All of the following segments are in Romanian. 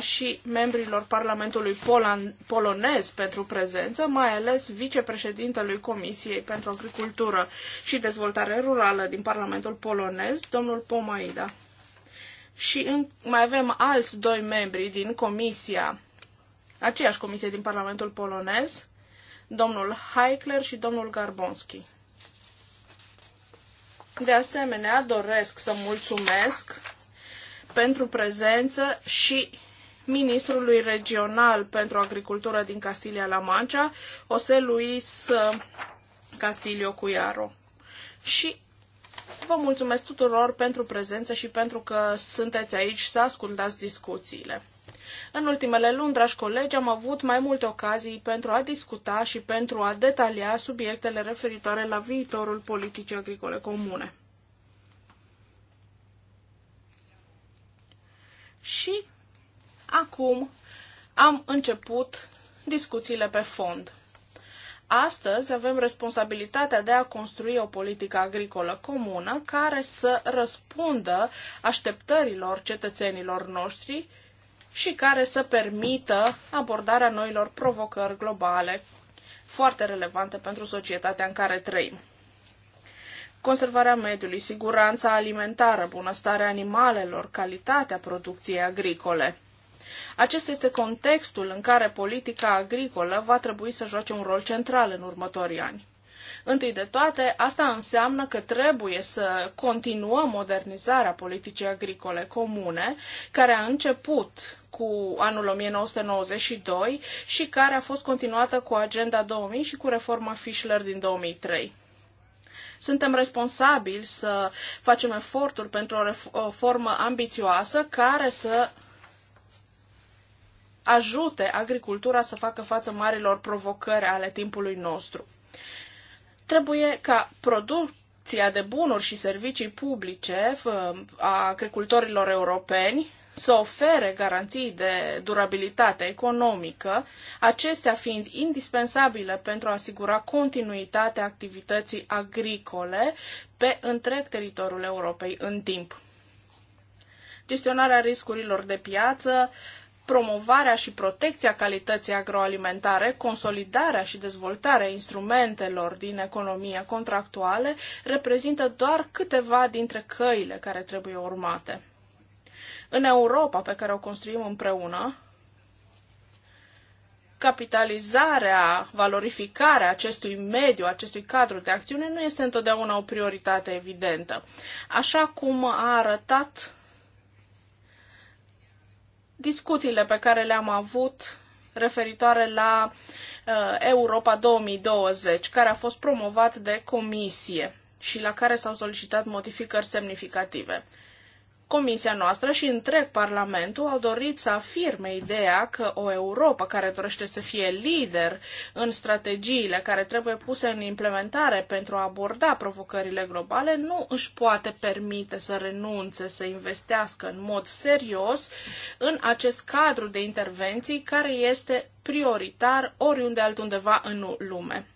și membrilor Parlamentului Polan, polonez pentru prezență, mai ales vicepreședintelui Comisiei pentru Agricultură și Dezvoltare Rurală din Parlamentul polonez, domnul Pomaida. Și în, mai avem alți doi membri din Comisia, aceeași Comisie din Parlamentul polonez, domnul Heikler și domnul Garbonski. De asemenea, doresc să mulțumesc pentru prezență și ministrului regional pentru agricultură din Castilia-La Mancha, José Luis uh, Castilio Cuiaro. Și vă mulțumesc tuturor pentru prezență și pentru că sunteți aici să ascultați discuțiile. În ultimele luni, dragi colegi, am avut mai multe ocazii pentru a discuta și pentru a detalia subiectele referitoare la viitorul politicii agricole comune. Și Acum am început discuțiile pe fond. Astăzi avem responsabilitatea de a construi o politică agricolă comună care să răspundă așteptărilor cetățenilor noștri și care să permită abordarea noilor provocări globale foarte relevante pentru societatea în care trăim. Conservarea mediului, siguranța alimentară, bunăstarea animalelor, calitatea producției agricole – acesta este contextul în care politica agricolă va trebui să joace un rol central în următorii ani. Întâi de toate, asta înseamnă că trebuie să continuăm modernizarea politicii agricole comune, care a început cu anul 1992 și care a fost continuată cu Agenda 2000 și cu reforma Fischler din 2003. Suntem responsabili să facem eforturi pentru o reformă ambițioasă care să ajute agricultura să facă față marilor provocări ale timpului nostru. Trebuie ca producția de bunuri și servicii publice a agricultorilor europeni să ofere garanții de durabilitate economică, acestea fiind indispensabile pentru a asigura continuitatea activității agricole pe întreg teritoriul Europei în timp. Gestionarea riscurilor de piață, promovarea și protecția calității agroalimentare, consolidarea și dezvoltarea instrumentelor din economia contractuale reprezintă doar câteva dintre căile care trebuie urmate. În Europa pe care o construim împreună, capitalizarea, valorificarea acestui mediu, acestui cadru de acțiune nu este întotdeauna o prioritate evidentă. Așa cum a arătat discuțiile pe care le-am avut referitoare la uh, Europa 2020, care a fost promovat de comisie și la care s-au solicitat modificări semnificative. Comisia noastră și întreg Parlamentul au dorit să afirme ideea că o Europa care dorește să fie lider în strategiile care trebuie puse în implementare pentru a aborda provocările globale nu își poate permite să renunțe să investească în mod serios în acest cadru de intervenții care este prioritar oriunde altundeva în lume.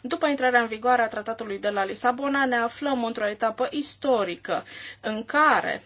După intrarea în vigoare a tratatului de la Lisabona, ne aflăm într-o etapă istorică în care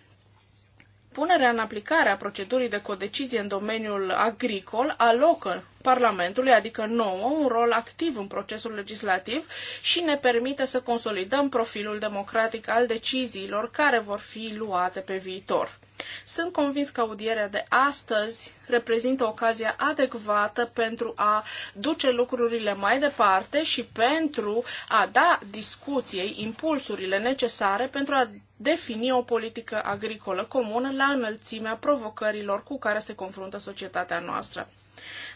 Punerea în aplicare a procedurii de codecizie în domeniul agricol alocă Parlamentului, adică nouă, un rol activ în procesul legislativ și ne permite să consolidăm profilul democratic al deciziilor care vor fi luate pe viitor. Sunt convins că audierea de astăzi reprezintă ocazia adecvată pentru a duce lucrurile mai departe și pentru a da discuției impulsurile necesare pentru a defini o politică agricolă comună la înălțimea provocărilor cu care se confruntă societatea noastră.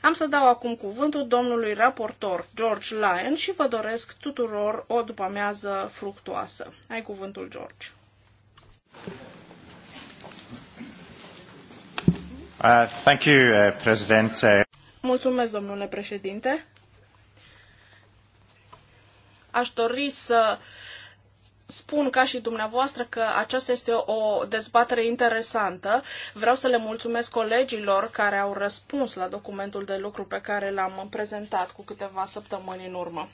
Am să dau acum cuvântul domnului raportor George Lyon și vă doresc tuturor o după-amiază fructuoasă. Ai cuvântul, George. Uh, thank you, uh, President. Uh, Mulțumesc, domnule președinte. Aș dori să uh, spun ca și dumneavoastră că aceasta este o dezbatere interesantă. Vreau să le mulțumesc colegilor care au răspuns la documentul de lucru pe care l-am prezentat cu câteva săptămâni în urmă.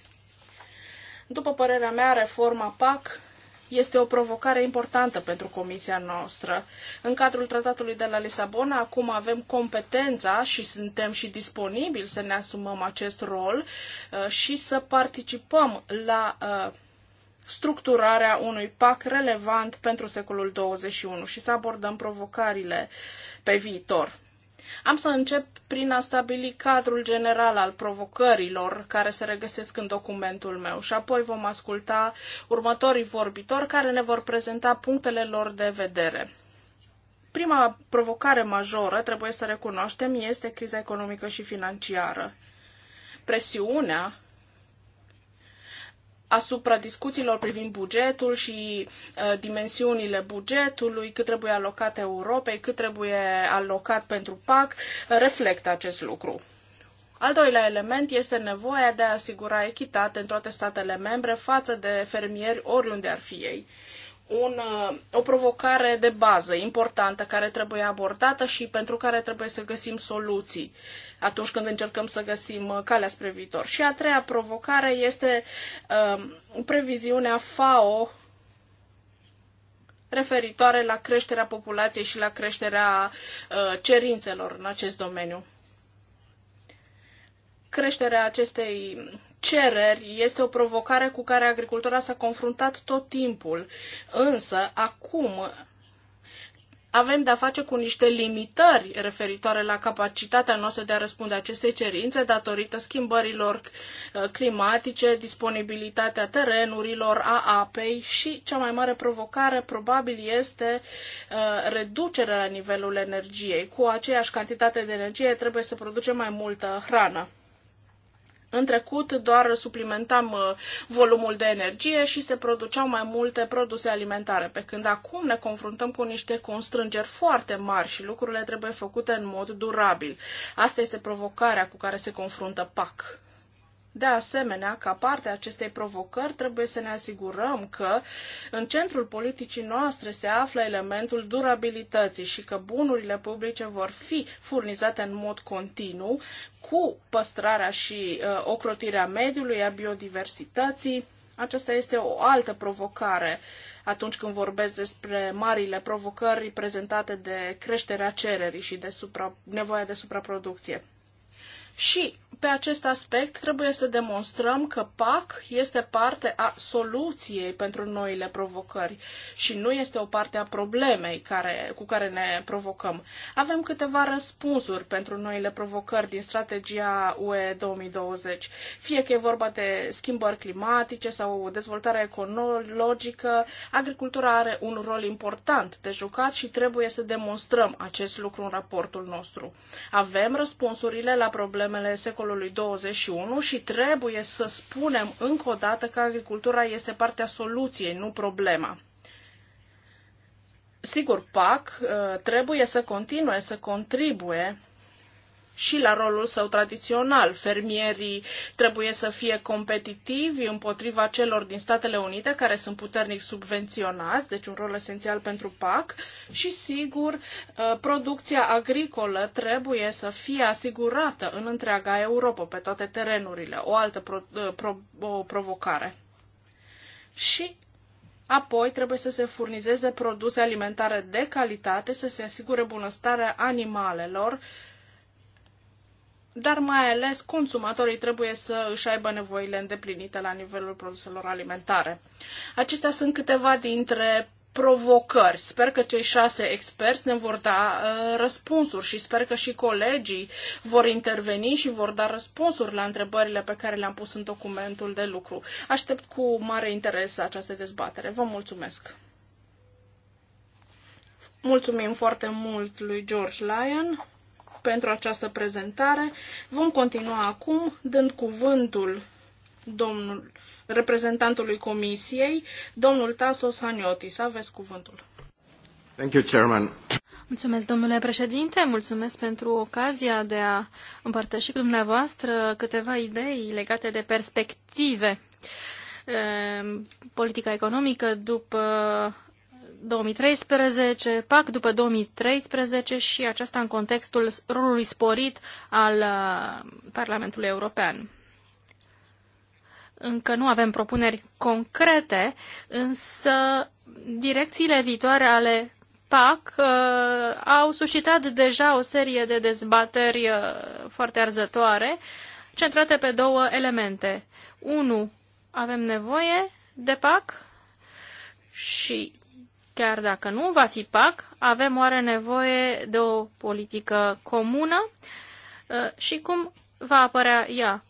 După părerea mea, reforma PAC este o provocare importantă pentru comisia noastră. În cadrul tratatului de la Lisabona, acum avem competența și suntem și disponibili să ne asumăm acest rol uh, și să participăm la uh, structurarea unui pac relevant pentru secolul 21 și să abordăm provocările pe viitor. Am să încep prin a stabili cadrul general al provocărilor care se regăsesc în documentul meu și apoi vom asculta următorii vorbitori care ne vor prezenta punctele lor de vedere. Prima provocare majoră, trebuie să recunoaștem, este criza economică și financiară. Presiunea asupra discuțiilor privind bugetul și uh, dimensiunile bugetului, cât trebuie alocat Europei, cât trebuie alocat pentru PAC, uh, reflectă acest lucru. Al doilea element este nevoia de a asigura echitate în toate statele membre față de fermieri oriunde ar fi ei un, uh, o provocare de bază importantă care trebuie abordată și pentru care trebuie să găsim soluții atunci când încercăm să găsim uh, calea spre viitor. Și a treia provocare este uh, previziunea FAO referitoare la creșterea populației și la creșterea uh, cerințelor în acest domeniu creșterea acestei cereri este o provocare cu care agricultura s-a confruntat tot timpul. Însă, acum avem de-a face cu niște limitări referitoare la capacitatea noastră de a răspunde acestei cerințe datorită schimbărilor uh, climatice, disponibilitatea terenurilor, a apei și cea mai mare provocare probabil este uh, reducerea la nivelul energiei. Cu aceeași cantitate de energie trebuie să producem mai multă hrană. În trecut doar suplimentam uh, volumul de energie și se produceau mai multe produse alimentare, pe când acum ne confruntăm cu niște constrângeri foarte mari și lucrurile trebuie făcute în mod durabil. Asta este provocarea cu care se confruntă PAC. De asemenea, ca parte a acestei provocări, trebuie să ne asigurăm că în centrul politicii noastre se află elementul durabilității și că bunurile publice vor fi furnizate în mod continuu cu păstrarea și uh, ocrotirea mediului, a biodiversității. Aceasta este o altă provocare atunci când vorbesc despre marile provocări prezentate de creșterea cererii și de supra, nevoia de supraproducție. Și pe acest aspect trebuie să demonstrăm că PAC este parte a soluției pentru noile provocări și nu este o parte a problemei care, cu care ne provocăm. Avem câteva răspunsuri pentru noile provocări din strategia UE 2020, fie că e vorba de schimbări climatice sau dezvoltare ecologică, agricultura are un rol important de jucat și trebuie să demonstrăm acest lucru în raportul nostru. Avem răspunsurile la probleme problemele secolului 21 și trebuie să spunem încă o dată că agricultura este partea soluției, nu problema. Sigur, PAC uh, trebuie să continue să contribuie și la rolul său tradițional. Fermierii trebuie să fie competitivi împotriva celor din Statele Unite care sunt puternic subvenționați, deci un rol esențial pentru PAC și sigur uh, producția agricolă trebuie să fie asigurată în întreaga Europa pe toate terenurile, o altă pro, uh, pro, o provocare. Și Apoi trebuie să se furnizeze produse alimentare de calitate, să se asigure bunăstarea animalelor, dar mai ales consumatorii trebuie să își aibă nevoile îndeplinite la nivelul produselor alimentare. Acestea sunt câteva dintre provocări. Sper că cei șase experți ne vor da uh, răspunsuri și sper că și colegii vor interveni și vor da răspunsuri la întrebările pe care le-am pus în documentul de lucru. Aștept cu mare interes această dezbatere. Vă mulțumesc! Mulțumim foarte mult lui George Lyon pentru această prezentare. Vom continua acum dând cuvântul domnul reprezentantului Comisiei, domnul Tasos Haniotis. Aveți cuvântul. Thank you, Chairman. Mulțumesc, domnule președinte, mulțumesc pentru ocazia de a împărtăși cu dumneavoastră câteva idei legate de perspective eh, politica economică după 2013, PAC după 2013 și aceasta în contextul rolului sporit al uh, Parlamentului European. Încă nu avem propuneri concrete, însă direcțiile viitoare ale PAC uh, au suscitat deja o serie de dezbateri uh, foarte arzătoare, centrate pe două elemente. Unu, avem nevoie de PAC și Chiar dacă nu va fi PAC, avem oare nevoie de o politică comună uh, și cum va apărea ea?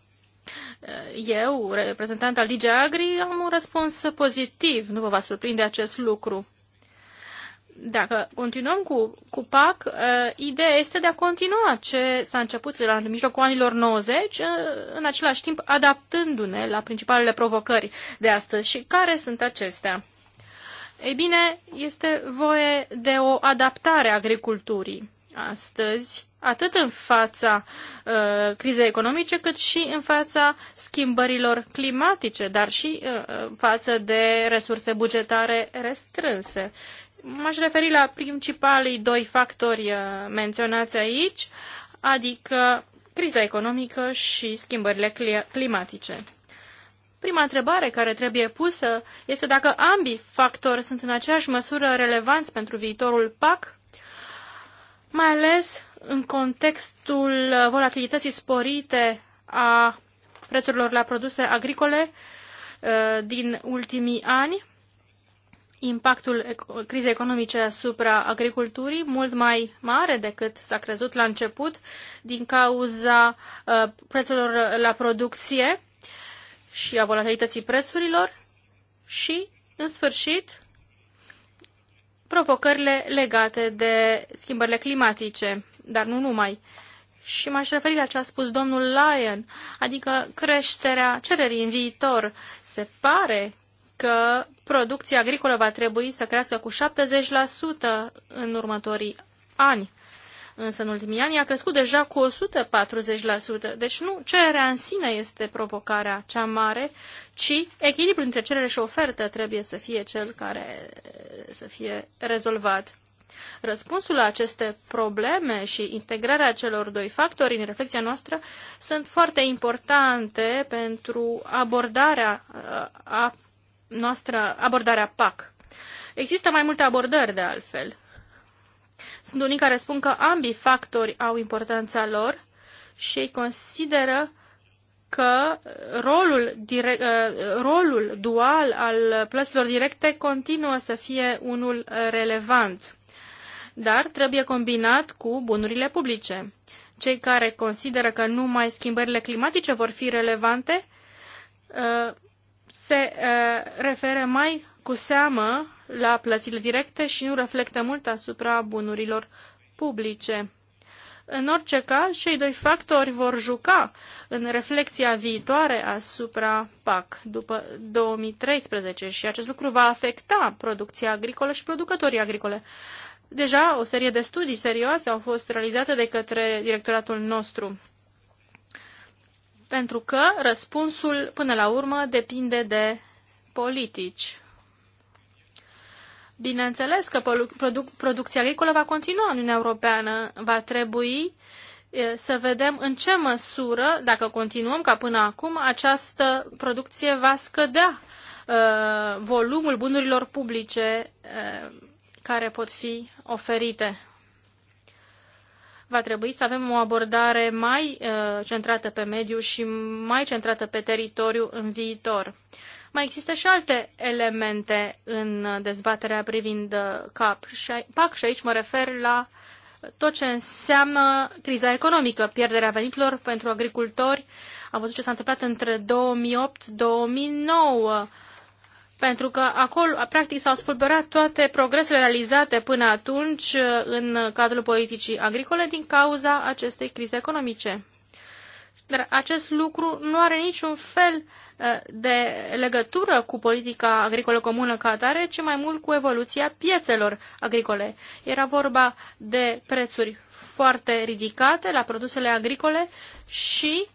Uh, eu, reprezentant al DG Agri, am un răspuns pozitiv. Nu vă va surprinde acest lucru. Dacă continuăm cu, cu PAC, uh, ideea este de a continua ce s-a început de la mijlocul anilor 90, în același timp adaptându-ne la principalele provocări de astăzi. Și care sunt acestea? Ei bine, este voie de o adaptare a agriculturii astăzi, atât în fața uh, crizei economice, cât și în fața schimbărilor climatice, dar și uh, față de resurse bugetare restrânse. M-aș referi la principalii doi factori uh, menționați aici, adică criza economică și schimbările climatice. Prima întrebare care trebuie pusă este dacă ambii factori sunt în aceeași măsură relevanți pentru viitorul PAC, mai ales în contextul volatilității sporite a prețurilor la produse agricole uh, din ultimii ani, impactul crizei economice asupra agriculturii mult mai mare decât s-a crezut la început din cauza uh, prețurilor la producție și a volatilității prețurilor și, în sfârșit, provocările legate de schimbările climatice, dar nu numai. Și m-aș referi la ce a spus domnul Lyon, adică creșterea cererii în viitor. Se pare că producția agricolă va trebui să crească cu 70% în următorii ani însă în ultimii ani a crescut deja cu 140%. Deci nu cererea în sine este provocarea cea mare, ci echilibrul între cerere și ofertă trebuie să fie cel care să fie rezolvat. Răspunsul la aceste probleme și integrarea celor doi factori în reflexia noastră sunt foarte importante pentru abordarea uh, a noastră, abordarea PAC. Există mai multe abordări de altfel sunt unii care spun că ambii factori au importanța lor și ei consideră că rolul, direct, uh, rolul dual al plăților directe continuă să fie unul relevant, dar trebuie combinat cu bunurile publice. Cei care consideră că numai schimbările climatice vor fi relevante uh, se uh, referă mai cu seamă la plățile directe și nu reflectă mult asupra bunurilor publice. În orice caz, cei doi factori vor juca în reflexia viitoare asupra PAC după 2013 și acest lucru va afecta producția agricolă și producătorii agricole. Deja o serie de studii serioase au fost realizate de către directoratul nostru, pentru că răspunsul până la urmă depinde de politici. Bineînțeles că produc, producția agricolă va continua în Uniunea Europeană. Va trebui să vedem în ce măsură, dacă continuăm ca până acum, această producție va scădea volumul bunurilor publice care pot fi oferite. Va trebui să avem o abordare mai centrată pe mediu și mai centrată pe teritoriu în viitor. Mai există și alte elemente în dezbaterea privind uh, CAP și, PAC și aici mă refer la tot ce înseamnă criza economică, pierderea veniturilor pentru agricultori. Am văzut ce s-a întâmplat între 2008-2009 pentru că acolo, practic, s-au spulberat toate progresele realizate până atunci uh, în cadrul politicii agricole din cauza acestei crize economice dar acest lucru nu are niciun fel uh, de legătură cu politica agricolă comună ca atare, ci mai mult cu evoluția piețelor agricole. Era vorba de prețuri foarte ridicate la produsele agricole și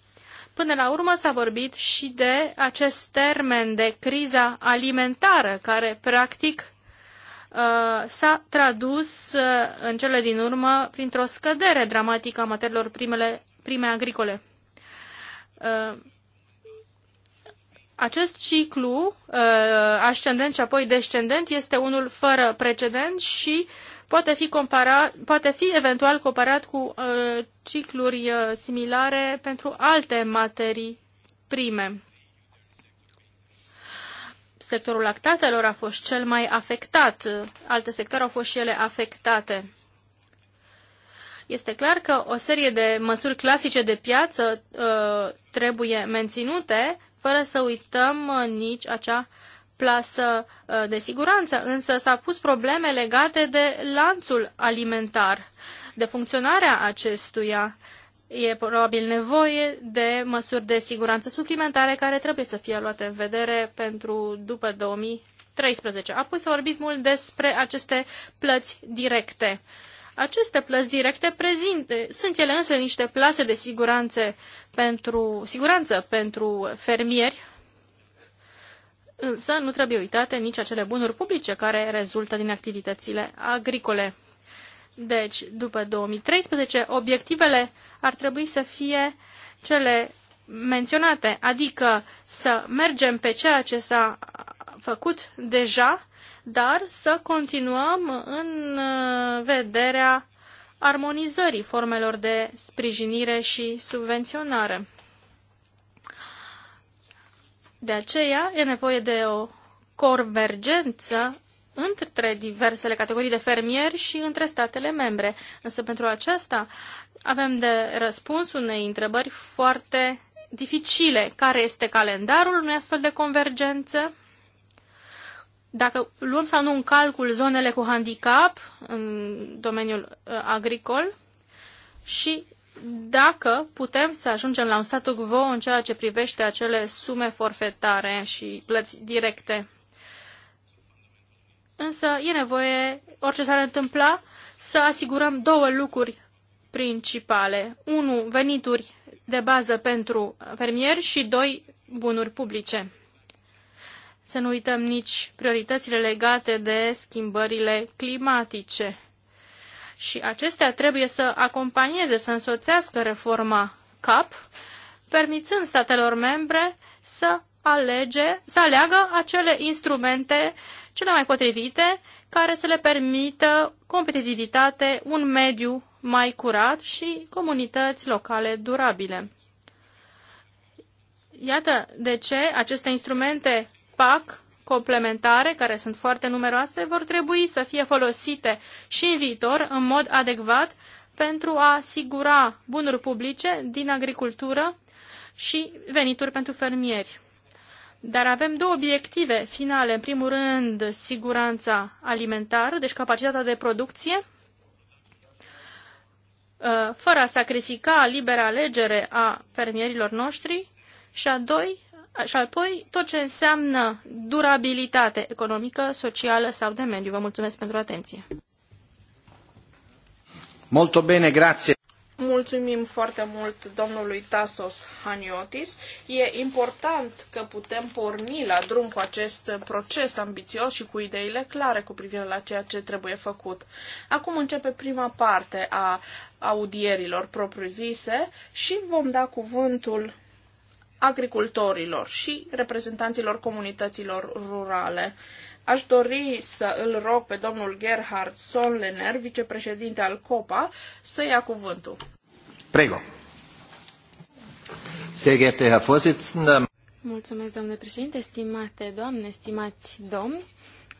Până la urmă s-a vorbit și de acest termen de criza alimentară, care practic uh, s-a tradus uh, în cele din urmă printr-o scădere dramatică a materiilor primele, prime agricole. Uh, acest ciclu uh, ascendent și apoi descendent este unul fără precedent și poate fi, comparat, poate fi eventual comparat cu uh, cicluri similare pentru alte materii prime. Sectorul lactatelor a fost cel mai afectat, alte sectoare au fost și ele afectate. Este clar că o serie de măsuri clasice de piață uh, trebuie menținute, fără să uităm uh, nici acea plasă uh, de siguranță, însă s-a pus probleme legate de lanțul alimentar, de funcționarea acestuia. E probabil nevoie de măsuri de siguranță suplimentare care trebuie să fie luate în vedere pentru după 2013. Apoi s-a vorbit mult despre aceste plăți directe. Aceste plăți directe prezinte, sunt ele însă niște plase de siguranță pentru, siguranță pentru fermieri, însă nu trebuie uitate nici acele bunuri publice care rezultă din activitățile agricole. Deci, după 2013, obiectivele ar trebui să fie cele menționate, adică să mergem pe ceea ce s-a făcut deja dar să continuăm în uh, vederea armonizării formelor de sprijinire și subvenționare. De aceea e nevoie de o convergență între diversele categorii de fermieri și între statele membre. Însă pentru aceasta avem de răspuns unei întrebări foarte dificile. Care este calendarul unei astfel de convergență? Dacă luăm sau nu în calcul zonele cu handicap în domeniul uh, agricol și dacă putem să ajungem la un statu quo în ceea ce privește acele sume forfetare și plăți directe. Însă e nevoie, orice s-ar întâmpla, să asigurăm două lucruri principale. Unu, venituri de bază pentru fermieri și doi, bunuri publice. Să nu uităm nici prioritățile legate de schimbările climatice. Și acestea trebuie să acompanieze, să însoțească reforma CAP, permițând statelor membre să alege, să aleagă acele instrumente cele mai potrivite care să le permită competitivitate, un mediu mai curat și comunități locale durabile. Iată de ce aceste instrumente PAC complementare, care sunt foarte numeroase, vor trebui să fie folosite și în viitor în mod adecvat pentru a asigura bunuri publice din agricultură și venituri pentru fermieri. Dar avem două obiective finale. În primul rând, siguranța alimentară, deci capacitatea de producție, uh, fără a sacrifica libera alegere a fermierilor noștri, și a doi, și apoi tot ce înseamnă durabilitate economică, socială sau de mediu. Vă mulțumesc pentru atenție. Molto bene, grazie. Mulțumim foarte mult domnului Tasos Haniotis. E important că putem porni la drum cu acest proces ambițios și cu ideile clare cu privire la ceea ce trebuie făcut. Acum începe prima parte a audierilor propriu-zise și vom da cuvântul agricultorilor și reprezentanților comunităților rurale. Aș dori să îl rog pe domnul Gerhard Sonlener, vicepreședinte al COPA, să ia cuvântul. Prego. Mulțumesc, domnule președinte, stimate doamne, stimați domni.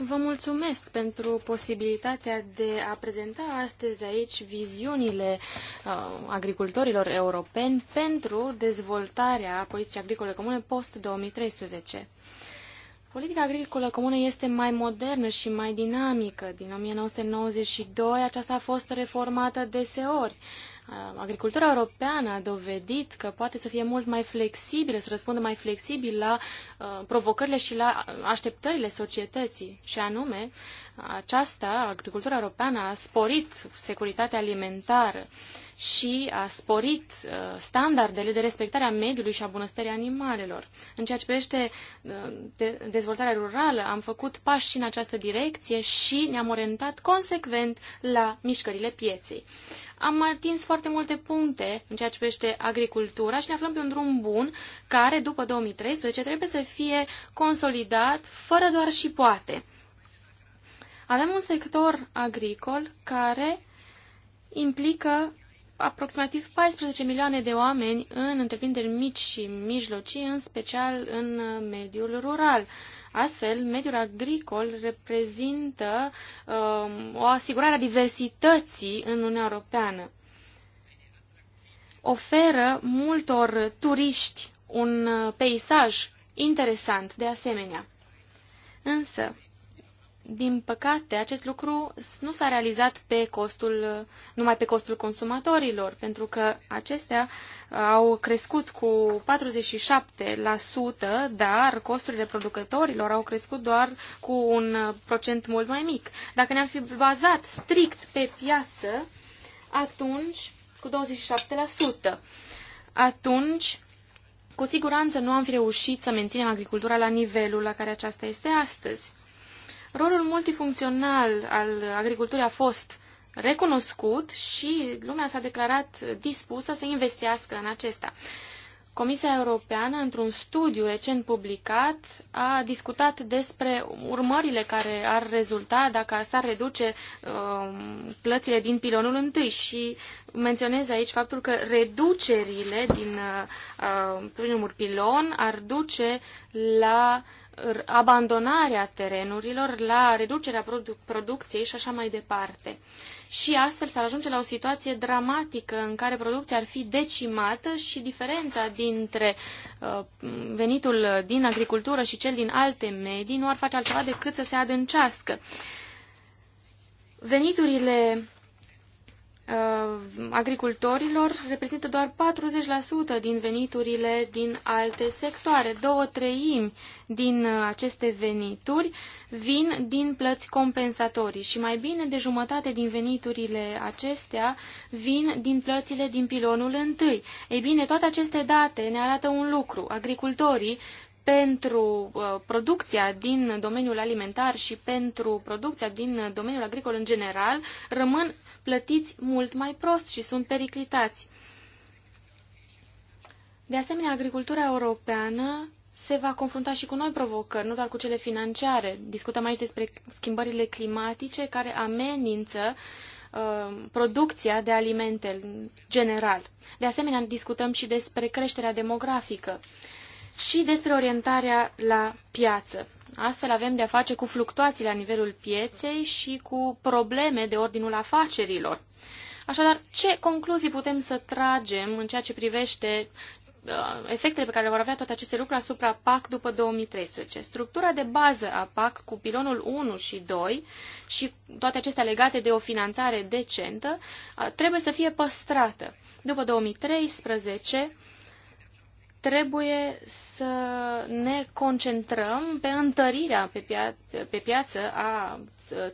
Vă mulțumesc pentru posibilitatea de a prezenta astăzi aici viziunile uh, agricultorilor europeni pentru dezvoltarea politicii agricole comune post-2013. Politica agricolă comună este mai modernă și mai dinamică. Din 1992 aceasta a fost reformată deseori. Uh, agricultura europeană a dovedit că poate să fie mult mai flexibilă, să răspundă mai flexibil la uh, provocările și la uh, așteptările societății. Și anume, aceasta, agricultura europeană, a sporit securitatea alimentară și a sporit uh, standardele de respectare a mediului și a bunăstării animalelor. În ceea ce privește uh, dezvoltarea rurală, am făcut pași și în această direcție și ne-am orientat consecvent la mișcările pieței. Am atins foarte multe puncte în ceea ce privește agricultura și ne aflăm pe un drum bun care, după 2013, trebuie să fie consolidat fără doar și poate. Avem un sector agricol care implică aproximativ 14 milioane de oameni în întreprinderi mici și mijlocii, în special în uh, mediul rural. Astfel, mediul agricol reprezintă um, o asigurare a diversității în Uniunea Europeană. Oferă multor turiști un uh, peisaj interesant de asemenea. Însă, din păcate, acest lucru nu s-a realizat pe costul, numai pe costul consumatorilor, pentru că acestea uh, au crescut cu 47%, dar costurile producătorilor au crescut doar cu un uh, procent mult mai mic. Dacă ne-am fi bazat strict pe piață, atunci cu 27%, atunci cu siguranță nu am fi reușit să menținem agricultura la nivelul la care aceasta este astăzi. Rolul multifuncțional al agriculturii a fost recunoscut și lumea s-a declarat dispusă să investească în acesta. Comisia Europeană, într-un studiu recent publicat, a discutat despre urmările care ar rezulta dacă s-ar reduce uh, plățile din pilonul întâi și menționez aici faptul că reducerile din uh, primul pilon ar duce la uh, abandonarea terenurilor, la reducerea produc producției și așa mai departe. Și astfel s-ar ajunge la o situație dramatică în care producția ar fi decimată și diferența dintre uh, venitul din agricultură și cel din alte medii nu ar face altceva decât să se adâncească. Veniturile Uh, agricultorilor reprezintă doar 40% din veniturile din alte sectoare. Două treimi din uh, aceste venituri vin din plăți compensatorii și mai bine de jumătate din veniturile acestea vin din plățile din pilonul întâi. Ei bine, toate aceste date ne arată un lucru. Agricultorii pentru uh, producția din domeniul alimentar și pentru producția din domeniul agricol în general rămân plătiți mult mai prost și sunt periclitați. De asemenea, agricultura europeană se va confrunta și cu noi provocări, nu doar cu cele financiare. Discutăm aici despre schimbările climatice care amenință uh, producția de alimente în general. De asemenea, discutăm și despre creșterea demografică și despre orientarea la piață. Astfel avem de-a face cu fluctuații la nivelul pieței și cu probleme de ordinul afacerilor. Așadar, ce concluzii putem să tragem în ceea ce privește uh, efectele pe care le vor avea toate aceste lucruri asupra PAC după 2013. Structura de bază a PAC cu pilonul 1 și 2 și toate acestea legate de o finanțare decentă uh, trebuie să fie păstrată. După 2013 trebuie să ne concentrăm pe întărirea pe, pia- pe piață a,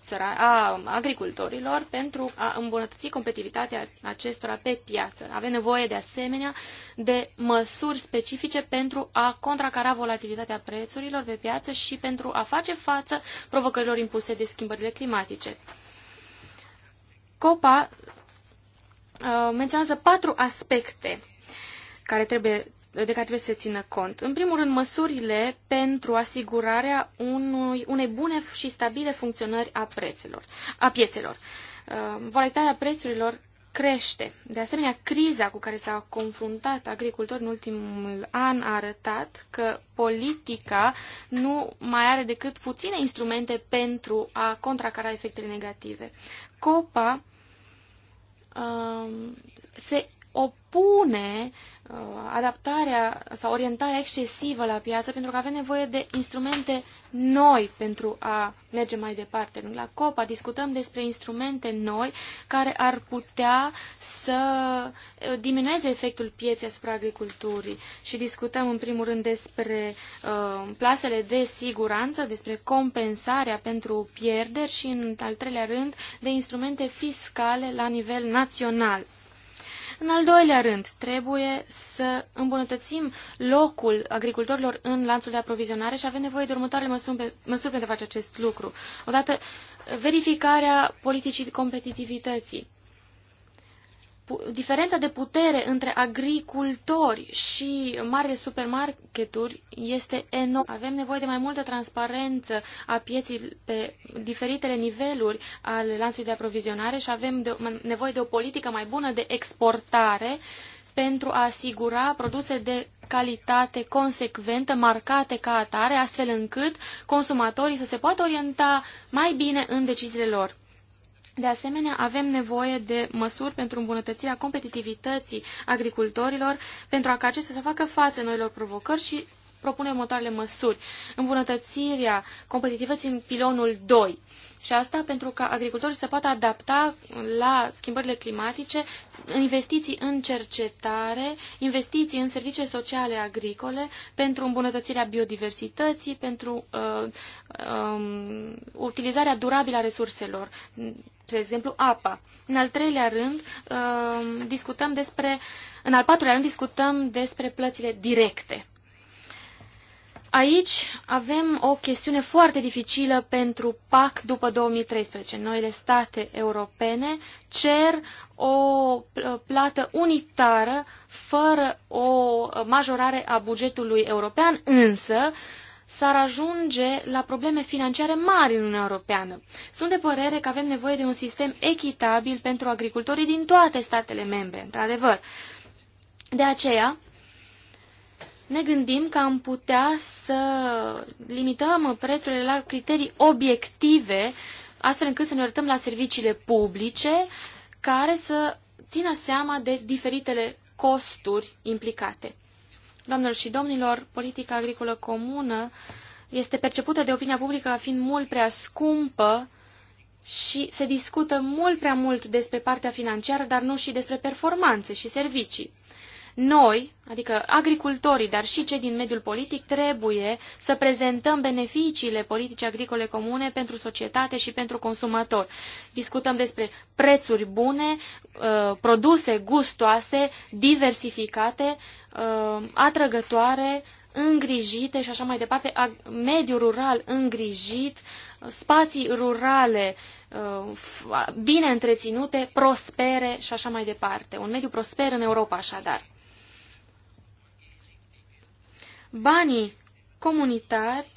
țăra- a agricultorilor pentru a îmbunătăți competitivitatea acestora pe piață. Avem nevoie de asemenea de măsuri specifice pentru a contracara volatilitatea prețurilor pe piață și pentru a face față provocărilor impuse de schimbările climatice. COPA uh, menționează patru aspecte care trebuie de care trebuie să se țină cont. În primul rând, măsurile pentru asigurarea unui, unei bune și stabile funcționări a, prețelor, a piețelor. Uh, volatilitatea prețurilor crește. De asemenea, criza cu care s-a confruntat agricultorul în ultimul an a arătat că politica nu mai are decât puține instrumente pentru a contracara efectele negative. COPA um, se opune uh, adaptarea sau orientarea excesivă la piață pentru că avem nevoie de instrumente noi pentru a merge mai departe. La COPA discutăm despre instrumente noi care ar putea să uh, diminueze efectul pieței asupra agriculturii și discutăm în primul rând despre uh, plasele de siguranță, despre compensarea pentru pierderi și în al treilea rând de instrumente fiscale la nivel național. În al doilea rând, trebuie să îmbunătățim locul agricultorilor în lanțul de aprovizionare și avem nevoie de următoarele măsuri, măsuri pentru a face acest lucru. Odată, verificarea politicii competitivității diferența de putere între agricultori și marile supermarketuri este enormă. Avem nevoie de mai multă transparență a pieții pe diferitele niveluri ale lanțului de aprovizionare și avem de, nevoie de o politică mai bună de exportare pentru a asigura produse de calitate consecventă, marcate ca atare, astfel încât consumatorii să se poată orienta mai bine în deciziile lor. De asemenea, avem nevoie de măsuri pentru îmbunătățirea competitivității agricultorilor, pentru a ca acestea să facă față noilor provocări și propune următoarele măsuri. Îmbunătățirea competitivității în pilonul 2. Și asta pentru ca agricultorii să poată adapta la schimbările climatice investiții în cercetare, investiții în servicii sociale agricole, pentru îmbunătățirea biodiversității, pentru uh, um, utilizarea durabilă a resurselor de exemplu, apa. În al treilea rând, um, discutăm despre, în al patrulea rând, discutăm despre plățile directe. Aici avem o chestiune foarte dificilă pentru PAC după 2013. Noile state europene cer o plată unitară fără o majorare a bugetului european, însă uh, s-ar ajunge la probleme financiare mari în Uniunea Europeană. Sunt de părere că avem nevoie de un sistem echitabil pentru agricultorii din toate statele membre, într-adevăr. De aceea, ne gândim că am putea să limităm prețurile la criterii obiective, astfel încât să ne orientăm la serviciile publice, care să țină seama de diferitele costuri implicate. Doamnelor și domnilor, politica agricolă comună este percepută de opinia publică ca fiind mult prea scumpă și se discută mult prea mult despre partea financiară, dar nu și despre performanțe și servicii. Noi, adică agricultorii, dar și cei din mediul politic, trebuie să prezentăm beneficiile politicii agricole comune pentru societate și pentru consumator. Discutăm despre prețuri bune, uh, produse gustoase, diversificate, uh, atrăgătoare, îngrijite și așa mai departe, mediul rural îngrijit, spații rurale uh, bine întreținute, prospere și așa mai departe. Un mediu prosper în Europa, așadar. Banii comunitari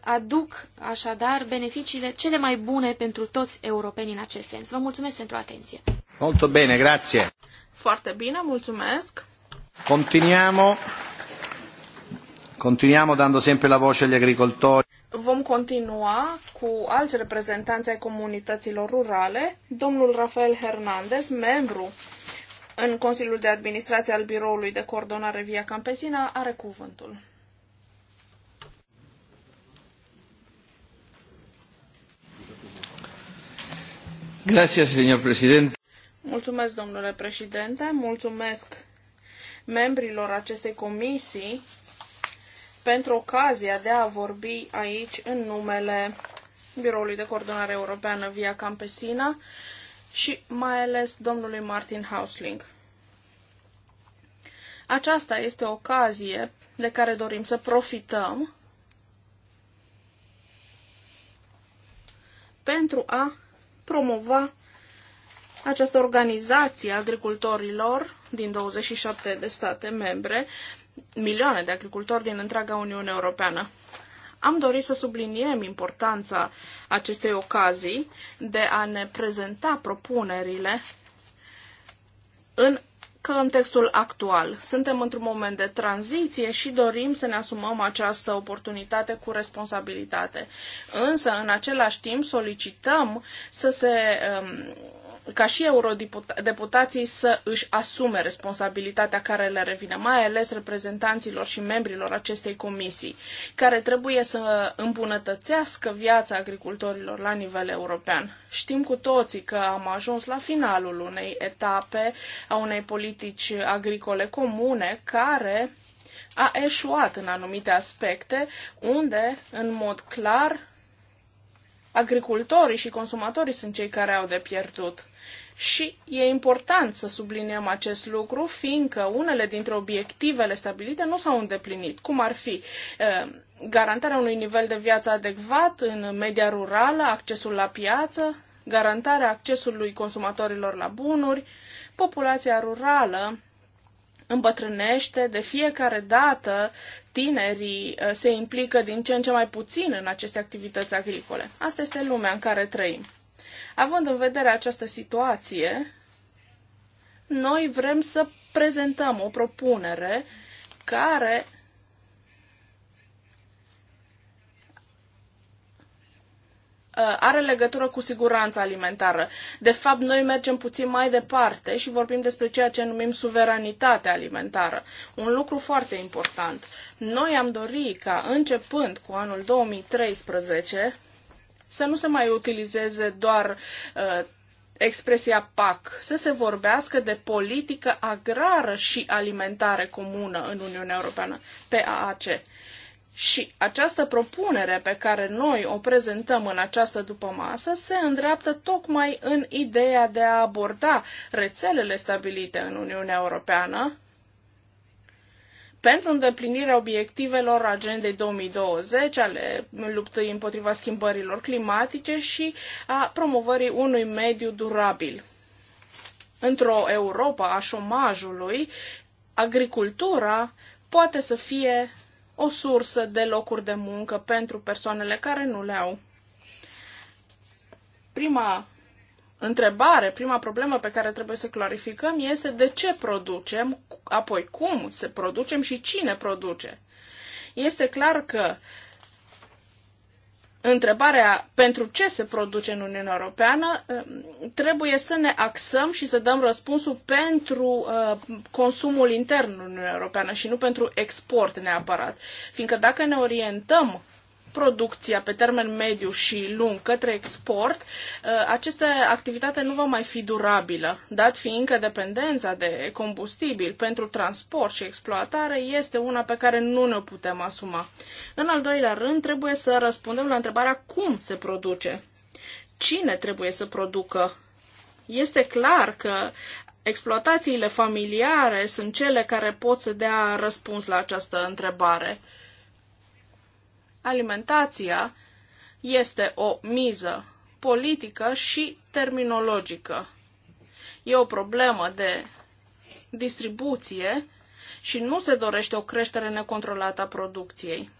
aduc așadar beneficiile cele mai bune pentru toți europenii în acest sens. Vă mulțumesc pentru atenție. Molto bene, grazie. Foarte bine, mulțumesc. Continuiamo. Continuiamo dando sempre la voce agli agricoltori. Vom continua cu alți reprezentanți ai comunităților rurale, domnul Rafael Hernandez, membru în Consiliul de Administrație al Biroului de Coordonare Via Campesina, are cuvântul. Grazie, signor presidente. Mulțumesc, domnule președinte, mulțumesc membrilor acestei comisii pentru ocazia de a vorbi aici în numele Biroului de Coordonare Europeană Via Campesina și mai ales domnului Martin Hausling. Aceasta este o ocazie de care dorim să profităm pentru a promova această organizație a agricultorilor din 27 de state membre, milioane de agricultori din întreaga Uniune Europeană. Am dorit să subliniem importanța acestei ocazii de a ne prezenta propunerile în contextul actual. Suntem într-un moment de tranziție și dorim să ne asumăm această oportunitate cu responsabilitate. Însă, în același timp, solicităm să se um, ca și eurodeputații să își asume responsabilitatea care le revine, mai ales reprezentanților și membrilor acestei comisii, care trebuie să îmbunătățească viața agricultorilor la nivel european. Știm cu toții că am ajuns la finalul unei etape a unei politici agricole comune care a eșuat în anumite aspecte, unde, în mod clar, agricultorii și consumatorii sunt cei care au de pierdut. Și e important să subliniem acest lucru, fiindcă unele dintre obiectivele stabilite nu s-au îndeplinit, cum ar fi eh, garantarea unui nivel de viață adecvat în media rurală, accesul la piață, garantarea accesului consumatorilor la bunuri, populația rurală îmbătrânește de fiecare dată tinerii uh, se implică din ce în ce mai puțin în aceste activități agricole. Asta este lumea în care trăim. Având în vedere această situație, noi vrem să prezentăm o propunere care uh, are legătură cu siguranța alimentară. De fapt, noi mergem puțin mai departe și vorbim despre ceea ce numim suveranitate alimentară. Un lucru foarte important. Noi am dorit ca, începând cu anul 2013, să nu se mai utilizeze doar uh, expresia PAC, să se vorbească de politică agrară și alimentară comună în Uniunea Europeană, PAAC. Și această propunere pe care noi o prezentăm în această dupămasă se îndreaptă tocmai în ideea de a aborda rețelele stabilite în Uniunea Europeană, pentru îndeplinirea obiectivelor agendei 2020, ale luptei împotriva schimbărilor climatice și a promovării unui mediu durabil. Într-o Europa a șomajului, agricultura poate să fie o sursă de locuri de muncă pentru persoanele care nu le au. Prima întrebare, prima problemă pe care trebuie să clarificăm este de ce producem, apoi cum se producem și cine produce. Este clar că întrebarea pentru ce se produce în Uniunea Europeană um, trebuie să ne axăm și să dăm răspunsul pentru uh, consumul intern în Uniunea Europeană și nu pentru export neapărat. Fiindcă dacă ne orientăm producția pe termen mediu și lung către export, uh, această activitate nu va mai fi durabilă, dat fiind că dependența de combustibil pentru transport și exploatare este una pe care nu ne putem asuma. În al doilea rând, trebuie să răspundem la întrebarea cum se produce. Cine trebuie să producă? Este clar că exploatațiile familiare sunt cele care pot să dea răspuns la această întrebare. Alimentația este o miză politică și terminologică. E o problemă de distribuție și nu se dorește o creștere necontrolată a producției.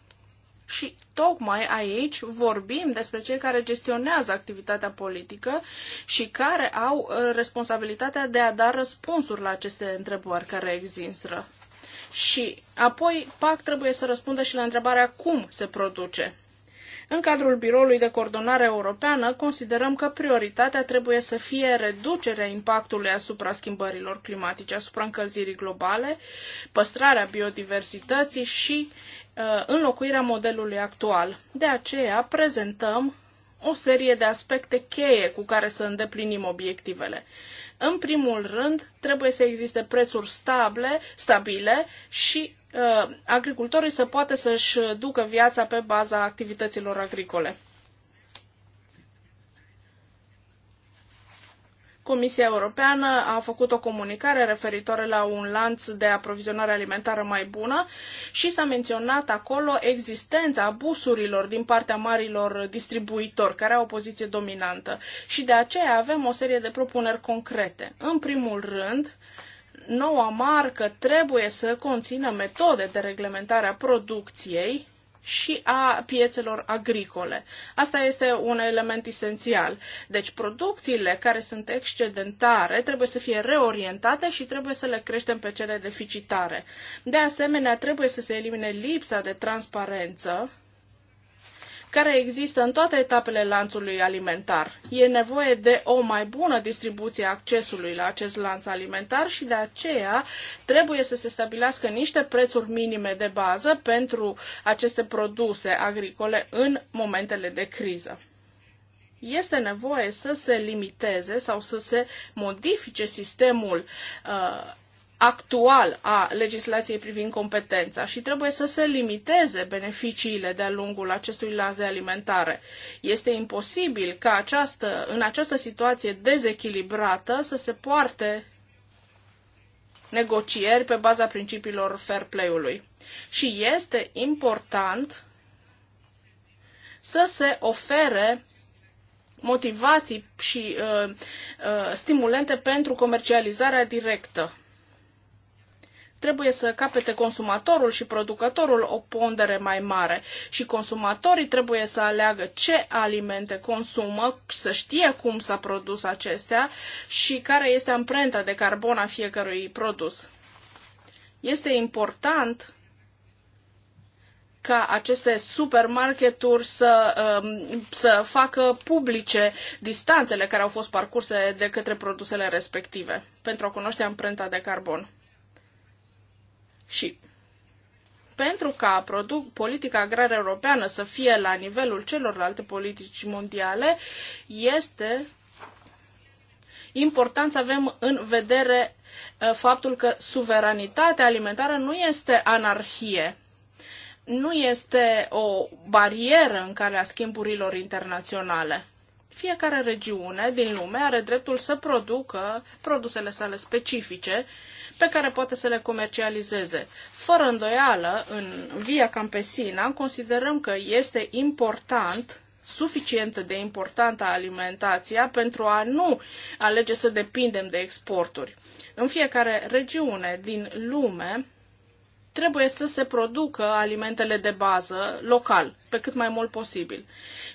Și tocmai aici vorbim despre cei care gestionează activitatea politică și care au uh, responsabilitatea de a da răspunsuri la aceste întrebări care există. Și apoi PAC trebuie să răspundă și la întrebarea cum se produce. În cadrul Biroului de Coordonare Europeană, considerăm că prioritatea trebuie să fie reducerea impactului asupra schimbărilor climatice, asupra încălzirii globale, păstrarea biodiversității și uh, înlocuirea modelului actual. De aceea prezentăm o serie de aspecte cheie cu care să îndeplinim obiectivele. În primul rând, trebuie să existe prețuri stable, stabile și uh, agricultorii să poată să-și ducă viața pe baza activităților agricole. Comisia Europeană a făcut o comunicare referitoare la un lanț de aprovizionare alimentară mai bună și s-a menționat acolo existența abusurilor din partea marilor distribuitori care au o poziție dominantă și de aceea avem o serie de propuneri concrete. În primul rând, noua marcă trebuie să conțină metode de reglementare a producției și a piețelor agricole. Asta este un element esențial. Deci producțiile care sunt excedentare trebuie să fie reorientate și trebuie să le creștem pe cele deficitare. De asemenea, trebuie să se elimine lipsa de transparență care există în toate etapele lanțului alimentar. E nevoie de o mai bună distribuție a accesului la acest lanț alimentar și de aceea trebuie să se stabilească niște prețuri minime de bază pentru aceste produse agricole în momentele de criză este nevoie să se limiteze sau să se modifice sistemul uh, actual a legislației privind competența și trebuie să se limiteze beneficiile de-a lungul acestui lanț de alimentare. Este imposibil ca această, în această situație dezechilibrată să se poarte negocieri pe baza principiilor fair play-ului. Și este important să se ofere motivații și uh, uh, stimulente pentru comercializarea directă trebuie să capete consumatorul și producătorul o pondere mai mare și consumatorii trebuie să aleagă ce alimente consumă, să știe cum s-a produs acestea și care este amprenta de carbon a fiecărui produs. Este important ca aceste supermarketuri să, um, să facă publice distanțele care au fost parcurse de către produsele respective pentru a cunoaște amprenta de carbon. Și pentru ca produc, politica agrară europeană să fie la nivelul celorlalte politici mondiale, este important să avem în vedere uh, faptul că suveranitatea alimentară nu este anarhie, nu este o barieră în calea schimburilor internaționale. Fiecare regiune din lume are dreptul să producă produsele sale specifice pe care poate să le comercializeze. Fără îndoială, în Via Campesina considerăm că este important suficient de importantă alimentația pentru a nu alege să depindem de exporturi. În fiecare regiune din lume trebuie să se producă alimentele de bază local, pe cât mai mult posibil.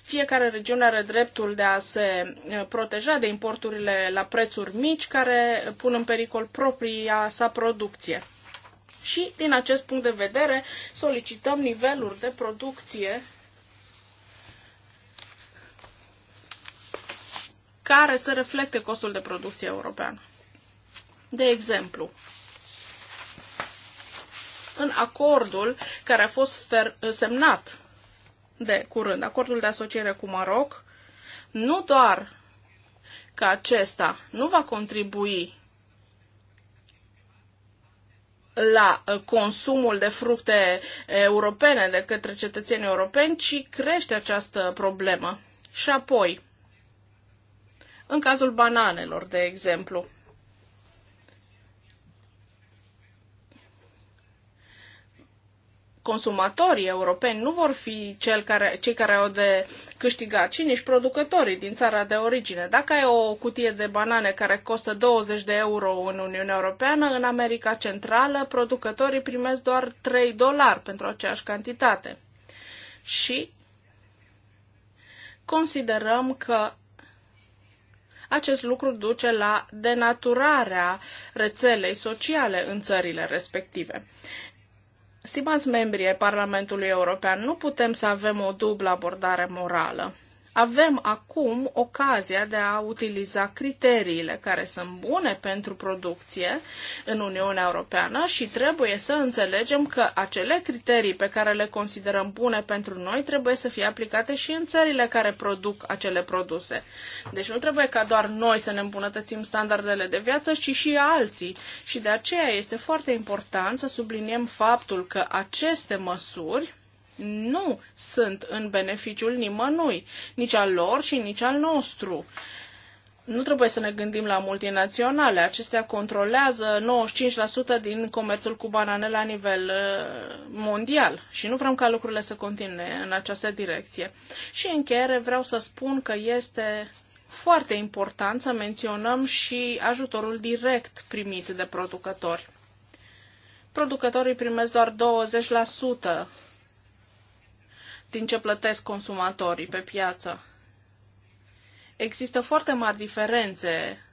Fiecare regiune are dreptul de a se eh, proteja de importurile la prețuri mici care pun în pericol propria sa producție. Și, din acest punct de vedere, solicităm niveluri de producție care să reflecte costul de producție european. De exemplu, în acordul care a fost semnat de curând, acordul de asociere cu Maroc, nu doar că acesta nu va contribui la uh, consumul de fructe europene de către cetățenii europeni, ci crește această problemă. Și apoi, în cazul bananelor, de exemplu, consumatorii europeni nu vor fi cel care, cei care au de câștigat, ci nici producătorii din țara de origine. Dacă ai o cutie de banane care costă 20 de euro în Uniunea Europeană, în America Centrală producătorii primesc doar 3 dolari pentru aceeași cantitate. Și considerăm că acest lucru duce la denaturarea rețelei sociale în țările respective. Stimați membri ai Parlamentului European, nu putem să avem o dublă abordare morală avem acum ocazia de a utiliza criteriile care sunt bune pentru producție în Uniunea Europeană și trebuie să înțelegem că acele criterii pe care le considerăm bune pentru noi trebuie să fie aplicate și în țările care produc acele produse. Deci nu trebuie ca doar noi să ne îmbunătățim standardele de viață, ci și alții. Și de aceea este foarte important să subliniem faptul că aceste măsuri nu sunt în beneficiul nimănui, nici al lor și nici al nostru. Nu trebuie să ne gândim la multinaționale. Acestea controlează 95% din comerțul cu banane la nivel uh, mondial și nu vrem ca lucrurile să continue în această direcție. Și în încheiere vreau să spun că este foarte important să menționăm și ajutorul direct primit de producători. Producătorii primesc doar 20% din ce plătesc consumatorii pe piață. Există foarte mari diferențe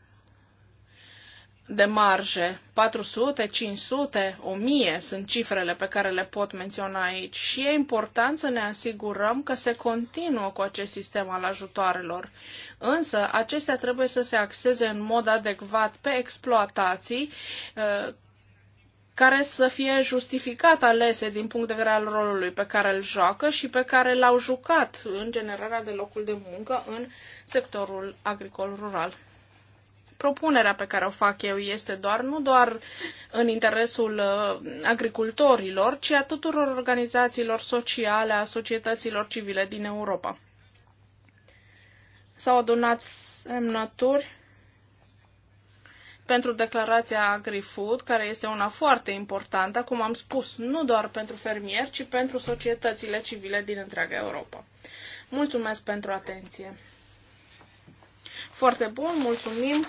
de marje. 400, 500, 1000 sunt cifrele pe care le pot menționa aici și e important să ne asigurăm că se continuă cu acest sistem al ajutoarelor. Însă, acestea trebuie să se axeze în mod adecvat pe exploatații care să fie justificat alese din punct de vedere al rolului pe care îl joacă și pe care l-au jucat în generarea de locul de muncă în sectorul agricol rural. Propunerea pe care o fac eu este doar nu doar în interesul uh, agricultorilor, ci a tuturor organizațiilor sociale, a societăților civile din Europa. S-au adunat semnături pentru declarația AgriFood, care este una foarte importantă, cum am spus, nu doar pentru fermieri, ci pentru societățile civile din întreaga Europa. Mulțumesc pentru atenție! Foarte bun, mulțumim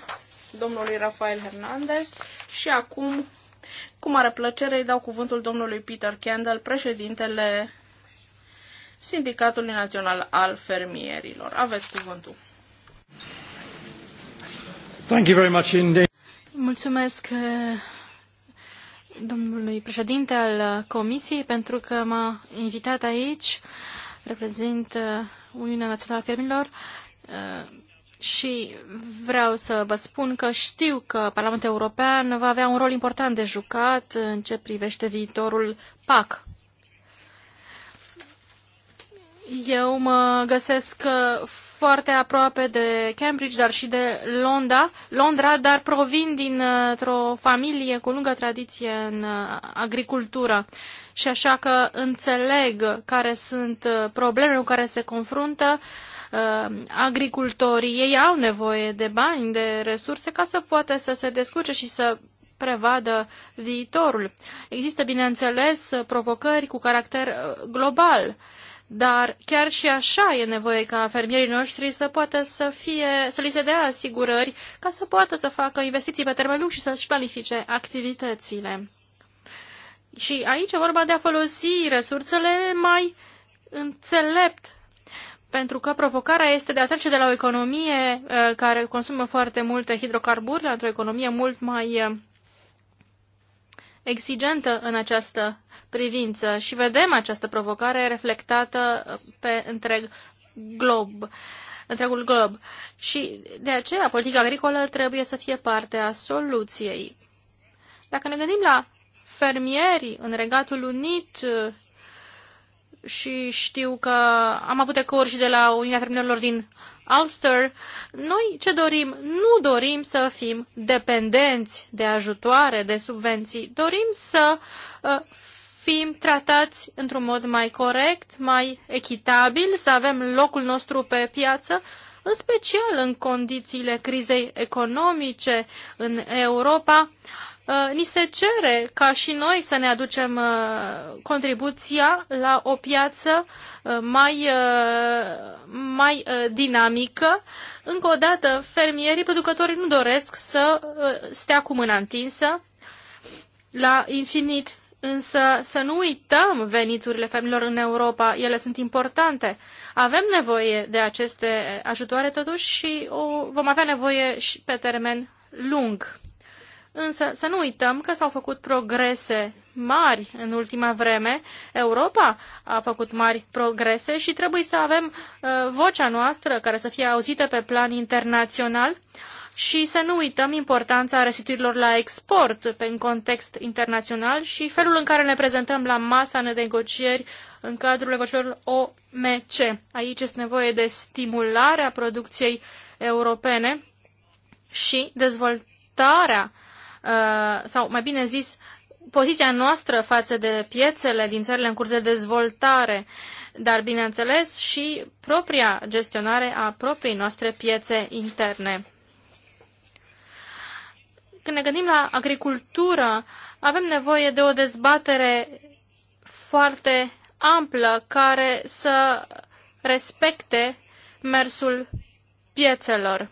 domnului Rafael Hernandez și acum, cu mare plăcere, îi dau cuvântul domnului Peter Kendall, președintele Sindicatului Național al Fermierilor. Aveți cuvântul. Thank you very much indeed. Mulțumesc eh, domnului președinte al Comisiei pentru că m-a invitat aici. Reprezint eh, Uniunea Națională a Fermilor eh, și vreau să vă spun că știu că Parlamentul European va avea un rol important de jucat în ce privește viitorul PAC. Eu mă găsesc uh, foarte aproape de Cambridge, dar și de Londra, Londra dar provin dintr-o uh, familie cu lungă tradiție în uh, agricultură și așa că înțeleg care sunt problemele cu care se confruntă agricultorii. Ei au nevoie de bani, de resurse ca să poată să se descurce și să prevadă viitorul. Există, bineînțeles, provocări cu caracter global dar chiar și așa e nevoie ca fermierii noștri să poată să fie, să li se dea asigurări ca să poată să facă investiții pe termen lung și să-și planifice activitățile. Și aici e vorba de a folosi resursele mai înțelept, pentru că provocarea este de a trece de la o economie uh, care consumă foarte multe hidrocarburi la o economie mult mai uh, exigentă în această privință și vedem această provocare reflectată pe întreg glob întregul glob. Și de aceea politica agricolă trebuie să fie parte a soluției. Dacă ne gândim la fermieri în Regatul Unit și știu că am avut ecouri și de la Uniunea Fermierilor din Ulster, noi ce dorim? Nu dorim să fim dependenți de ajutoare, de subvenții. Dorim să uh, fim tratați într-un mod mai corect, mai echitabil, să avem locul nostru pe piață, în special în condițiile crizei economice în Europa. Uh, ni se cere ca și noi să ne aducem uh, contribuția la o piață uh, mai, mai dinamică. Încă o dată, fermierii, producătorii nu doresc să stea cu mâna întinsă la infinit, însă să nu uităm veniturile femeilor în Europa, ele sunt importante. Avem nevoie de aceste ajutoare totuși și o, vom avea nevoie și pe termen lung. Însă să nu uităm că s-au făcut progrese mari în ultima vreme. Europa a făcut mari progrese și trebuie să avem uh, vocea noastră care să fie auzită pe plan internațional și să nu uităm importanța restituirilor la export pe, în context internațional și felul în care ne prezentăm la masa de negocieri în cadrul negocierilor OMC. Aici este nevoie de stimularea producției europene și dezvoltarea Uh, sau mai bine zis, poziția noastră față de piețele din țările în curs de dezvoltare, dar bineînțeles și propria gestionare a proprii noastre piețe interne. Când ne gândim la agricultură, avem nevoie de o dezbatere foarte amplă care să respecte mersul piețelor.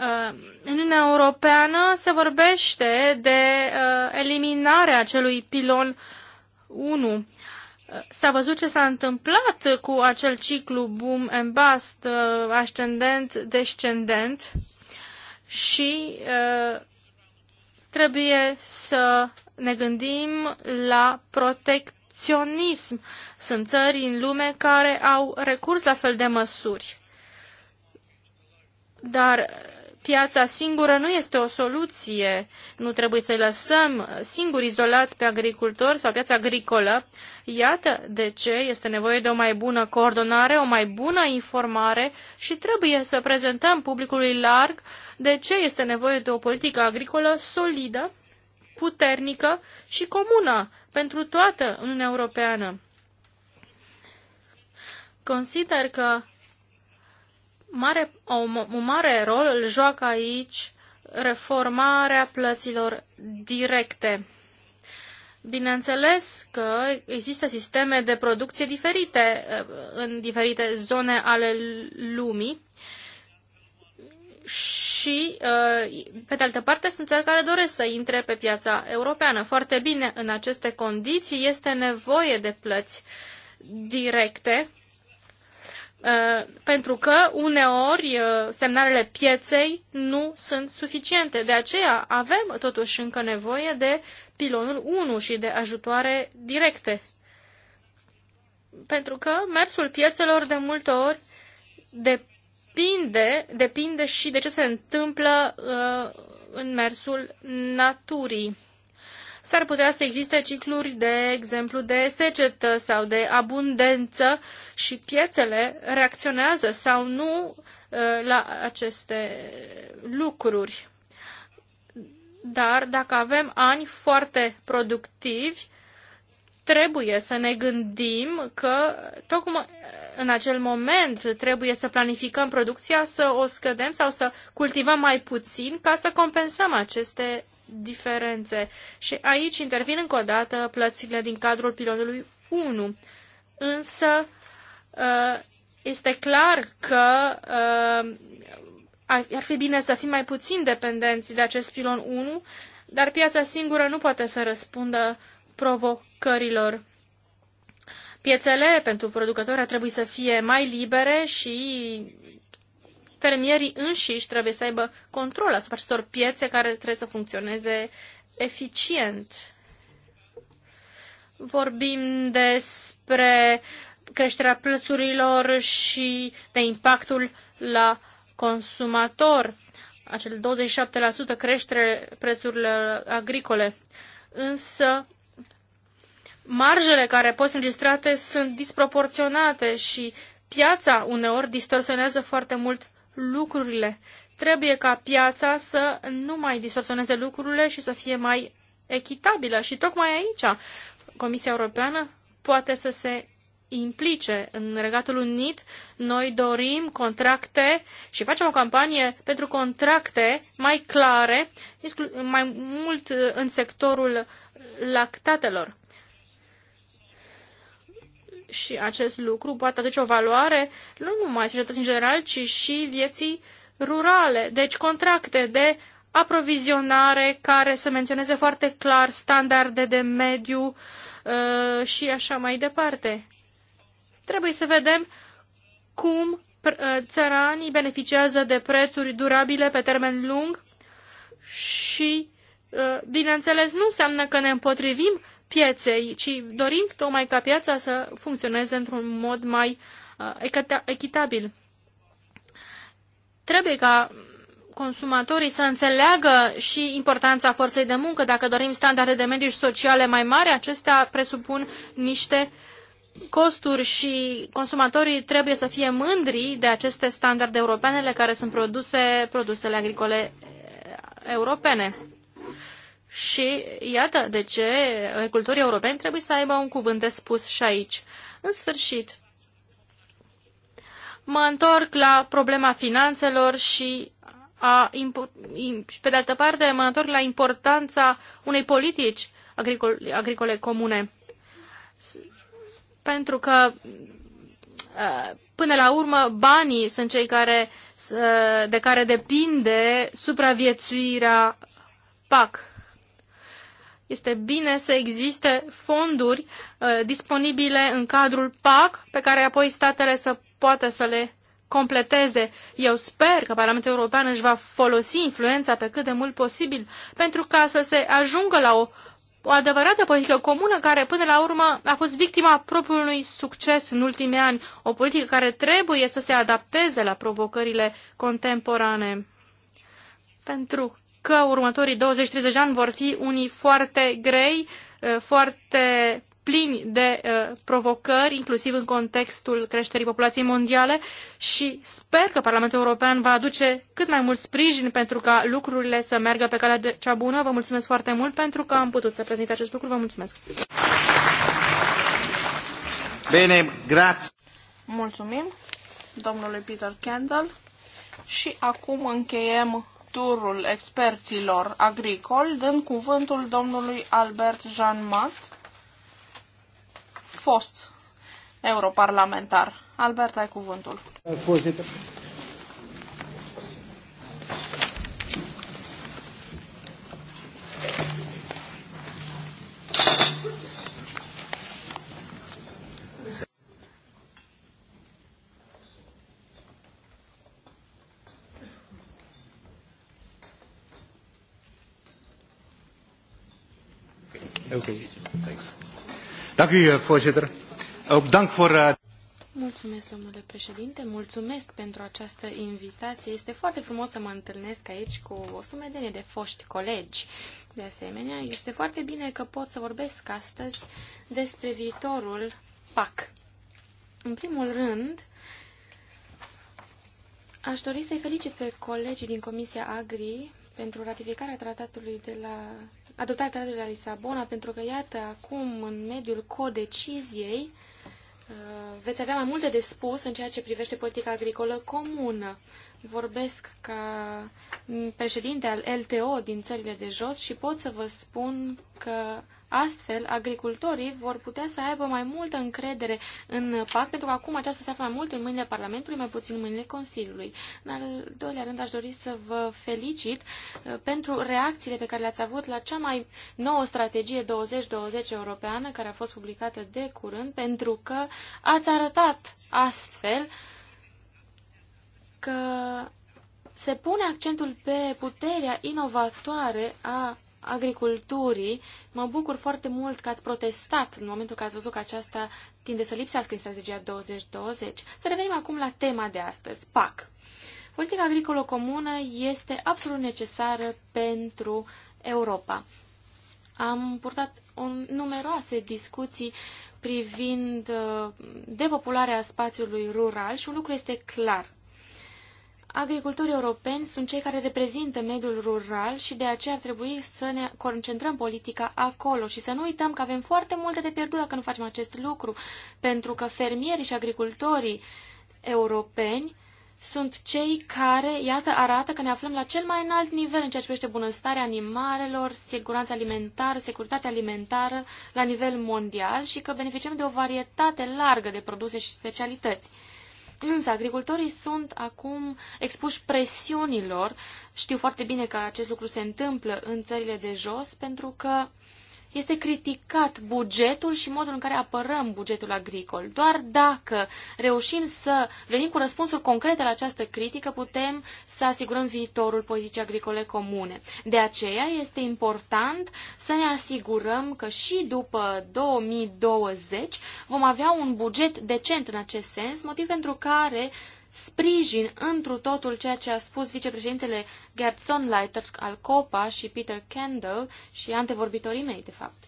Uh, în Uniunea Europeană se vorbește de uh, eliminarea acelui pilon 1. Uh, s-a văzut ce s-a întâmplat cu acel ciclu boom and bust, ascendent-descendent și trebuie să ne gândim la protecționism. Sunt țări în lume care au recurs la fel de măsuri. Dar Piața singură nu este o soluție. Nu trebuie să-i lăsăm singuri izolați pe agricultori sau piața agricolă. Iată de ce este nevoie de o mai bună coordonare, o mai bună informare și trebuie să prezentăm publicului larg de ce este nevoie de o politică agricolă solidă, puternică și comună pentru toată Uniunea Europeană. Consider că Mare, o, un mare rol îl joacă aici reformarea plăților directe. Bineînțeles că există sisteme de producție diferite eh, în diferite zone ale lumii și, eh, pe de altă parte, sunt țări care doresc să intre pe piața europeană. Foarte bine, în aceste condiții este nevoie de plăți directe Uh, pentru că uneori uh, semnalele pieței nu sunt suficiente. De aceea avem totuși încă nevoie de pilonul 1 și de ajutoare directe. Pentru că mersul piețelor de multe ori depinde, depinde și de ce se întâmplă uh, în mersul naturii s-ar putea să existe cicluri de exemplu de secetă sau de abundență și piețele reacționează sau nu uh, la aceste lucruri. Dar dacă avem ani foarte productivi, trebuie să ne gândim că tocmai în acel moment trebuie să planificăm producția, să o scădem sau să cultivăm mai puțin ca să compensăm aceste diferențe. Și aici intervin încă o dată plățile din cadrul pilonului 1. Însă uh, este clar că uh, ar fi bine să fim mai puțin dependenți de acest pilon 1, dar piața singură nu poate să răspundă provocărilor. Piețele pentru producători ar trebui să fie mai libere și fermierii înșiși trebuie să aibă control asupra acestor piețe care trebuie să funcționeze eficient. Vorbim despre creșterea plăsurilor și de impactul la consumator, acel 27% creștere prețurile agricole. Însă, marjele care pot fi înregistrate sunt disproporționate și piața uneori distorsionează foarte mult lucrurile. Trebuie ca piața să nu mai distorsioneze lucrurile și să fie mai echitabilă. Și tocmai aici Comisia Europeană poate să se implice. În Regatul Unit noi dorim contracte și facem o campanie pentru contracte mai clare, mai mult în sectorul lactatelor și acest lucru poate aduce o valoare nu numai societății în general, ci și vieții rurale. Deci contracte de aprovizionare care să menționeze foarte clar standarde de mediu uh, și așa mai departe. Trebuie să vedem cum uh, țăranii beneficiază de prețuri durabile pe termen lung și, uh, bineînțeles, nu înseamnă că ne împotrivim pieței, ci dorim tocmai ca piața să funcționeze într-un mod mai uh, echitabil. Trebuie ca consumatorii să înțeleagă și importanța forței de muncă. Dacă dorim standarde de mediu și sociale mai mari, acestea presupun niște costuri și consumatorii trebuie să fie mândri de aceste standarde europene care sunt produse, produsele agricole uh, europene. Și iată de ce agricultorii europeni trebuie să aibă un cuvânt de spus și aici. În sfârșit, mă întorc la problema finanțelor și, a, și pe de altă parte, mă întorc la importanța unei politici agricole, agricole comune. Pentru că, până la urmă, banii sunt cei care, de care depinde supraviețuirea PAC este bine să existe fonduri uh, disponibile în cadrul PAC pe care apoi statele să poată să le completeze. Eu sper că Parlamentul European își va folosi influența pe cât de mult posibil pentru ca să se ajungă la o, o adevărată politică comună care până la urmă a fost victima propriului succes în ultimii ani, o politică care trebuie să se adapteze la provocările contemporane. Pentru că următorii 20-30 de ani vor fi unii foarte grei, uh, foarte plini de uh, provocări, inclusiv în contextul creșterii populației mondiale și sper că Parlamentul European va aduce cât mai mult sprijin pentru ca lucrurile să meargă pe calea de cea bună. Vă mulțumesc foarte mult pentru că am putut să prezint acest lucru. Vă mulțumesc! Bine, grație! Mulțumim domnului Peter Kendall și acum încheiem turul experților agricoli, dând cuvântul domnului Albert Jean Matt, fost europarlamentar. Albert, ai cuvântul. Okay. Thanks. Dank u, eh, voorzitter. Ook dank voor... Uh... Mulțumesc, domnule președinte, mulțumesc pentru această invitație. Este foarte frumos să mă întâlnesc aici cu o sumedenie de foști colegi. De asemenea, este foarte bine că pot să vorbesc astăzi despre viitorul PAC. În primul rând, aș dori să-i felicit pe colegii din Comisia Agri pentru ratificarea tratatului de la adoptarea tratatului de la Lisabona, pentru că, iată, acum, în mediul codeciziei, uh, veți avea mai multe de spus în ceea ce privește politica agricolă comună. Vorbesc ca președinte al LTO din țările de jos și pot să vă spun că Astfel, agricultorii vor putea să aibă mai multă încredere în PAC, pentru că acum aceasta se află mai mult în mâinile Parlamentului, mai puțin în mâinile Consiliului. În al doilea rând, aș dori să vă felicit uh, pentru reacțiile pe care le-ați avut la cea mai nouă strategie 2020 europeană, care a fost publicată de curând, pentru că ați arătat astfel că se pune accentul pe puterea inovatoare a agriculturii. Mă bucur foarte mult că ați protestat în momentul că ați văzut că aceasta tinde să lipsească în strategia 2020. Să revenim acum la tema de astăzi, PAC. Politica agricolă comună este absolut necesară pentru Europa. Am purtat o, numeroase discuții privind uh, depopularea spațiului rural și un lucru este clar agricultorii europeni sunt cei care reprezintă mediul rural și de aceea ar trebui să ne concentrăm politica acolo și să nu uităm că avem foarte multe de pierdut dacă nu facem acest lucru, pentru că fermierii și agricultorii europeni sunt cei care, iată, arată că ne aflăm la cel mai înalt nivel în ceea ce privește bunăstarea animalelor, siguranța alimentară, securitatea alimentară la nivel mondial și că beneficiem de o varietate largă de produse și specialități. Însă agricultorii sunt acum expuși presiunilor. Știu foarte bine că acest lucru se întâmplă în țările de jos pentru că uh, este criticat bugetul și modul în care apărăm bugetul agricol. Doar dacă reușim să venim cu răspunsuri concrete la această critică, putem să asigurăm viitorul politicii agricole comune. De aceea este important să ne asigurăm că și după 2020 vom avea un buget decent în acest sens, motiv pentru care sprijin întru totul ceea ce a spus vicepreședintele Gerd Sonleiter al COPA și Peter Kendall și antevorbitorii mei, de fapt.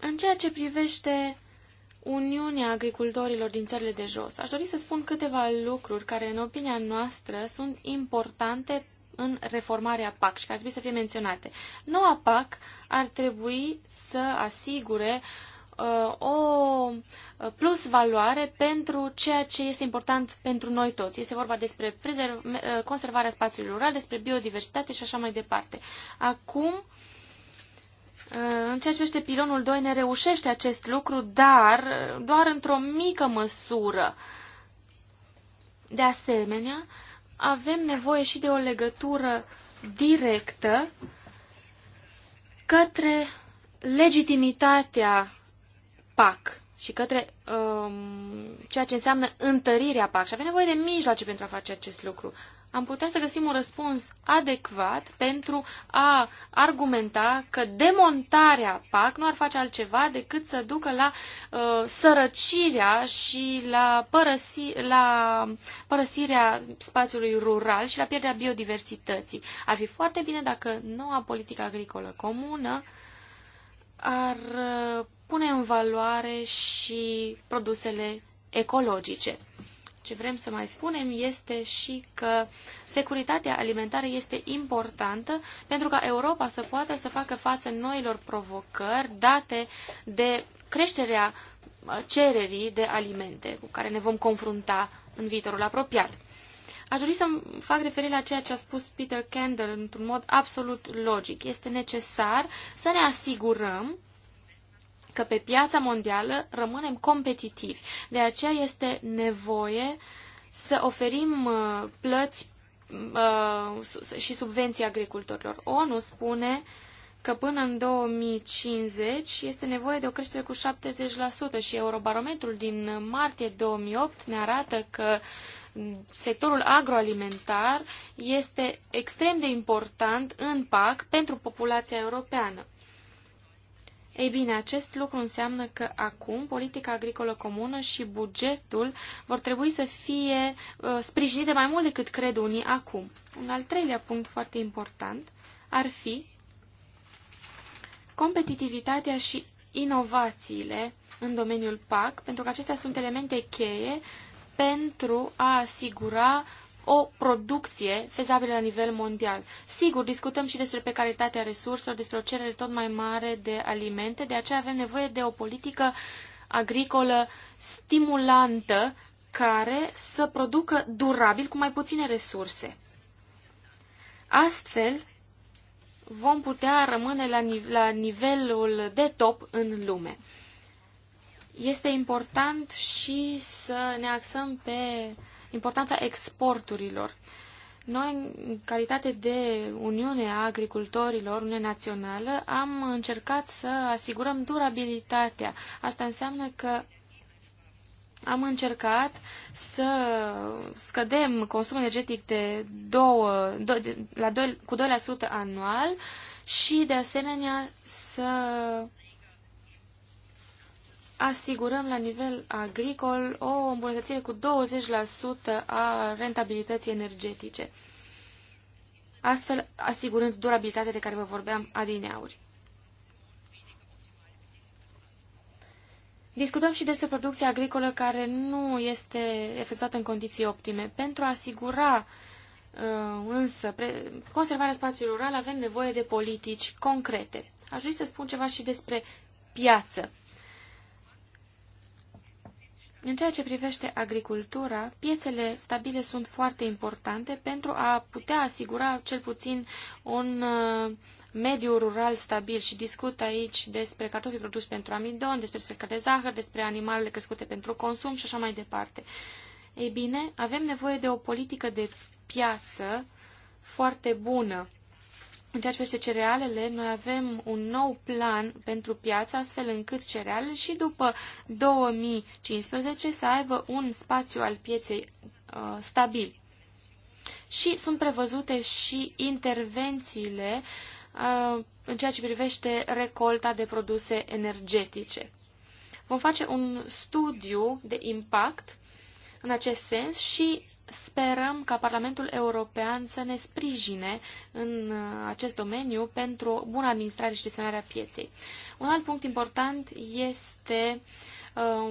În ceea ce privește Uniunea Agricultorilor din țările de jos, aș dori să spun câteva lucruri care, în opinia noastră, sunt importante în reformarea PAC și care ar trebui să fie menționate. Noua PAC ar trebui să asigure uh, Uh, o plus valoare pentru ceea ce este important pentru noi toți. Este vorba despre uh, conservarea spațiului rural, despre biodiversitate și așa mai departe. Acum, uh, în ceea ce vește pilonul 2, ne reușește acest lucru, dar doar într-o mică măsură. De asemenea, avem nevoie și de o legătură directă către legitimitatea PAC și către um, ceea ce înseamnă întărirea PAC. Și avem nevoie de mijloace pentru a face acest lucru. Am putea să găsim un răspuns adecvat pentru a argumenta că demontarea PAC nu ar face altceva decât să ducă la uh, sărăcirea și la, părăsi, la părăsirea spațiului rural și la pierderea biodiversității. Ar fi foarte bine dacă noua politică agricolă comună uh, ar uh, pune în valoare și produsele ecologice. Ce vrem să mai spunem este și că securitatea alimentară este importantă pentru ca Europa să poată să facă față noilor provocări date de creșterea uh, cererii de alimente cu care ne vom confrunta în viitorul apropiat. Aș dori să fac referire la ceea ce a spus Peter Kendall într-un mod absolut logic. Este necesar să ne asigurăm că pe piața mondială rămânem competitivi. De aceea este nevoie să oferim uh, plăți uh, și subvenții agricultorilor. ONU spune că până în 2050 este nevoie de o creștere cu 70% și Eurobarometrul din martie 2008 ne arată că sectorul agroalimentar este extrem de important în PAC pentru populația europeană. Ei bine, acest lucru înseamnă că acum politica agricolă comună și bugetul vor trebui să fie uh, sprijinite mai mult decât cred unii acum. Un al treilea punct foarte important ar fi competitivitatea și inovațiile în domeniul PAC, pentru că acestea sunt elemente cheie pentru a asigura o producție fezabilă la nivel mondial. Sigur, discutăm și despre precaritatea resurselor, despre o cerere tot mai mare de alimente, de aceea avem nevoie de o politică agricolă stimulantă care să producă durabil cu mai puține resurse. Astfel, vom putea rămâne la, nive la nivelul de top în lume este important și să ne axăm pe importanța exporturilor. Noi, în calitate de Uniune a Agricultorilor, Uniune Națională, am încercat să asigurăm durabilitatea. Asta înseamnă că am încercat să scădem consumul energetic de 2, de, la 2, cu 2% anual și, de asemenea, să asigurăm la nivel agricol o îmbunătățire cu 20% a rentabilității energetice, astfel asigurând durabilitatea de care vă vorbeam adineauri. Discutăm și despre producția agricolă care nu este efectuată în condiții optime. Pentru a asigura uh, însă conservarea spațiului rural avem nevoie de politici concrete. Aș vrea să spun ceva și despre piață. În ceea ce privește agricultura, piețele stabile sunt foarte importante pentru a putea asigura cel puțin un uh, mediu rural stabil și discut aici despre cartofii produși pentru amidon, despre sfeclă de zahăr, despre animalele crescute pentru consum și așa mai departe. Ei bine, avem nevoie de o politică de piață foarte bună în ceea ce privește cerealele, noi avem un nou plan pentru piață, astfel încât cerealele și după 2015 să aibă un spațiu al pieței uh, stabil. Și sunt prevăzute și intervențiile uh, în ceea ce privește recolta de produse energetice. Vom face un studiu de impact în acest sens și sperăm ca Parlamentul European să ne sprijine în uh, acest domeniu pentru o bună administrare și gestionare a pieței. Un alt punct important este uh,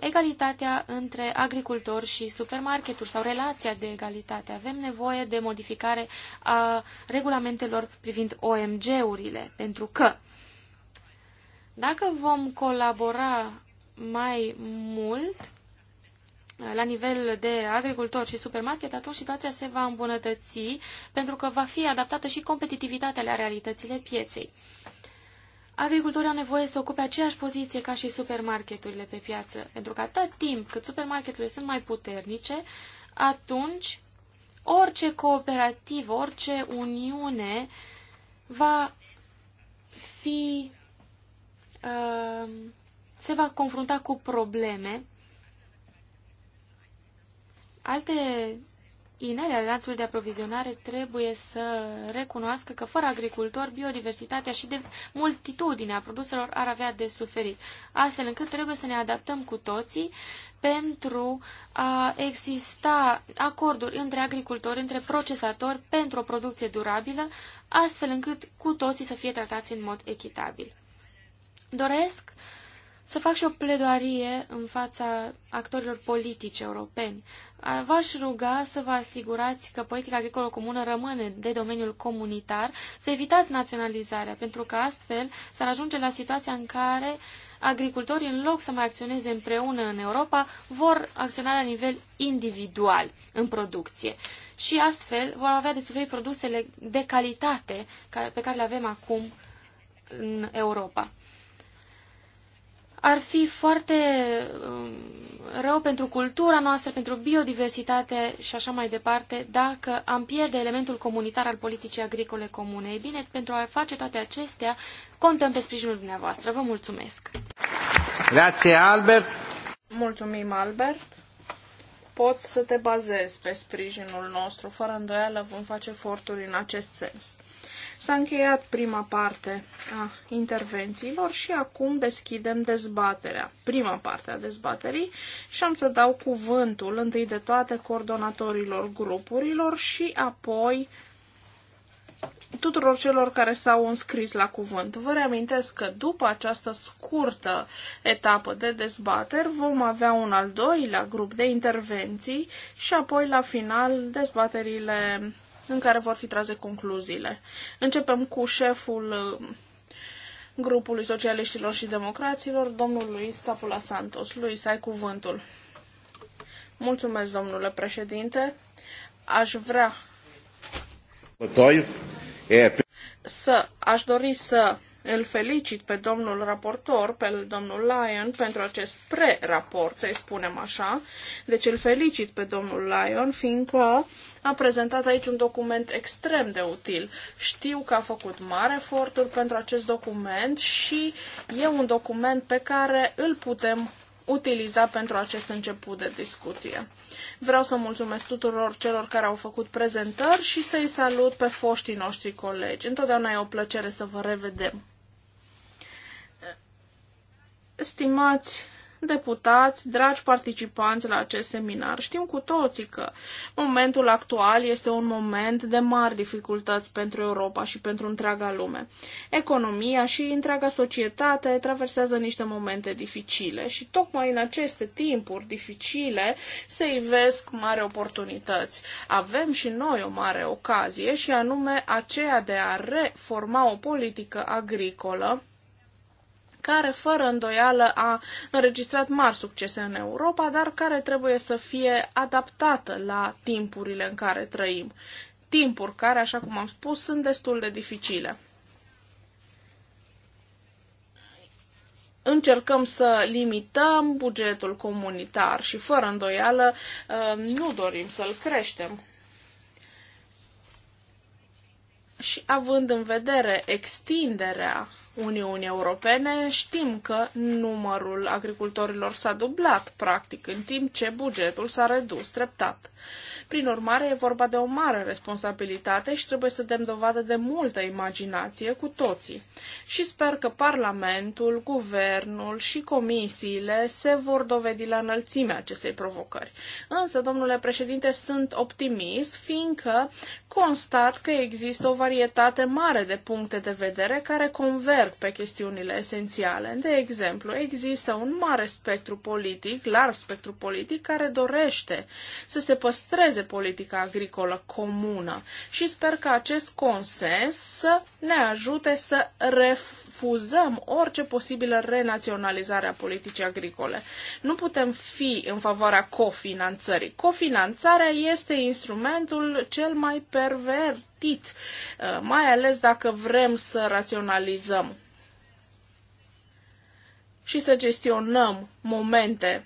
egalitatea între agricultori și supermarketuri sau relația de egalitate. Avem nevoie de modificare a regulamentelor privind OMG-urile, pentru că dacă vom colabora mai mult, la nivel de agricultor și supermarket, atunci situația se va îmbunătăți pentru că va fi adaptată și competitivitatea la realitățile pieței. Agricultorii au nevoie să ocupe aceeași poziție ca și supermarketurile pe piață, pentru că atât timp cât supermarketurile sunt mai puternice, atunci orice cooperativă, orice uniune va fi, uh, se va confrunta cu probleme Alte inele ale lanțului de aprovizionare trebuie să recunoască că fără agricultori biodiversitatea și de multitudinea produselor ar avea de suferit, astfel încât trebuie să ne adaptăm cu toții pentru a exista acorduri între agricultori, între procesatori pentru o producție durabilă, astfel încât cu toții să fie tratați în mod echitabil. Doresc uh, să fac și o pledoarie în fața actorilor politici europeni. V-aș ruga să vă asigurați că politica agricolă comună rămâne de domeniul comunitar, să evitați naționalizarea, pentru că astfel s-ar ajunge la situația în care agricultorii, în loc să mai acționeze împreună în Europa, vor acționa la nivel individual în producție. Și astfel vor avea de suferit produsele de calitate pe care le avem acum în Europa ar fi foarte um, rău pentru cultura noastră, pentru biodiversitate și așa mai departe, dacă am pierde elementul comunitar al politicii agricole comune. Ei bine, pentru a face toate acestea, contăm pe sprijinul dumneavoastră. Vă mulțumesc! Grazie, Albert! Mulțumim, Albert! Poți să te bazezi pe sprijinul nostru. Fără îndoială vom face eforturi în acest sens. S-a încheiat prima parte a intervențiilor și acum deschidem dezbaterea, prima parte a dezbaterii și am să dau cuvântul întâi de toate coordonatorilor grupurilor și apoi tuturor celor care s-au înscris la cuvânt. Vă reamintesc că după această scurtă etapă de dezbateri vom avea un al doilea grup de intervenții și apoi la final dezbaterile în care vor fi trase concluziile. Începem cu șeful uh, grupului socialiștilor și democraților, domnul Luis Capula Santos. Luis, ai cuvântul. Mulțumesc, domnule președinte. Aș vrea să aș dori să îl felicit pe domnul raportor, pe domnul Lyon, pentru acest pre-raport, să-i spunem așa. Deci îl felicit pe domnul Lyon, fiindcă a prezentat aici un document extrem de util. Știu că a făcut mari eforturi pentru acest document și e un document pe care îl putem utiliza pentru acest început de discuție. Vreau să mulțumesc tuturor celor care au făcut prezentări și să-i salut pe foștii noștri colegi. Întotdeauna e o plăcere să vă revedem. Stimați deputați, dragi participanți la acest seminar, știm cu toții că momentul actual este un moment de mari dificultăți pentru Europa și pentru întreaga lume. Economia și întreaga societate traversează niște momente dificile și tocmai în aceste timpuri dificile se ivesc mari oportunități. Avem și noi o mare ocazie și anume aceea de a reforma o politică agricolă care, fără îndoială, a înregistrat mari succese în Europa, dar care trebuie să fie adaptată la timpurile în care trăim. Timpuri care, așa cum am spus, sunt destul de dificile. încercăm să limităm bugetul comunitar și fără îndoială ă, nu dorim să-l creștem și având în vedere extinderea Uniunii Europene, știm că numărul agricultorilor s-a dublat, practic, în timp ce bugetul s-a redus treptat. Prin urmare, e vorba de o mare responsabilitate și trebuie să dăm dovadă de multă imaginație cu toții. Și sper că Parlamentul, Guvernul și comisiile se vor dovedi la înălțimea acestei provocări. Însă, domnule președinte, sunt optimist, fiindcă constat că există o varietate mare de puncte de vedere care converg pe chestiunile esențiale. De exemplu, există un mare spectru politic, larg spectru politic, care dorește să se păstreze politica agricolă comună și sper că acest consens să ne ajute să refuzăm orice posibilă renaționalizare a politicii agricole. Nu putem fi în favoarea cofinanțării. Cofinanțarea este instrumentul cel mai pervers pregătit, uh, mai ales dacă vrem să raționalizăm și să gestionăm momente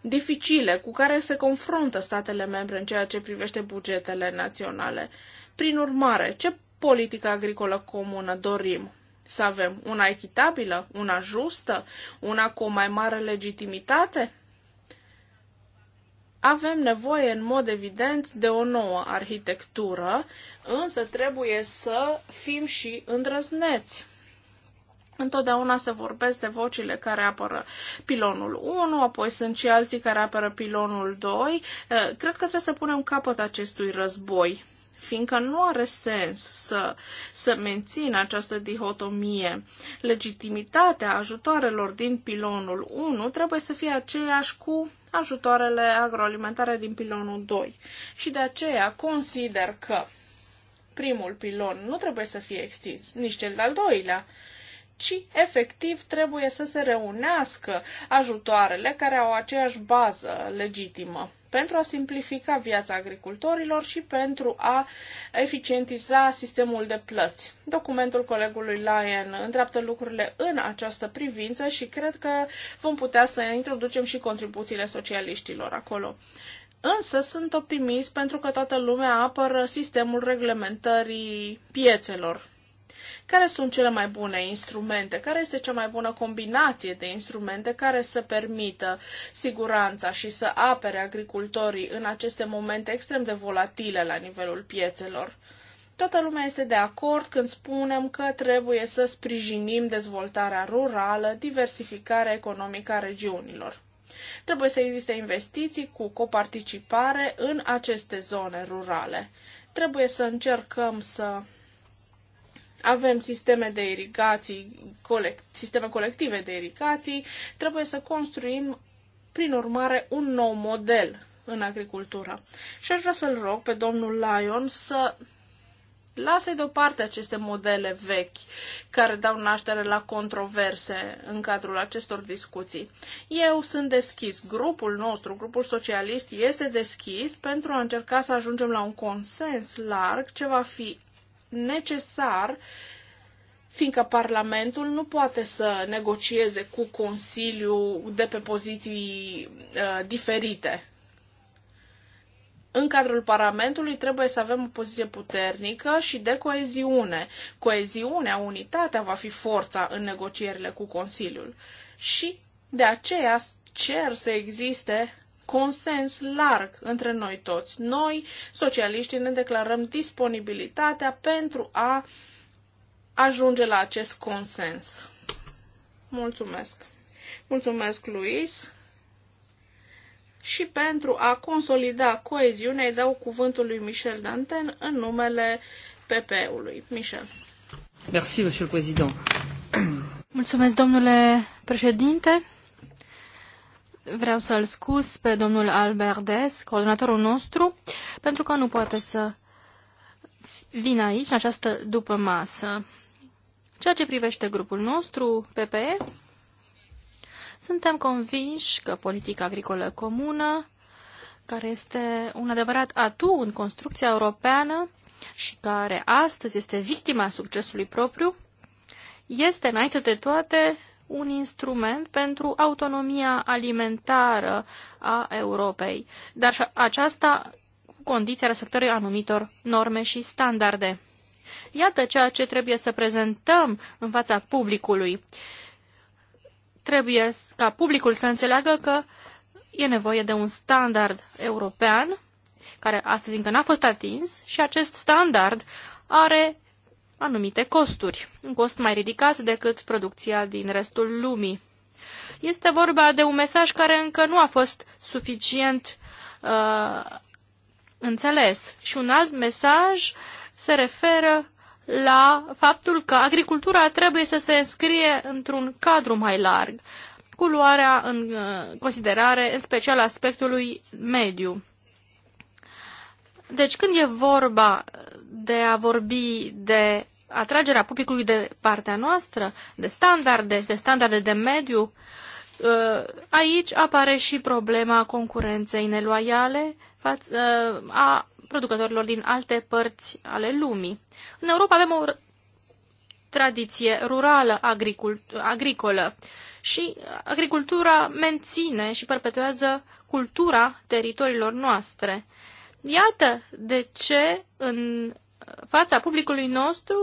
dificile cu care se confruntă statele membre în ceea ce privește bugetele naționale. Prin urmare, ce politică agricolă comună dorim? Să avem una echitabilă, una justă, una cu o mai mare legitimitate? Avem nevoie, în mod evident, de o nouă arhitectură, însă trebuie să fim și îndrăzneți. Întotdeauna se vorbesc de vocile care apără pilonul 1, apoi sunt și alții care apără pilonul 2. Eh, cred că trebuie să punem capăt acestui război fiindcă nu are sens să, să mențină această dihotomie. Legitimitatea ajutoarelor din pilonul 1 trebuie să fie aceeași cu ajutoarele agroalimentare din pilonul 2. Și de aceea consider că primul pilon nu trebuie să fie extins, nici cel de-al doilea, ci efectiv trebuie să se reunească ajutoarele care au aceeași bază legitimă pentru a simplifica viața agricultorilor și pentru a eficientiza sistemul de plăți. Documentul colegului Lyon îndreaptă lucrurile în această privință și cred că vom putea să introducem și contribuțiile socialiștilor acolo. Însă sunt optimist pentru că toată lumea apără sistemul reglementării piețelor care sunt cele mai bune instrumente, care este cea mai bună combinație de instrumente care să permită siguranța și să apere agricultorii în aceste momente extrem de volatile la nivelul piețelor. Toată lumea este de acord când spunem că trebuie să sprijinim dezvoltarea rurală, diversificarea economică a regiunilor. Trebuie să existe investiții cu coparticipare în aceste zone rurale. Trebuie să încercăm să avem sisteme de irigații, colect, sisteme colective de irigații. Trebuie să construim, prin urmare, un nou model în agricultură. Și aș vrea să-l rog pe domnul Lyon să lase deoparte aceste modele vechi care dau naștere la controverse în cadrul acestor discuții. Eu sunt deschis, grupul nostru, grupul socialist, este deschis pentru a încerca să ajungem la un consens larg ce va fi necesar fiindcă Parlamentul nu poate să negocieze cu Consiliul de pe poziții uh, diferite. În cadrul Parlamentului trebuie să avem o poziție puternică și de coeziune. Coeziunea, unitatea va fi forța în negocierile cu Consiliul. Și de aceea cer să existe consens larg între noi toți. Noi, socialiștii, ne declarăm disponibilitatea pentru a ajunge la acest consens. Mulțumesc! Mulțumesc, Luis! Și pentru a consolida coeziunea, îi dau cuvântul lui Michel Danten în numele PPE-ului. Michel. Merci, Mulțumesc, domnule președinte vreau să-l scuz pe domnul Albertes, coordonatorul nostru, pentru că nu poate să vină aici, în această după masă. Ceea ce privește grupul nostru, PPE, suntem convinși că politica agricolă comună, care este un adevărat atu în construcția europeană și care astăzi este victima succesului propriu, este, înainte de toate, un instrument pentru autonomia alimentară a Europei, dar aceasta cu condiția respectării anumitor norme și standarde. Iată ceea ce trebuie să prezentăm în fața publicului. Trebuie ca publicul să înțeleagă că e nevoie de un standard european, care astăzi încă n-a fost atins, și acest standard are anumite costuri, un cost mai ridicat decât producția din restul lumii. Este vorba de un mesaj care încă nu a fost suficient uh, înțeles. Și un alt mesaj se referă la faptul că agricultura trebuie să se înscrie într-un cadru mai larg, cu luarea în uh, considerare în special aspectului mediu. Deci când e vorba de a vorbi de atragerea publicului de partea noastră, de standarde, de standarde de mediu, ă, aici apare și problema concurenței neloiale ă, a producătorilor din alte părți ale lumii. În Europa avem o tradiție rurală agricolă și agricultura menține și perpetuează cultura teritoriilor noastre. Iată de ce în fața publicului nostru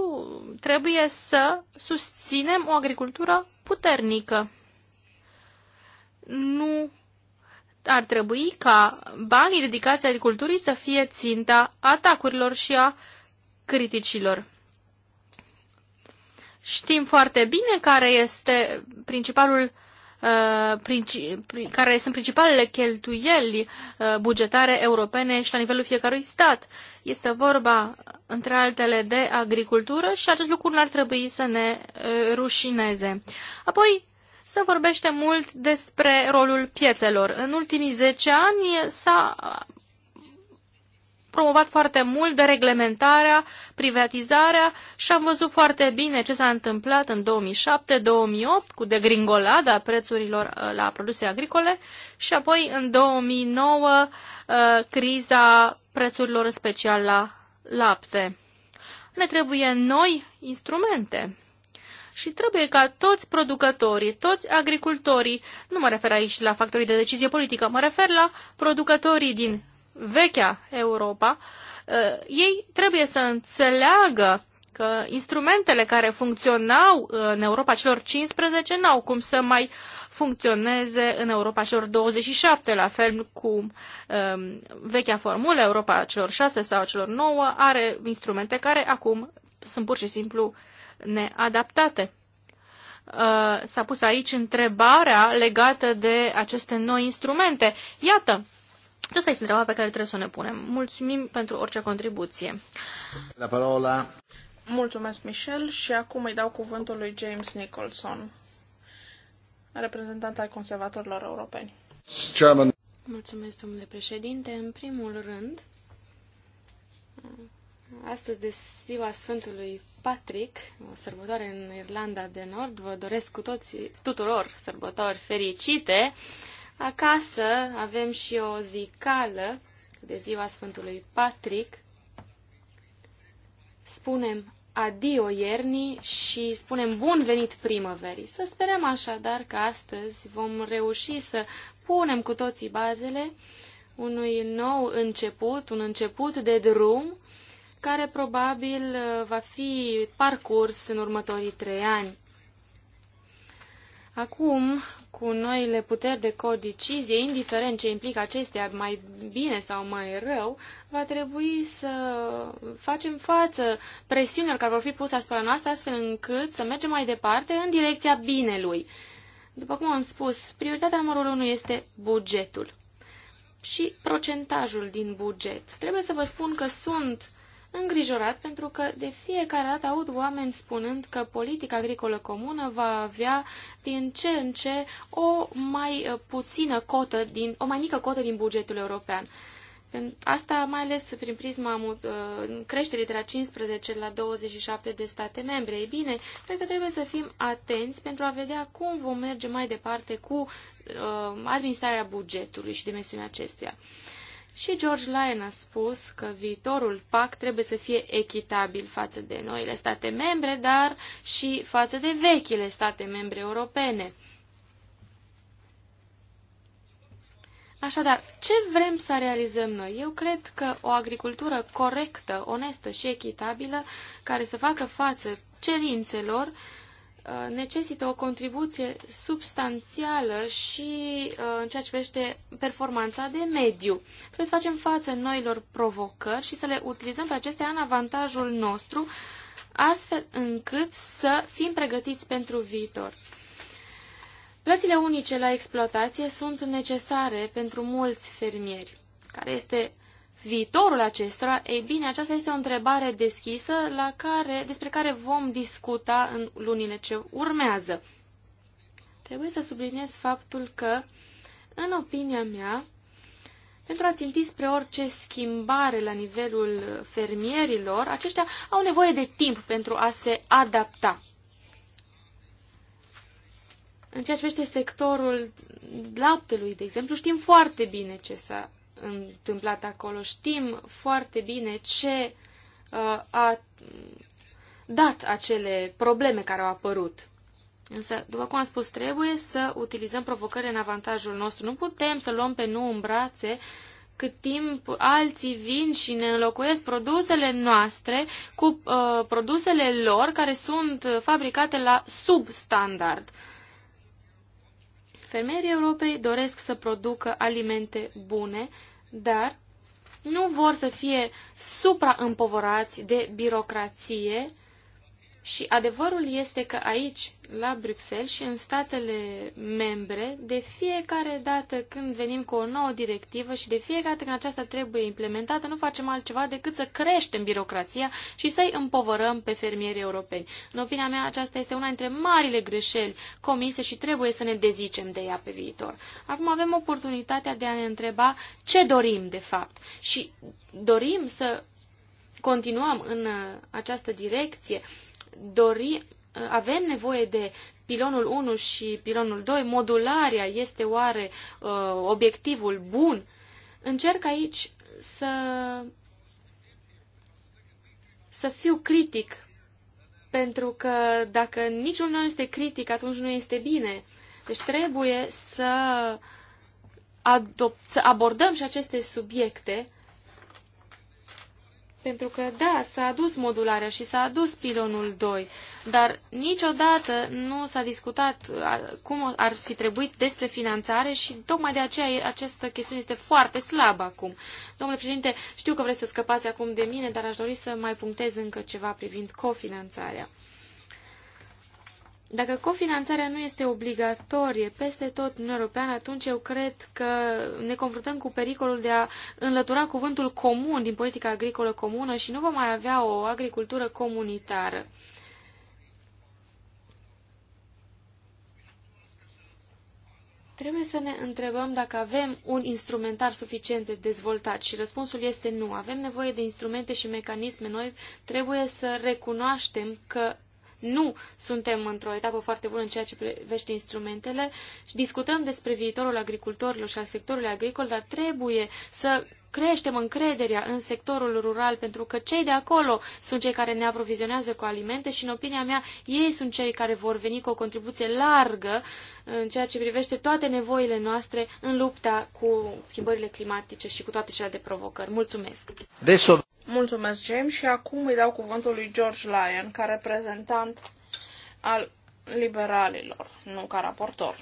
trebuie să susținem o agricultură puternică. Nu ar trebui ca banii dedicați agriculturii să fie ținta atacurilor și a criticilor. Știm foarte bine care este principalul Uh, care sunt principalele cheltuieli uh, bugetare europene și la nivelul fiecărui stat. Este vorba, între altele, de agricultură și acest lucru nu ar trebui să ne uh, rușineze. Apoi, se vorbește mult despre rolul piețelor. În ultimii 10 ani s-a promovat foarte mult de reglementarea, privatizarea și am văzut foarte bine ce s-a întâmplat în 2007-2008 cu degringolada prețurilor uh, la produse agricole și apoi în 2009 uh, criza prețurilor în special la lapte. Ne trebuie noi instrumente și trebuie ca toți producătorii, toți agricultorii, nu mă refer aici la factorii de decizie politică, mă refer la producătorii din vechea Europa, uh, ei trebuie să înțeleagă că instrumentele care funcționau uh, în Europa celor 15 n-au cum să mai funcționeze în Europa celor 27, la fel cum um, vechea formulă Europa celor 6 sau celor 9 are instrumente care acum sunt pur și simplu neadaptate. Uh, S-a pus aici întrebarea legată de aceste noi instrumente. Iată, Asta este întrebarea pe care trebuie să o ne punem. Mulțumim pentru orice contribuție. La parola. Mulțumesc, Michel, și acum îi dau cuvântul lui James Nicholson, reprezentant al conservatorilor europeni. Chairman. Mulțumesc, domnule președinte. În primul rând, astăzi de ziua Sfântului Patrick, o sărbătoare în Irlanda de Nord, vă doresc cu toții, tuturor sărbători fericite. Acasă avem și o zicală de ziua Sfântului Patrick. Spunem adio iernii și spunem bun venit primăverii. Să sperăm așadar că astăzi vom reuși să punem cu toții bazele unui nou început, un început de drum care probabil uh, va fi parcurs în următorii trei ani. Acum cu noile puteri de codecizie, indiferent ce implică acestea mai bine sau mai rău, va trebui să facem față presiunilor care vor fi puse asupra noastră, astfel încât să mergem mai departe în direcția binelui. După cum am spus, prioritatea numărul 1 este bugetul și procentajul din buget. Trebuie să vă spun că sunt îngrijorat pentru că de fiecare dată aud oameni spunând că politica agricolă comună va avea din ce în ce o mai uh, puțină cotă, din, o mai mică cotă din bugetul european. Asta mai ales prin prisma uh, creșterii de la 15 la 27 de state membre. Ei bine, cred că trebuie să fim atenți pentru a vedea cum vom merge mai departe cu uh, administrarea bugetului și dimensiunea acestuia. Și George Lyon a spus că viitorul PAC trebuie să fie echitabil față de noile state membre, dar și față de vechile state membre europene. Așadar, ce vrem să realizăm noi? Eu cred că o agricultură corectă, onestă și echitabilă, care să facă față cerințelor, uh, Uh, necesită o contribuție substanțială și uh, în ceea ce privește performanța de mediu. Trebuie să facem față noilor provocări și să le utilizăm pe acestea în avantajul nostru, astfel încât să fim pregătiți pentru viitor. Plățile unice la exploatație sunt necesare pentru mulți fermieri, care este viitorul acestora, ei bine, aceasta este o întrebare deschisă la care, despre care vom discuta în lunile ce urmează. Trebuie să subliniez faptul că, în opinia mea, pentru a ținti spre orice schimbare la nivelul fermierilor, aceștia au nevoie de timp pentru a se adapta. În ceea ce privește sectorul laptelui, de exemplu, știm foarte bine ce s-a întâmplat acolo. Știm foarte bine ce uh, a dat acele probleme care au apărut. Însă, după cum am spus, trebuie să utilizăm provocările în avantajul nostru. Nu putem să luăm pe nu în brațe cât timp alții vin și ne înlocuiesc produsele noastre cu uh, produsele lor care sunt uh, fabricate la substandard. Fermierii Europei doresc să producă alimente bune, dar nu vor să fie supraîmpovorați de birocrație și adevărul este că aici, la Bruxelles și în statele membre, de fiecare dată când venim cu o nouă directivă și de fiecare dată când aceasta trebuie implementată, nu facem altceva decât să creștem birocrația și să-i împovărăm pe fermierii europeni. În opinia mea, aceasta este una dintre marile greșeli comise și trebuie să ne dezicem de ea pe viitor. Acum avem oportunitatea de a ne întreba ce dorim, de fapt. Și dorim să continuăm în uh, această direcție, dori, avem nevoie de pilonul 1 și pilonul 2, modularea este oare uh, obiectivul bun? Încerc aici să, să fiu critic, pentru că dacă niciunul nu este critic, atunci nu este bine. Deci trebuie să, adopt, să abordăm și aceste subiecte pentru că, da, s-a adus modularea și s-a adus pilonul 2, dar niciodată nu s-a discutat cum ar fi trebuit despre finanțare și tocmai de aceea această chestiune este foarte slabă acum. Domnule președinte, știu că vreți să scăpați acum de mine, dar aș dori să mai punctez încă ceva privind cofinanțarea. Uh, dacă cofinanțarea nu este obligatorie peste tot în european, atunci eu cred că ne confruntăm cu pericolul de a înlătura cuvântul comun din politica agricolă comună și nu vom mai avea o agricultură comunitară. Trebuie să ne întrebăm dacă avem un instrumentar suficient de dezvoltat și răspunsul este nu. Avem nevoie de instrumente și mecanisme noi. Trebuie să recunoaștem că nu suntem într-o etapă foarte bună în ceea ce privește instrumentele și discutăm despre viitorul agricultorilor și al sectorului agricol, dar trebuie să creștem încrederea în sectorul rural, pentru că cei de acolo sunt cei care ne aprovizionează cu alimente și, în opinia mea, ei sunt cei care vor veni cu o contribuție largă uh, în ceea ce privește toate nevoile noastre în lupta cu schimbările climatice și cu toate cele de provocări. Mulțumesc! Deso... Mulțumesc, James, și acum îi dau cuvântul lui George Lyon, ca reprezentant al liberalilor, nu ca raportor.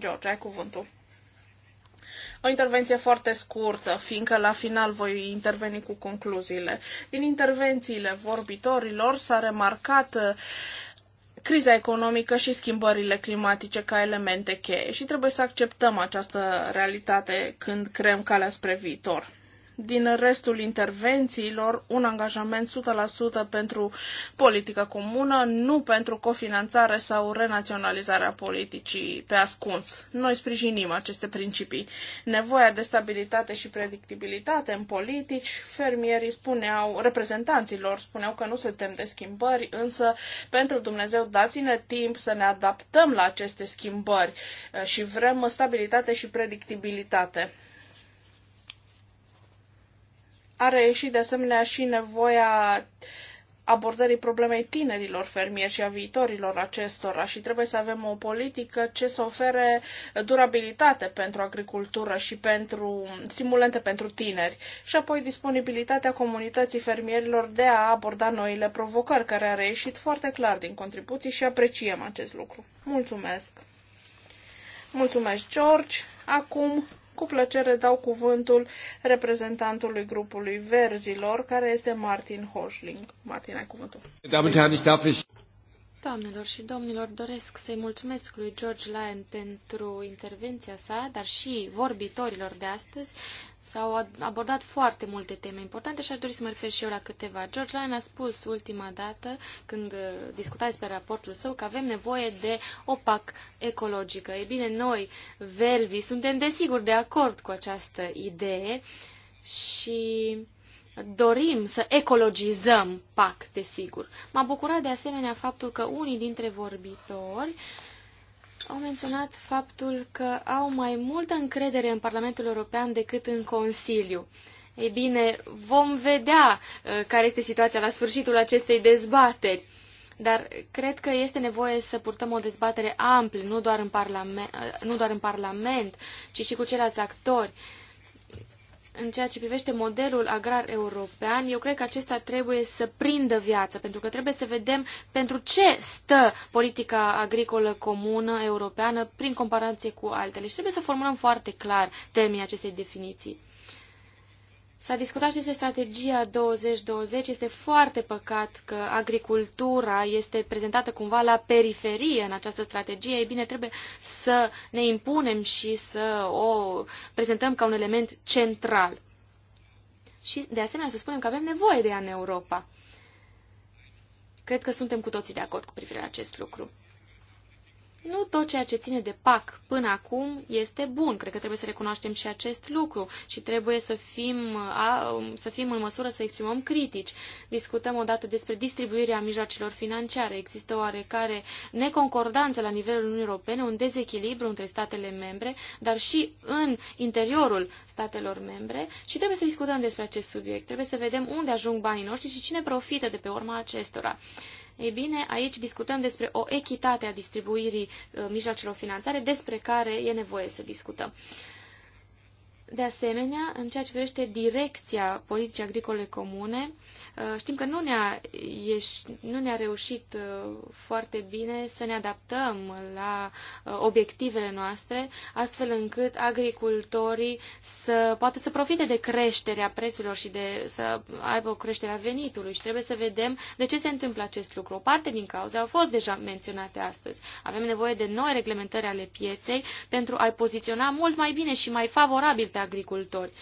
George, ai cuvântul. O intervenție foarte scurtă, fiindcă la final voi interveni cu concluziile. Din intervențiile vorbitorilor s-a remarcat uh, criza economică și schimbările climatice ca elemente cheie și trebuie să acceptăm această realitate când creăm calea spre viitor din restul intervențiilor un angajament 100% pentru politică comună, nu pentru cofinanțare sau renaționalizarea politicii pe ascuns. Noi sprijinim aceste principii. Nevoia de stabilitate și predictibilitate în politici, fermierii spuneau, reprezentanților spuneau că nu se tem de schimbări, însă pentru Dumnezeu dați-ne timp să ne adaptăm la aceste schimbări eh, și vrem stabilitate și predictibilitate. Are ieșit de asemenea și nevoia abordării problemei tinerilor fermieri și a viitorilor acestora și trebuie să avem o politică ce să ofere durabilitate pentru agricultură și pentru stimulente pentru tineri și apoi disponibilitatea comunității fermierilor de a aborda noile provocări care a reieșit foarte clar din contribuții și apreciem acest lucru. Mulțumesc! Mulțumesc, George! Acum cu plăcere dau cuvântul reprezentantului grupului Verzilor, care este Martin Hoșling. Martin, ai cuvântul. Doamnelor și domnilor, doresc să-i mulțumesc lui George Lyon pentru intervenția sa, dar și vorbitorilor de astăzi. S-au abordat foarte multe teme importante și aș dori să mă refer și eu la câteva. George Lyon a spus ultima dată, când uh, discutați despre raportul său, că avem nevoie de o PAC ecologică. E bine, noi, verzii, suntem desigur de acord cu această idee și dorim să ecologizăm PAC, desigur. M-a bucurat de asemenea faptul că unii dintre vorbitori uh, au menționat faptul că au mai multă încredere în Parlamentul European decât în Consiliu. Ei bine, vom vedea uh, care este situația la sfârșitul acestei dezbateri. Dar cred că este nevoie să purtăm o dezbatere amplă, nu doar în Parlament, uh, nu doar în parlament ci și cu ceilalți actori în ceea ce privește modelul agrar european, eu cred că acesta trebuie să prindă viață, pentru că trebuie să vedem pentru ce stă politica agricolă comună europeană prin comparație cu altele. Și trebuie să formulăm foarte clar termenii acestei definiții. S-a discutat și despre strategia 2020. Este foarte păcat că agricultura este prezentată cumva la periferie în această strategie. Ei bine, trebuie să ne impunem și să o prezentăm ca un element central. Și, de asemenea, să spunem că avem nevoie de ea în Europa. Cred că suntem cu toții de acord cu privire la acest lucru nu tot ceea ce ține de PAC până acum este bun. Cred că trebuie să recunoaștem și acest lucru și trebuie să fim, a, să fim în măsură să exprimăm critici. Discutăm odată despre distribuirea mijloacelor financiare. Există oarecare neconcordanță la nivelul Uniunii Europene, un dezechilibru între statele membre, dar și în interiorul statelor membre și trebuie să discutăm despre acest subiect. Trebuie să vedem unde ajung banii noștri și cine profită de pe urma acestora. Ei bine, aici discutăm despre o echitate a distribuirii uh, mijloacelor financiare despre care e nevoie să discutăm. De asemenea, în ceea ce privește direcția politicii agricole comune, uh, știm că nu ne-a, nu ne-a reușit uh, foarte bine să ne adaptăm la uh, obiectivele noastre, astfel încât agricultorii să poată să profite de creșterea prețurilor și de, să aibă o creștere a venitului. Și trebuie să vedem de ce se întâmplă acest lucru. O parte din cauze au fost deja menționate astăzi. Avem nevoie de noi reglementări ale pieței pentru a-i poziționa mult mai bine și mai favorabil de agricultori.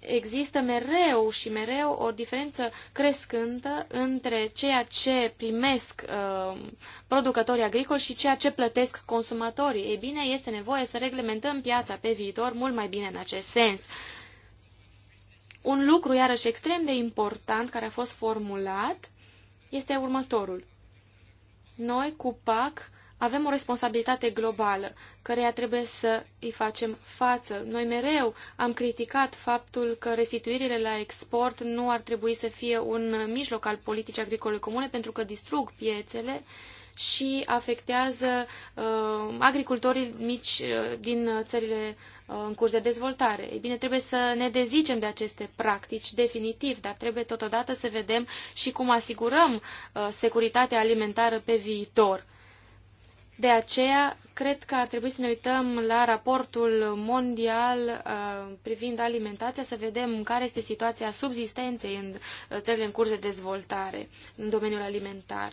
Există mereu și mereu o diferență crescântă între ceea ce primesc uh, producătorii agricoli și ceea ce plătesc consumatorii. Ei bine, este nevoie să reglementăm piața pe viitor mult mai bine în acest sens. Un lucru, iarăși, extrem de important care a fost formulat este următorul. Noi, cu PAC, avem o responsabilitate globală, căreia trebuie să îi facem față. Noi mereu am criticat faptul că restituirile la export nu ar trebui să fie un mijloc al politicii agricole comune, pentru că distrug piețele și afectează uh, agricultorii mici uh, din țările uh, în curs de dezvoltare. Ei bine, trebuie să ne dezicem de aceste practici definitiv, dar trebuie totodată să vedem și cum asigurăm uh, securitatea alimentară pe viitor. De aceea, cred că ar trebui să ne uităm la raportul mondial uh, privind alimentația, să vedem care este situația subzistenței în uh, țările în curs de dezvoltare în domeniul alimentar.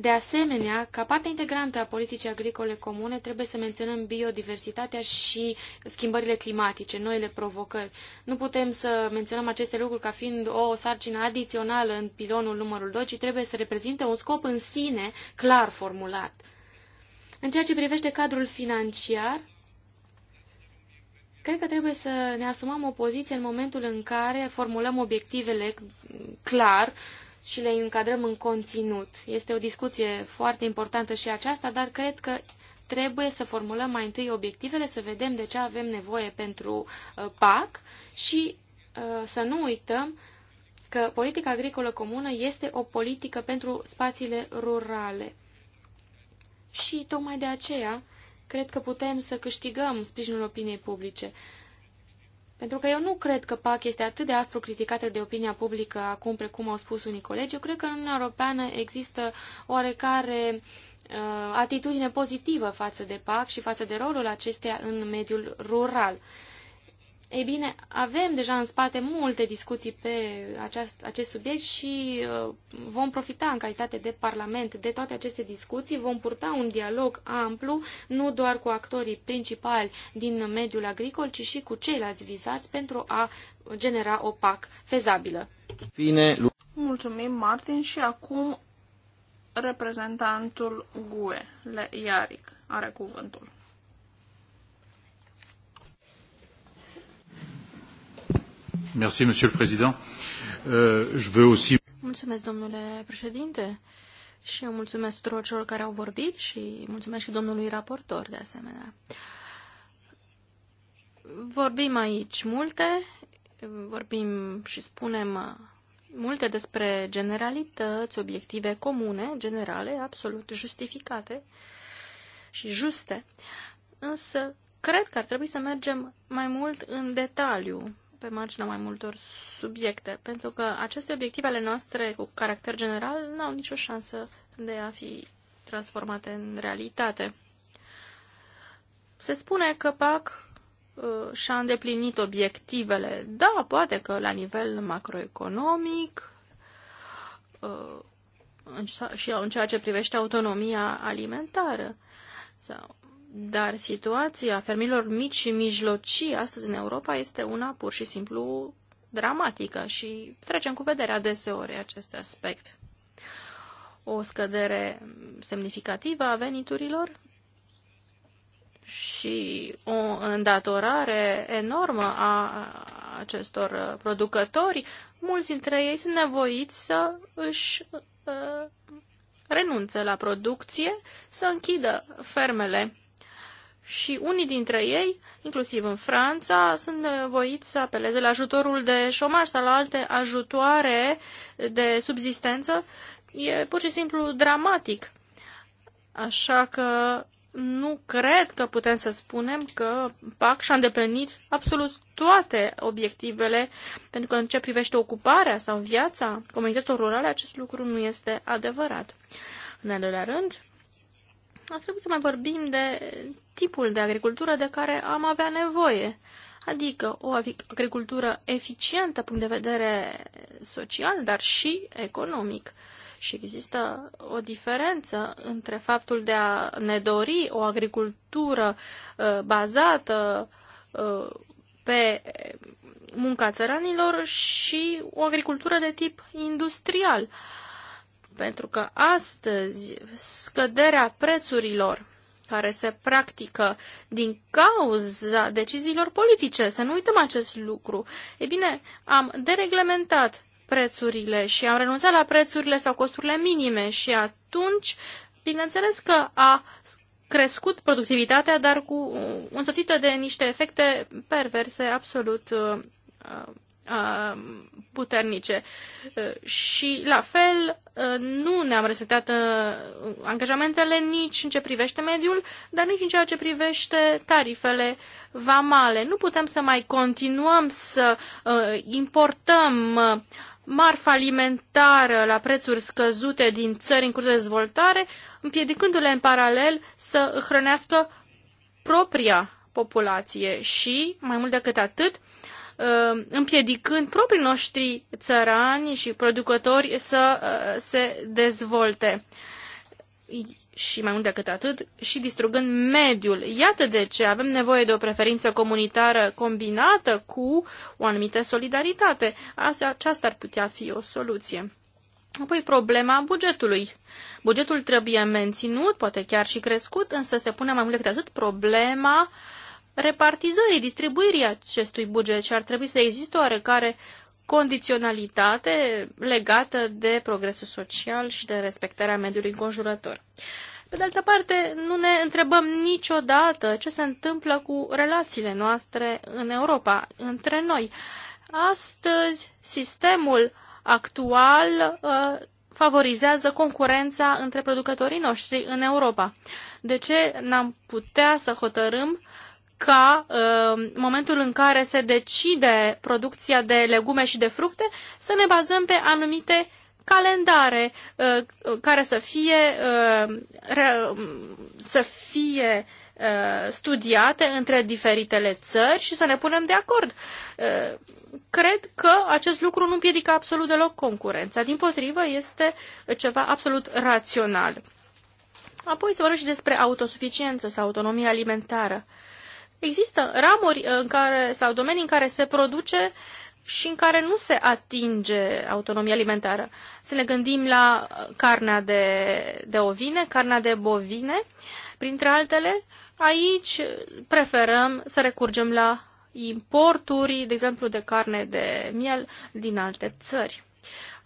De asemenea, ca parte integrantă a politicii agricole comune, trebuie să menționăm biodiversitatea și schimbările climatice, noile provocări. Nu putem să menționăm aceste lucruri ca fiind o sarcină adițională în pilonul numărul 2, ci trebuie să reprezinte un scop în sine clar formulat. În ceea ce privește cadrul financiar, Cred că trebuie să ne asumăm o poziție în momentul în care formulăm obiectivele clar, și le încadrăm în conținut. Este o discuție foarte importantă și aceasta, dar cred că trebuie să formulăm mai întâi obiectivele, să vedem de ce avem nevoie pentru uh, PAC și uh, să nu uităm că politica agricolă comună este o politică pentru spațiile rurale. Și tocmai de aceea cred că putem să câștigăm sprijinul opiniei publice. Pentru că eu nu cred că PAC este atât de aspru criticată de opinia publică acum, precum au spus unii colegi. Eu cred că în Uniunea Europeană există oarecare uh, atitudine pozitivă față de PAC și față de rolul acesteia în mediul rural. Uh, ei bine, avem deja în spate multe discuții pe aceast, acest subiect și uh, vom profita în calitate de Parlament de toate aceste discuții, vom purta un dialog amplu, nu doar cu actorii principali din mediul agricol, ci și cu ceilalți vizați pentru a genera o PAC fezabilă. Fine. Mulțumim, Martin, și acum reprezentantul GUE, Le Iaric, are cuvântul. Euh, mulțumesc, domnule președinte, și eu mulțumesc tuturor celor care au vorbit și mulțumesc și domnului raportor, de asemenea. Vorbim aici multe, vorbim și spunem multe despre generalități, obiective comune, generale, absolut justificate și juste. Însă, cred că ar trebui să mergem mai mult în detaliu pe marginea mai multor subiecte, pentru că aceste obiective ale noastre cu caracter general nu au nicio șansă de a fi transformate în realitate. Se spune că PAC uh, și-a îndeplinit obiectivele. Da, poate că la nivel macroeconomic uh, și în ceea ce privește autonomia alimentară sau dar situația fermilor mici și mijlocii astăzi în Europa este una pur și simplu dramatică și trecem cu vederea deseori acest aspect. O scădere semnificativă a veniturilor și o îndatorare enormă a acestor producători, mulți dintre ei sunt nevoiți să își uh, renunță la producție, să închidă fermele și unii dintre ei, inclusiv în Franța, sunt nevoiți să apeleze la ajutorul de șomaș sau la alte ajutoare de subzistență. E pur și simplu dramatic. Așa că nu cred că putem să spunem că PAC și-a îndeplinit absolut toate obiectivele, pentru că în ce privește ocuparea sau viața comunităților rurale, acest lucru nu este adevărat. În al doilea rând, ar trebui să mai vorbim de tipul de agricultură de care am avea nevoie, adică o agricultură eficientă punct de vedere social, dar și economic. Și există o diferență între faptul de a ne dori o agricultură uh, bazată uh, pe munca țăranilor și o agricultură de tip industrial. Pentru că astăzi scăderea prețurilor care se practică din cauza deciziilor politice. Să nu uităm acest lucru. E bine, am dereglementat prețurile și am renunțat la prețurile sau costurile minime și atunci, bineînțeles că a crescut productivitatea, dar cu însoțită de niște efecte perverse absolut uh, uh Uh, puternice. Uh, și, la fel, uh, nu ne-am respectat angajamentele nici în ce privește mediul, dar nici în ceea ce privește tarifele vamale. Nu putem să mai continuăm să importăm marfa alimentară la prețuri scăzute din țări în curs de dezvoltare, împiedicându-le în paralel să hrănească propria populație și, mai mult decât atât, Uh, împiedicând proprii noștri țărani și producători să uh, se dezvolte și mai mult decât atât, și distrugând mediul. Iată de ce avem nevoie de o preferință comunitară combinată cu o anumită solidaritate. Asta, aceasta ar putea fi o soluție. Apoi problema bugetului. Bugetul trebuie menținut, poate chiar și crescut, însă se pune mai mult decât atât problema uh, repartizării, distribuirii acestui buget și ar trebui să existe oarecare condiționalitate legată de progresul social și de respectarea mediului înconjurător. Pe de altă parte, nu ne întrebăm niciodată ce se întâmplă cu relațiile noastre în Europa, între noi. Astăzi, sistemul actual uh, favorizează concurența între producătorii noștri în Europa. De ce n-am putea să hotărâm uh, ca în uh, momentul în care se decide producția de legume și de fructe să ne bazăm pe anumite calendare uh, care să fie, uh, să fie studiate între diferitele țări și să ne punem de acord. Cred că acest lucru nu împiedică absolut deloc concurența. Din potrivă, este ceva absolut rațional. Apoi să vorbim și despre autosuficiență sau autonomie alimentară. Uh, Există ramuri uh, în care, sau domenii în care se produce și în care nu se atinge autonomia alimentară. Să ne gândim la uh, carnea de, de ovine, carnea de bovine, printre altele. Aici preferăm să recurgem la importuri, de exemplu, de carne de miel din alte țări.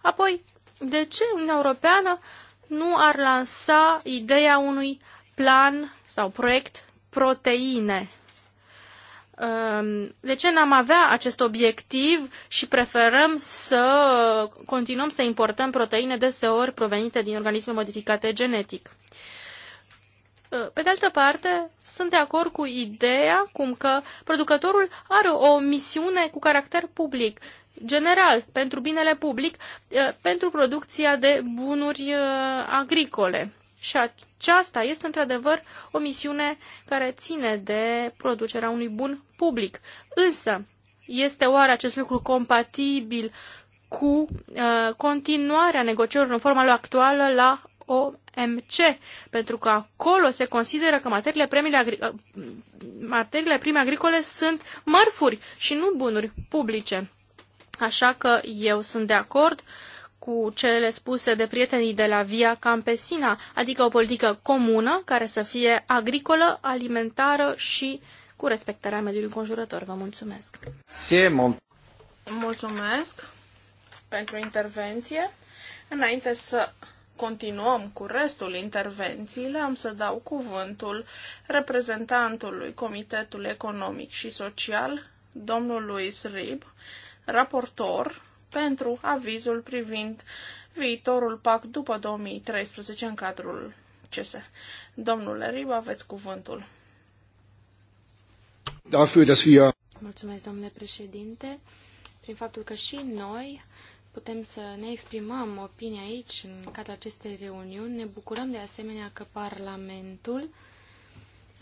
Apoi, de ce Uniunea Europeană nu ar lansa ideea unui plan sau proiect proteine Um, de ce n-am avea acest obiectiv și preferăm să continuăm să importăm proteine deseori provenite din organisme modificate genetic? Uh, pe de altă parte, sunt de acord cu ideea cum că producătorul are o misiune cu caracter public, general, pentru binele public, uh, pentru producția de bunuri uh, agricole. Și aceasta este într-adevăr o misiune care ține de producerea unui bun public. Însă, este oare acest lucru compatibil cu uh, continuarea negocierilor în forma lui actuală la OMC, pentru că acolo se consideră că materiile, agri- uh, materiile prime agricole sunt mărfuri și nu bunuri publice. Așa că eu sunt de acord uh, cu cele spuse de prietenii de la Via Campesina, adică o politică comună care să fie agricolă, alimentară și cu respectarea mediului înconjurător. Vă mulțumesc! Mulțumesc pentru intervenție. Înainte să continuăm cu restul intervențiile, am să dau cuvântul reprezentantului Comitetului Economic și Social, domnul Luis Rib, raportor pentru avizul privind viitorul PAC după 2013 în cadrul CS. Domnule Riba, aveți cuvântul. Mulțumesc, domnule președinte. Prin faptul că și noi putem să ne exprimăm opinia aici, în cadrul acestei reuniuni, ne bucurăm de asemenea că Parlamentul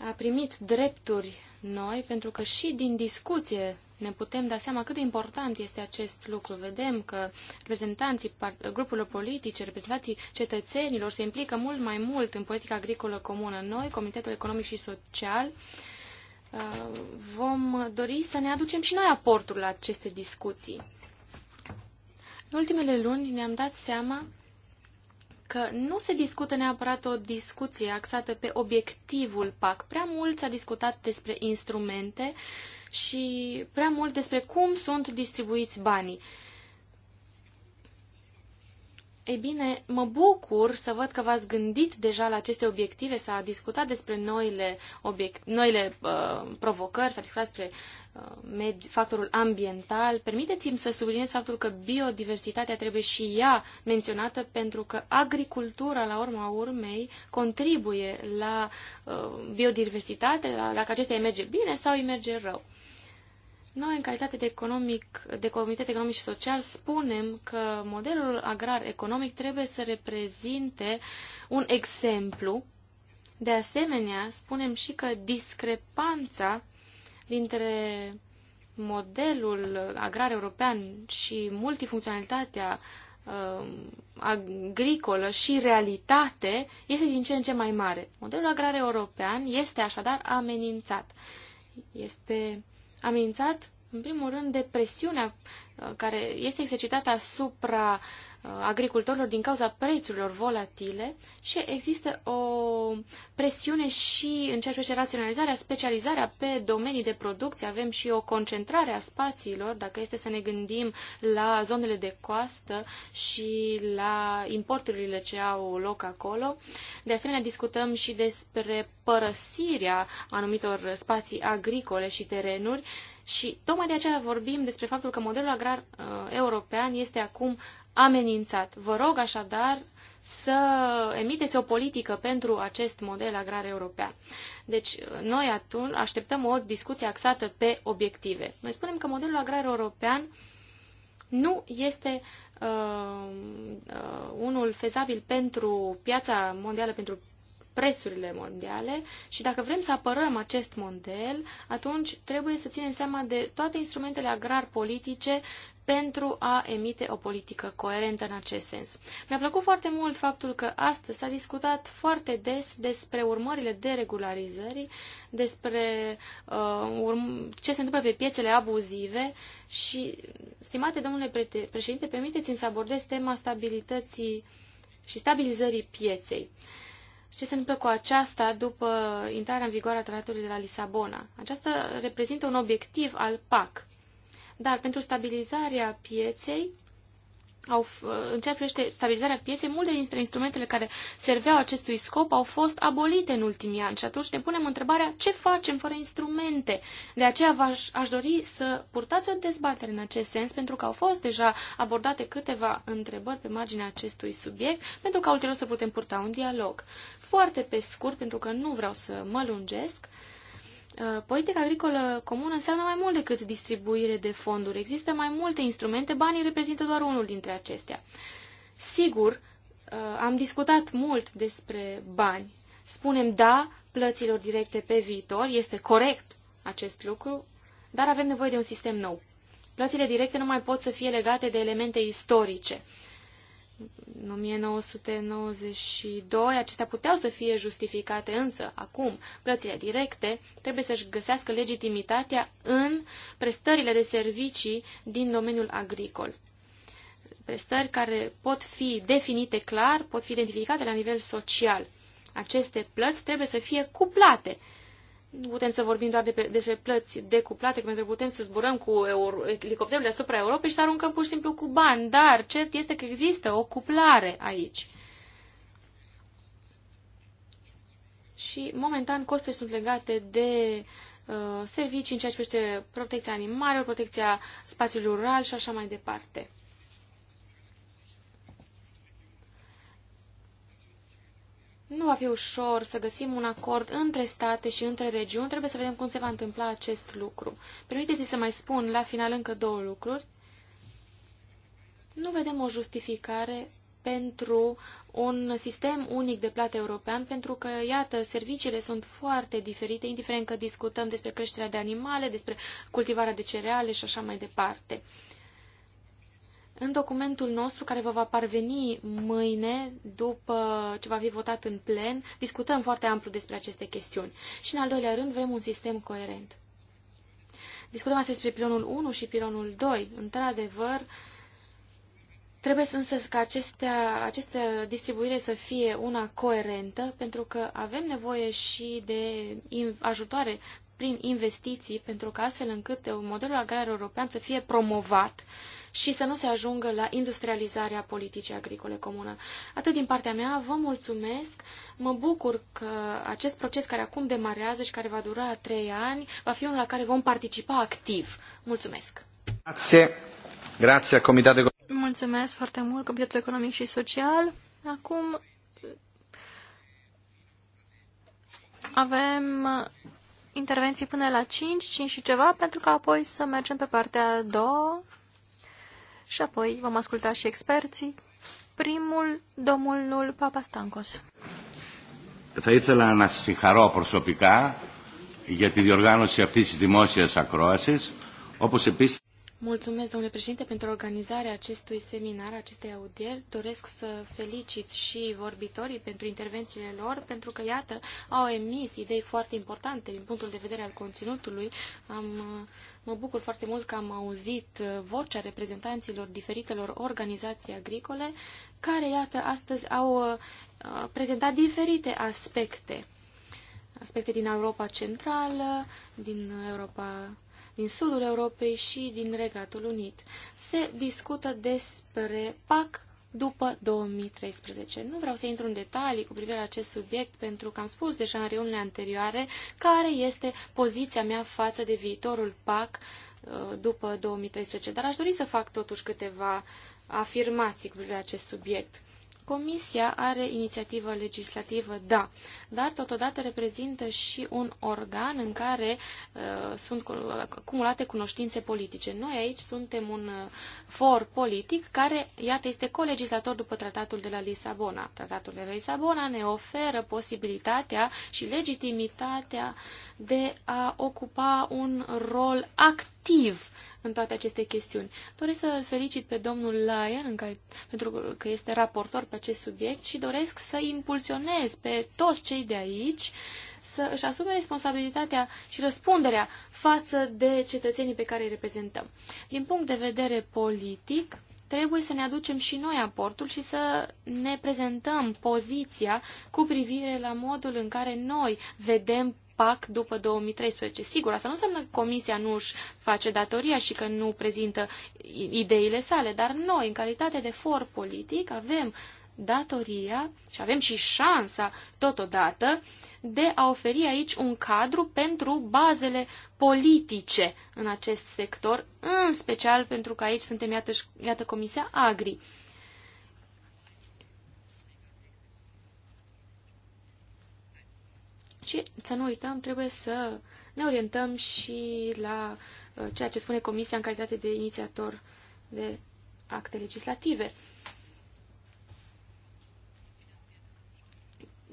a primit drepturi noi, pentru că și din discuție ne putem da seama cât de important este acest lucru. Vedem că reprezentanții grupurilor politice, reprezentanții cetățenilor se implică mult mai mult în politica agricolă comună. Noi, Comitetul Economic și Social, uh, vom dori să ne aducem și noi aportul la aceste discuții. În ultimele luni ne-am dat seama că nu se discută neapărat o discuție axată pe obiectivul PAC. Prea mult s-a discutat despre instrumente și prea mult despre cum sunt distribuiți banii. Ei bine, mă bucur să văd că v-ați gândit deja la aceste obiective, s-a discutat despre noile, obiect, noile uh, provocări, s-a discutat despre factorul ambiental. Permiteți-mi să subliniez faptul că biodiversitatea trebuie și ea menționată pentru că agricultura, la urma urmei, contribuie la uh, biodiversitate, la, dacă acestea merge bine sau îi merge rău. Noi, în calitate de, economic, de Comitet Economic și Social, spunem că modelul agrar economic trebuie să reprezinte un exemplu. De asemenea, spunem și că discrepanța dintre modelul agrar european și multifuncționalitatea uh, agricolă și realitate este din ce în ce mai mare. Modelul agrar european este așadar amenințat. Este amenințat, în primul rând, de presiunea uh, care este exercitată asupra uh, Uh, agricultorilor din cauza prețurilor volatile și există o presiune și în ceea ce privește raționalizarea, specializarea pe domenii de producție. Avem și o concentrare a spațiilor, dacă este să ne gândim la zonele de coastă și la importurile ce au loc acolo. De asemenea, discutăm și despre părăsirea anumitor spații agricole și terenuri. Și tocmai de aceea vorbim despre faptul că modelul agrar uh, european este acum amenințat. Vă rog așadar să emiteți o politică pentru acest model agrar european. Deci noi atunci așteptăm o discuție axată pe obiective. Noi spunem că modelul agrar european nu este uh, uh, unul fezabil pentru piața mondială pentru prețurile mondiale și dacă vrem să apărăm acest model, atunci trebuie să ținem seama de toate instrumentele agrar-politice pentru a emite o politică coerentă în acest sens. Mi-a plăcut foarte mult faptul că astăzi s-a discutat foarte des despre urmările deregularizării, despre uh, ce se întâmplă pe piețele abuzive și, stimate domnule pre președinte, permiteți-mi să abordez tema stabilității și stabilizării pieței. Uh, ce se întâmplă cu aceasta după intrarea în vigoare a tratatului de la Lisabona. Aceasta reprezintă un obiectiv al PAC. Dar pentru stabilizarea pieței, au, în ceea ce privește stabilizarea pieței, multe dintre instrumentele care serveau acestui scop au fost abolite în ultimii ani și atunci ne punem întrebarea ce facem fără instrumente. De aceea -aș, aș dori să purtați o dezbatere în acest sens, pentru că au fost deja abordate câteva întrebări pe marginea acestui subiect, pentru că ulterior să putem purta un dialog foarte pe scurt, pentru că nu vreau să mă lungesc, uh, politica agricolă comună înseamnă mai mult decât distribuire de fonduri. Există mai multe instrumente, banii reprezintă doar unul dintre acestea. Sigur, uh, am discutat mult despre bani. Spunem da plăților directe pe viitor, este corect acest lucru, dar avem nevoie de un sistem nou. Plățile directe nu mai pot să fie legate de elemente istorice în 1992, acestea puteau să fie justificate, însă acum plățile directe trebuie să-și găsească legitimitatea în prestările de servicii din domeniul agricol. Prestări care pot fi definite clar, pot fi identificate la nivel social. Aceste plăți trebuie să fie cuplate nu putem să vorbim doar de pe, despre plăți decuplate, pentru că putem să zburăm cu elicopterul asupra Europei și să aruncăm pur și simplu cu bani, dar cert este că există o cuplare aici. Și, momentan, costurile sunt legate de uh, servicii în ceea ce privește protecția animalelor, protecția spațiului rural și așa mai departe. Nu va fi ușor să găsim un acord între state și între regiuni. Trebuie să vedem cum se va întâmpla acest lucru. Permiteți să mai spun la final încă două lucruri. Nu vedem o justificare pentru un sistem unic de plată european, pentru că, iată, serviciile sunt foarte diferite, indiferent că discutăm despre creșterea de animale, despre cultivarea de cereale și așa mai departe. În documentul nostru, care vă va parveni mâine, după ce va fi votat în plen, discutăm foarte amplu despre aceste chestiuni. Și, în al doilea rând, vrem un sistem coerent. Discutăm astăzi despre pilonul 1 și pilonul 2. Într-adevăr, trebuie însă ca acestea, această distribuire să fie una coerentă, pentru că avem nevoie și de ajutoare prin investiții, pentru că astfel încât uh, modelul agrar european să fie promovat și să nu se ajungă la industrializarea politicii agricole comune. Atât din partea mea, vă mulțumesc, mă bucur că acest proces care acum demarează și care va dura trei ani, va fi unul la care vom participa activ. Mulțumesc! Grazie. Grazie, Comitate... Mulțumesc foarte mult, Comitetul Economic și Social. Acum avem intervenții până la 5, 5 și ceva, pentru că apoi să mergem pe partea a doua și apoi vom asculta și experții. Primul, domnul Stancos. Θα ήθελα να συγχαρώ προσωπικά για τη διοργάνωση αυτής της δημόσιας ακρόασης, όπως επίσης... Mulțumesc, domnule președinte, pentru organizarea acestui seminar, acestei audieri. Doresc să felicit și vorbitorii pentru intervențiile lor, pentru că, iată, au emis idei foarte importante din punctul de vedere al conținutului. Am Mă bucur foarte mult că am auzit uh, vocea reprezentanților diferitelor organizații agricole, care, iată, astăzi au uh, uh, prezentat diferite aspecte. Aspecte din Europa Centrală, din Europa din sudul Europei și din Regatul Unit. Se discută despre PAC după 2013. Nu vreau să intru în detalii cu privire la acest subiect, pentru că am spus deja în reuniunile anterioare care este poziția mea față de viitorul PAC uh, după 2013, dar aș dori să fac totuși câteva afirmații cu privire la acest subiect. Comisia are inițiativă legislativă, da, dar totodată reprezintă și un organ în care uh, sunt acumulate cunoștințe politice. Noi aici suntem un uh, for politic care, iată, este colegislator după tratatul de la Lisabona. Tratatul de la Lisabona ne oferă posibilitatea și legitimitatea de a ocupa un rol activ în toate aceste chestiuni. Doresc să-l felicit pe domnul Lyon, în care, pentru că este raportor pe acest subiect și doresc să impulsionez pe toți cei cei de aici să își asume responsabilitatea și răspunderea față de cetățenii pe care îi reprezentăm. Din punct de vedere politic, trebuie să ne aducem și noi aportul și să ne prezentăm poziția cu privire la modul în care noi vedem PAC după 2013. Sigur, asta nu înseamnă că Comisia nu își face datoria și că nu prezintă ideile sale, dar noi, în calitate de for politic, avem datoria și avem și șansa totodată de a oferi aici un cadru pentru bazele politice în acest sector, în special pentru că aici suntem, iată, iată Comisia Agri. Și să nu uităm, trebuie să ne orientăm și la uh, ceea ce spune Comisia în calitate de inițiator de acte legislative.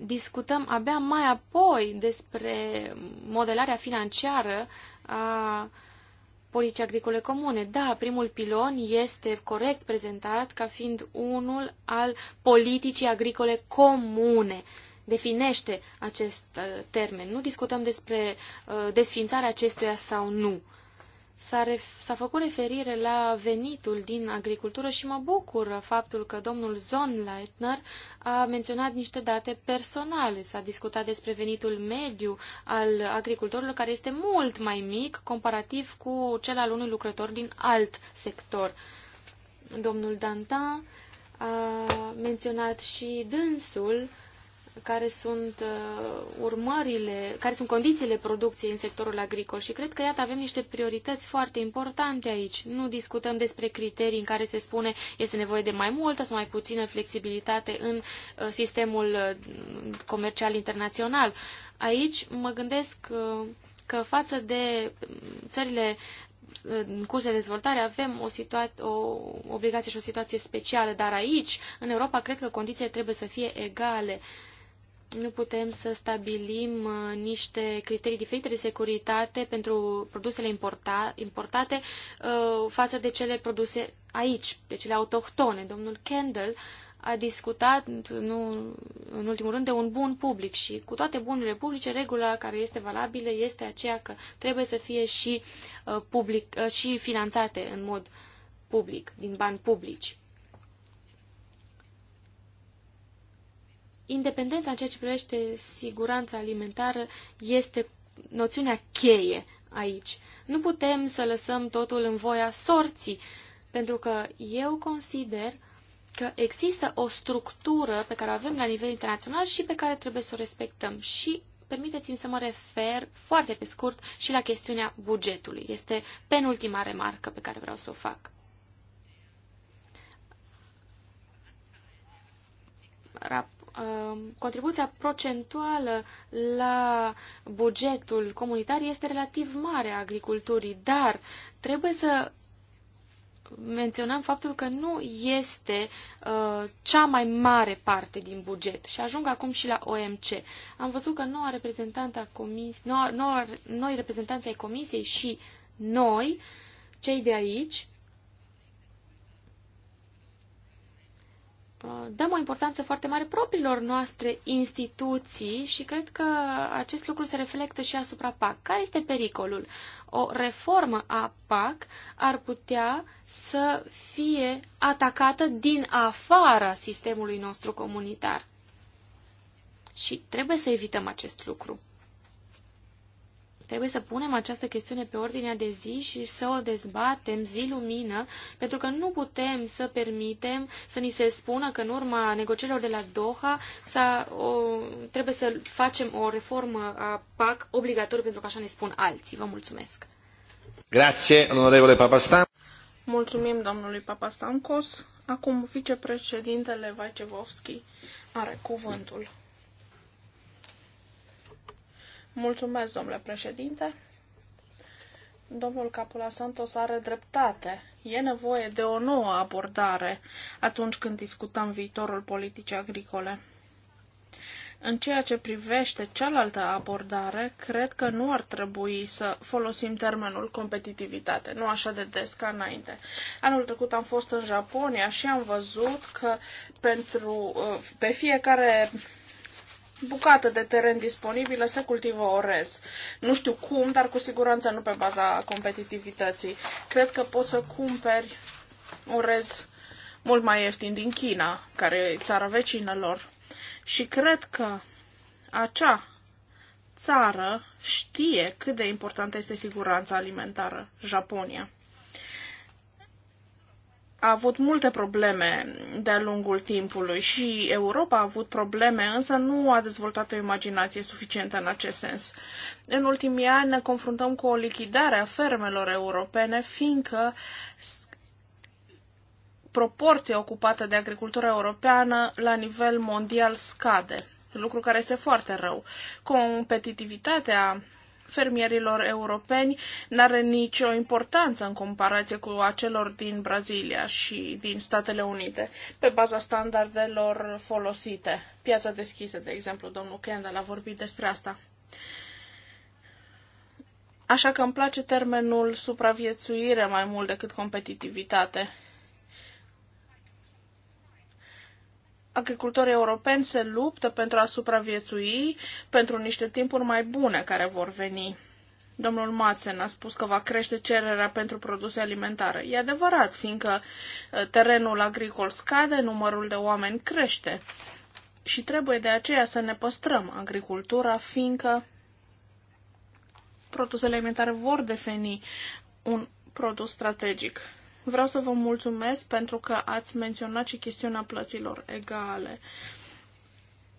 discutăm abia mai apoi despre modelarea financiară a Poliției Agricole Comune. Da, primul pilon este corect prezentat ca fiind unul al politicii agricole comune. Definește acest uh, termen. Nu discutăm despre uh, desfințarea acestuia sau nu. S-a, ref- făcut referire la venitul din agricultură și mă bucură faptul că domnul Zonleitner a menționat niște date personale. S-a discutat despre venitul mediu al agricultorilor, care este mult mai mic comparativ cu cel al unui lucrător din alt sector. Domnul Dantin a menționat și dânsul uh, care sunt uh, urmările, care sunt condițiile producției în sectorul agricol și cred că, iată, avem niște priorități foarte importante aici. Nu discutăm despre criterii în care se spune este nevoie de mai multă sau mai puțină flexibilitate în uh, sistemul uh, comercial internațional. Aici mă gândesc uh, că față de țările uh, în curs de dezvoltare avem o, o obligație și o situație specială, dar aici, în Europa, cred că condițiile trebuie să fie egale. Uh, nu putem să stabilim uh, niște criterii diferite de securitate pentru produsele importa, importate uh, față de cele produse aici, de cele autohtone. Domnul Kendall a discutat, nu, în ultimul rând, de un bun public și cu toate bunurile publice, regula care este valabilă este aceea că trebuie să fie și, uh, public, și finanțate în mod public, din bani publici. independența în ceea ce privește siguranța alimentară este noțiunea cheie aici. Nu putem să lăsăm totul în voia sorții, pentru că eu consider că există o structură pe care o avem la nivel internațional și pe care trebuie să o respectăm. Și permiteți-mi să mă refer foarte pe scurt și la chestiunea bugetului. Este penultima remarcă pe care vreau să o fac. Rap Um, contribuția procentuală la bugetul comunitar este relativ mare a agriculturii, dar trebuie să menționăm faptul că nu este uh, cea mai mare parte din buget. Și ajung acum și la OMC. Am văzut că noua reprezentantă a comisiei, noi reprezentanții ai comisiei și noi, cei de aici, Uh, dăm o importanță foarte mare propriilor noastre instituții și cred că acest lucru se reflectă și asupra PAC. Care este pericolul? O reformă a PAC ar putea să fie atacată din afara sistemului nostru comunitar. Și trebuie să evităm acest lucru. Trebuie să punem această chestiune pe ordinea de zi și să o dezbatem zi lumină, pentru că nu putem să permitem să ni se spună că în urma negocierilor de la Doha o, trebuie să facem o reformă a PAC obligatorie, pentru că așa ne spun alții. Vă mulțumesc! Grație, onorevole Papastan. Mulțumim domnului Papastancos! Acum vicepreședintele Vaicevovski are cuvântul. Mulțumesc, domnule președinte. Domnul Capula Santos are dreptate. E nevoie de o nouă abordare atunci când discutăm viitorul politicii agricole. În ceea ce privește cealaltă abordare, cred că nu ar trebui să folosim termenul competitivitate, nu așa de des ca înainte. Anul trecut am fost în Japonia și am văzut că pentru, uh, pe fiecare bucată de teren disponibilă să cultivă orez. Nu știu cum, dar cu siguranță nu pe baza competitivității. Cred că poți să cumperi orez mult mai ieftin din China, care e țara vecină lor. Și cred că acea țară știe cât de importantă este siguranța alimentară, Japonia a avut multe probleme de-a lungul timpului și Europa a avut probleme, însă nu a dezvoltat o imaginație suficientă în acest sens. În ultimii ani ne confruntăm cu o lichidare a fermelor europene, fiindcă proporția ocupată de agricultura europeană la nivel mondial scade, lucru care este foarte rău. Competitivitatea fermierilor europeni n-are nicio importanță în comparație cu acelor din Brazilia și din Statele Unite, pe baza standardelor folosite. Piața deschisă, de exemplu, domnul Kendall a vorbit despre asta. Așa că îmi place termenul supraviețuire mai mult decât competitivitate. agricultorii europeni se luptă pentru a supraviețui pentru niște timpuri mai bune care vor veni. Domnul Mațen a spus că va crește cererea pentru produse alimentare. E adevărat, fiindcă ă, terenul agricol scade, numărul de oameni crește. Și trebuie de aceea să ne păstrăm agricultura, fiindcă produsele alimentare vor defini un produs strategic. Vreau să vă mulțumesc pentru că ați menționat și chestiunea plăților egale.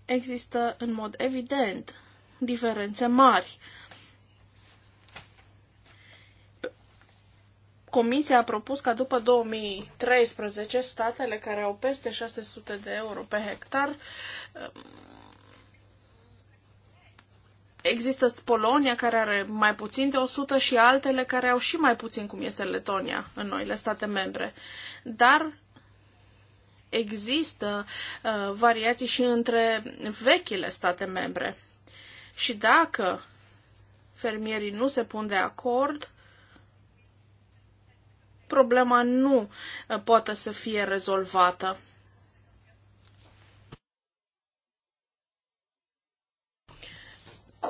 Există, în mod evident, diferențe mari. Comisia a propus ca după 2013 statele care au peste 600 de euro pe hectar Există Polonia care are mai puțin de 100 și altele care au și mai puțin, cum este Letonia, în noile state membre. Dar există uh, variații și între vechile state membre. Și dacă fermierii nu se pun de acord, problema nu uh, poate să fie rezolvată.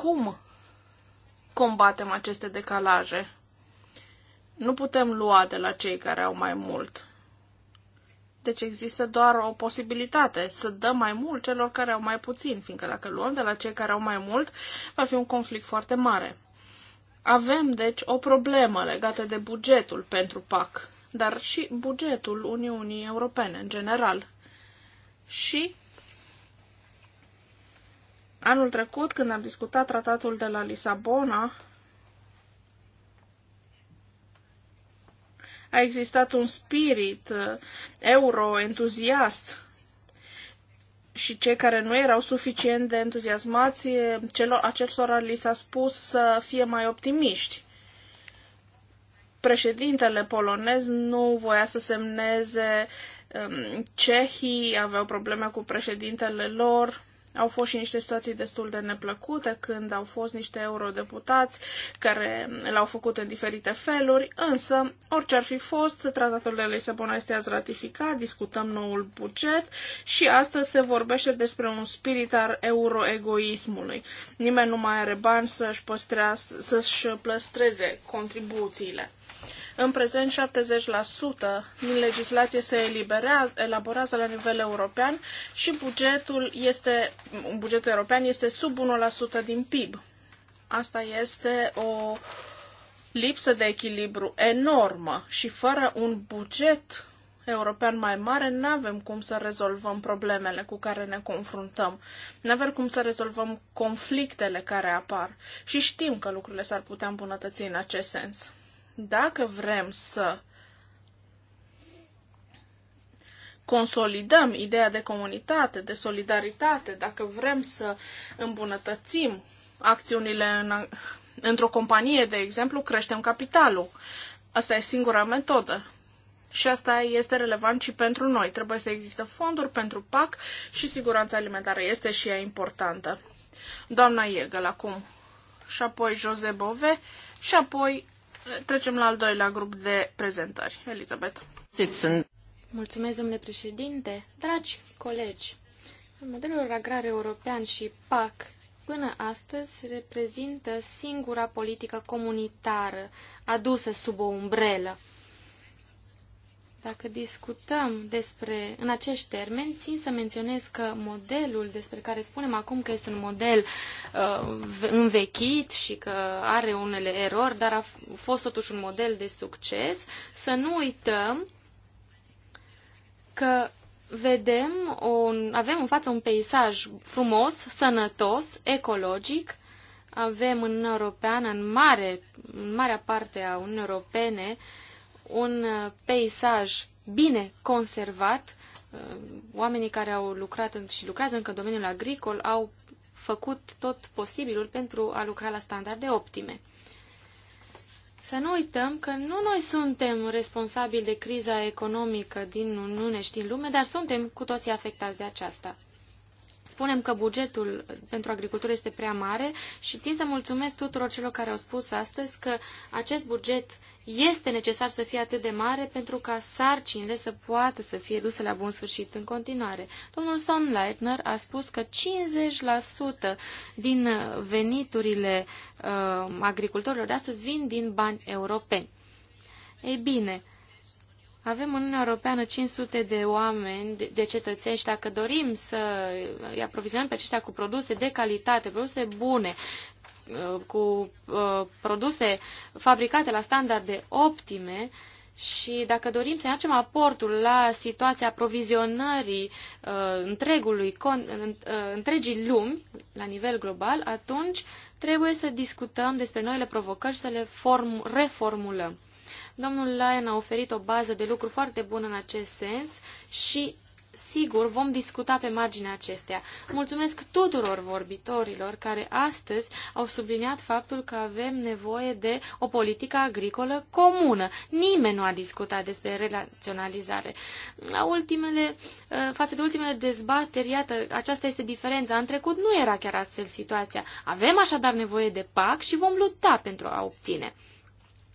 cum combatem aceste decalaje? Nu putem lua de la cei care au mai mult. Deci există doar o posibilitate să dăm mai mult celor care au mai puțin, fiindcă dacă luăm de la cei care au mai mult, va fi un conflict foarte mare. Avem, deci, o problemă legată de bugetul pentru PAC, dar și bugetul Uniunii Europene în general. Și Anul trecut, când am discutat tratatul de la Lisabona, a existat un spirit uh, euroentuziast și cei care nu erau suficient de entuziasmați, uh, celor, acestora li s-a spus să fie mai optimiști. Președintele polonez nu voia să semneze, um, cehii aveau probleme cu președintele lor, au fost și niște situații destul de neplăcute când au fost niște eurodeputați care l-au făcut în diferite feluri, însă, orice ar fi fost, tratatul de Lisabona este azi ratificat, discutăm noul buget și astăzi se vorbește despre un spirit al euroegoismului. Nimeni nu mai are bani să-și, păstrea, să-și păstreze contribuțiile. În prezent, 70% din legislație se eliberează, elaborează la nivel european și bugetul, este, bugetul european este sub 1% din PIB. Asta este o lipsă de echilibru enormă și fără un buget european mai mare, nu avem cum să rezolvăm problemele cu care ne confruntăm. Nu avem cum să rezolvăm conflictele care apar. Și știm că lucrurile s-ar putea îmbunătăți în acest sens dacă vrem să consolidăm ideea de comunitate, de solidaritate, dacă vrem să îmbunătățim acțiunile în, într-o companie, de exemplu, creștem capitalul. Asta e singura metodă. Și asta este relevant și pentru noi. Trebuie să există fonduri pentru PAC și siguranța alimentară este și ea importantă. Doamna Iegăl acum și apoi Jose Bove și apoi Trecem la al doilea grup de prezentări. Elizabeth. Sitzen. Mulțumesc, domnule președinte. Dragi colegi, modelul agrar european și PAC până astăzi reprezintă singura politică comunitară adusă sub o umbrelă dacă discutăm despre, în acești termeni, țin să menționez că modelul despre care spunem acum că este un model uh, învechit și că are unele erori, dar a fost totuși un model de succes, să nu uităm că vedem un, avem în față un peisaj frumos, sănătos, ecologic, avem în Europeană, în, mare, în marea parte a Uniunii Europene, uh, un uh, peisaj bine conservat. Uh, oamenii care au lucrat și lucrează încă în domeniul agricol au făcut tot posibilul pentru a lucra la standarde optime. Să nu uităm că nu noi suntem responsabili de criza economică din Uniune și din lume, dar suntem cu toții afectați de aceasta spunem că bugetul pentru agricultură este prea mare și țin să mulțumesc tuturor celor care au spus astăzi că acest buget este necesar să fie atât de mare pentru ca sarcinile să poată să fie duse la bun sfârșit în continuare. Domnul Sonleitner a spus că 50% din veniturile uh, agricultorilor de astăzi vin din bani europeni. Ei bine, avem în Uniunea Europeană 500 de oameni, de, de cetățeni și dacă dorim să îi aprovizionăm pe aceștia cu produse de calitate, produse bune, uh, cu uh, produse fabricate la standarde optime și dacă dorim să facem aportul la situația aprovizionării uh, întregului, con, uh, întregii lumi la nivel global, atunci trebuie să discutăm despre noile provocări și să le form, reformulăm. Domnul Lyon a oferit o bază de lucru foarte bună în acest sens și Sigur, vom discuta pe marginea acestea. Mulțumesc tuturor vorbitorilor care astăzi au subliniat faptul că avem nevoie de o politică agricolă comună. Nimeni nu a discutat despre relaționalizare. La ultimele, eh, față de ultimele dezbateri, iată, aceasta este diferența. În trecut nu era chiar astfel situația. Avem așadar nevoie de PAC și vom lupta pentru a obține.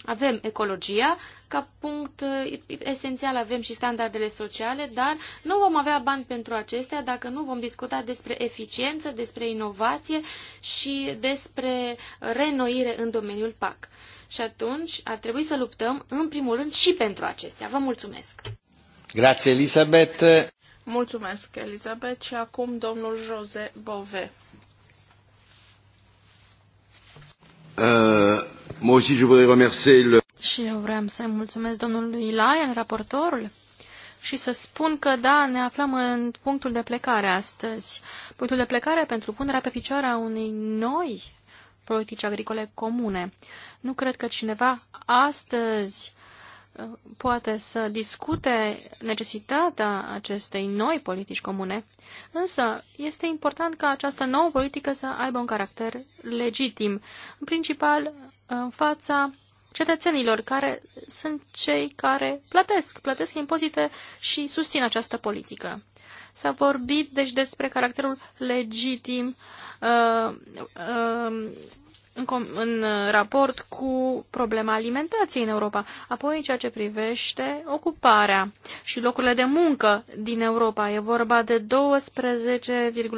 Avem ecologia, ca punct uh, esențial avem și standardele sociale, dar nu vom avea bani pentru acestea dacă nu vom discuta despre eficiență, despre inovație și despre renoire în domeniul PAC. Și atunci ar trebui să luptăm, în primul rând, și pentru acestea. Vă mulțumesc! Grazie, Elisabeth! Mulțumesc, Elisabeth! Și acum domnul Jose Bove. Uh... Și eu vreau să mulțumesc domnului Lyon, raportorul, și să spun că, da, ne aflăm în punctul de plecare astăzi. Punctul de plecare pentru punerea pe picioare a unei noi politici agricole comune. Nu cred că cineva astăzi uh, poate să discute necesitatea acestei noi politici comune, însă este important ca această nouă politică să aibă un caracter legitim. În principal, în fața cetățenilor care sunt cei care plătesc, plătesc impozite și susțin această politică. S-a vorbit deci despre caracterul legitim uh, uh, în, în uh, raport cu problema alimentației în Europa, apoi în ceea ce privește ocuparea și locurile de muncă din Europa. E vorba de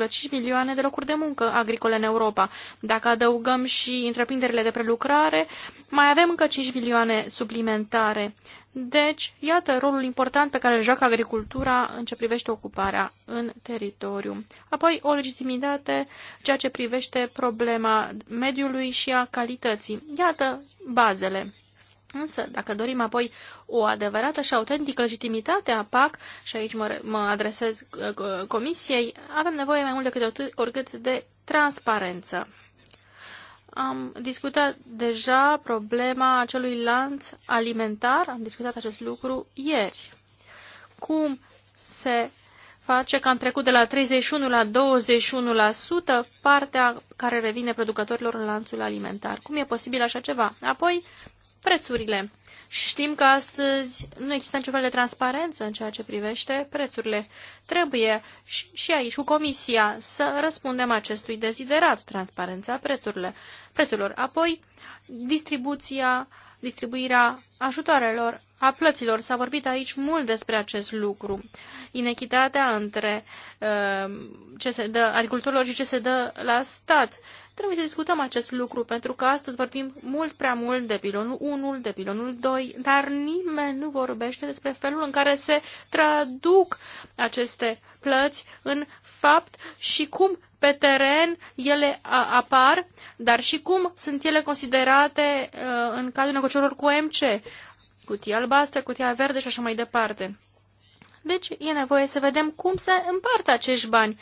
12,5 milioane de locuri de muncă agricole în Europa. Dacă adăugăm și întreprinderile de prelucrare, uh, mai avem încă 5 milioane suplimentare. Deci, iată rolul important pe care îl joacă agricultura în ce privește ocuparea în teritoriu. Apoi, o legitimitate ceea ce privește problema mediului și a calității. Iată bazele. Însă, dacă dorim apoi o adevărată și autentică legitimitate a PAC, și aici mă, mă adresez uh, uh, comisiei, avem nevoie mai mult decât oricât de transparență. Am discutat deja problema acelui lanț alimentar, am discutat acest lucru ieri. Cum se face că am trecut de la 31 la 21% partea care revine producătorilor în lanțul alimentar. Cum e posibil așa ceva? Apoi, prețurile. Știm că astăzi nu există niciun fel de transparență în ceea ce privește prețurile. Trebuie și, și aici cu Comisia să răspundem acestui deziderat, transparența prețurilor. Apoi, distribuția uh, distribuirea ajutoarelor, a plăților. S-a vorbit aici mult despre acest lucru. Inechitatea între uh, ce se dă agricultorilor și ce se dă la stat. Trebuie să discutăm acest lucru, pentru că astăzi vorbim mult prea mult de pilonul 1, de pilonul 2, dar nimeni nu vorbește despre felul în care se traduc aceste plăți în fapt și cum pe teren ele apar, dar și cum sunt ele considerate uh, în cadrul negocierilor cu MC, cutia albastră, cutia verde și așa mai departe. Deci e nevoie să vedem cum se împart acești bani.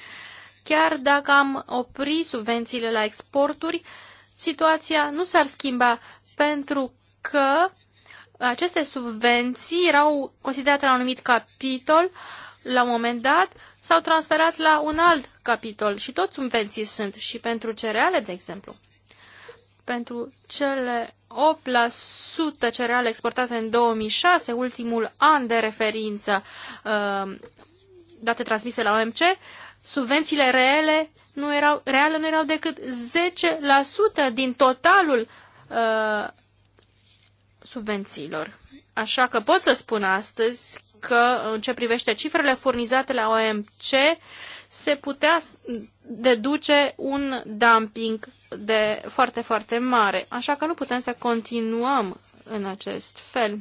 Chiar dacă am opri subvențiile la exporturi, situația nu s-ar schimba pentru că aceste subvenții erau considerate la un anumit capitol la un moment dat s-au transferat la un alt capitol și toți subvenții sunt și pentru cereale, de exemplu. Pentru cele 8% cereale exportate în 2006, ultimul an de referință uh, date transmise la OMC, subvențiile reale nu erau, reale nu erau decât 10% din totalul uh, subvențiilor. Așa că pot să spun astăzi că în ce privește cifrele furnizate la OMC se putea deduce un dumping de foarte, foarte mare. Așa că nu putem să continuăm în acest fel.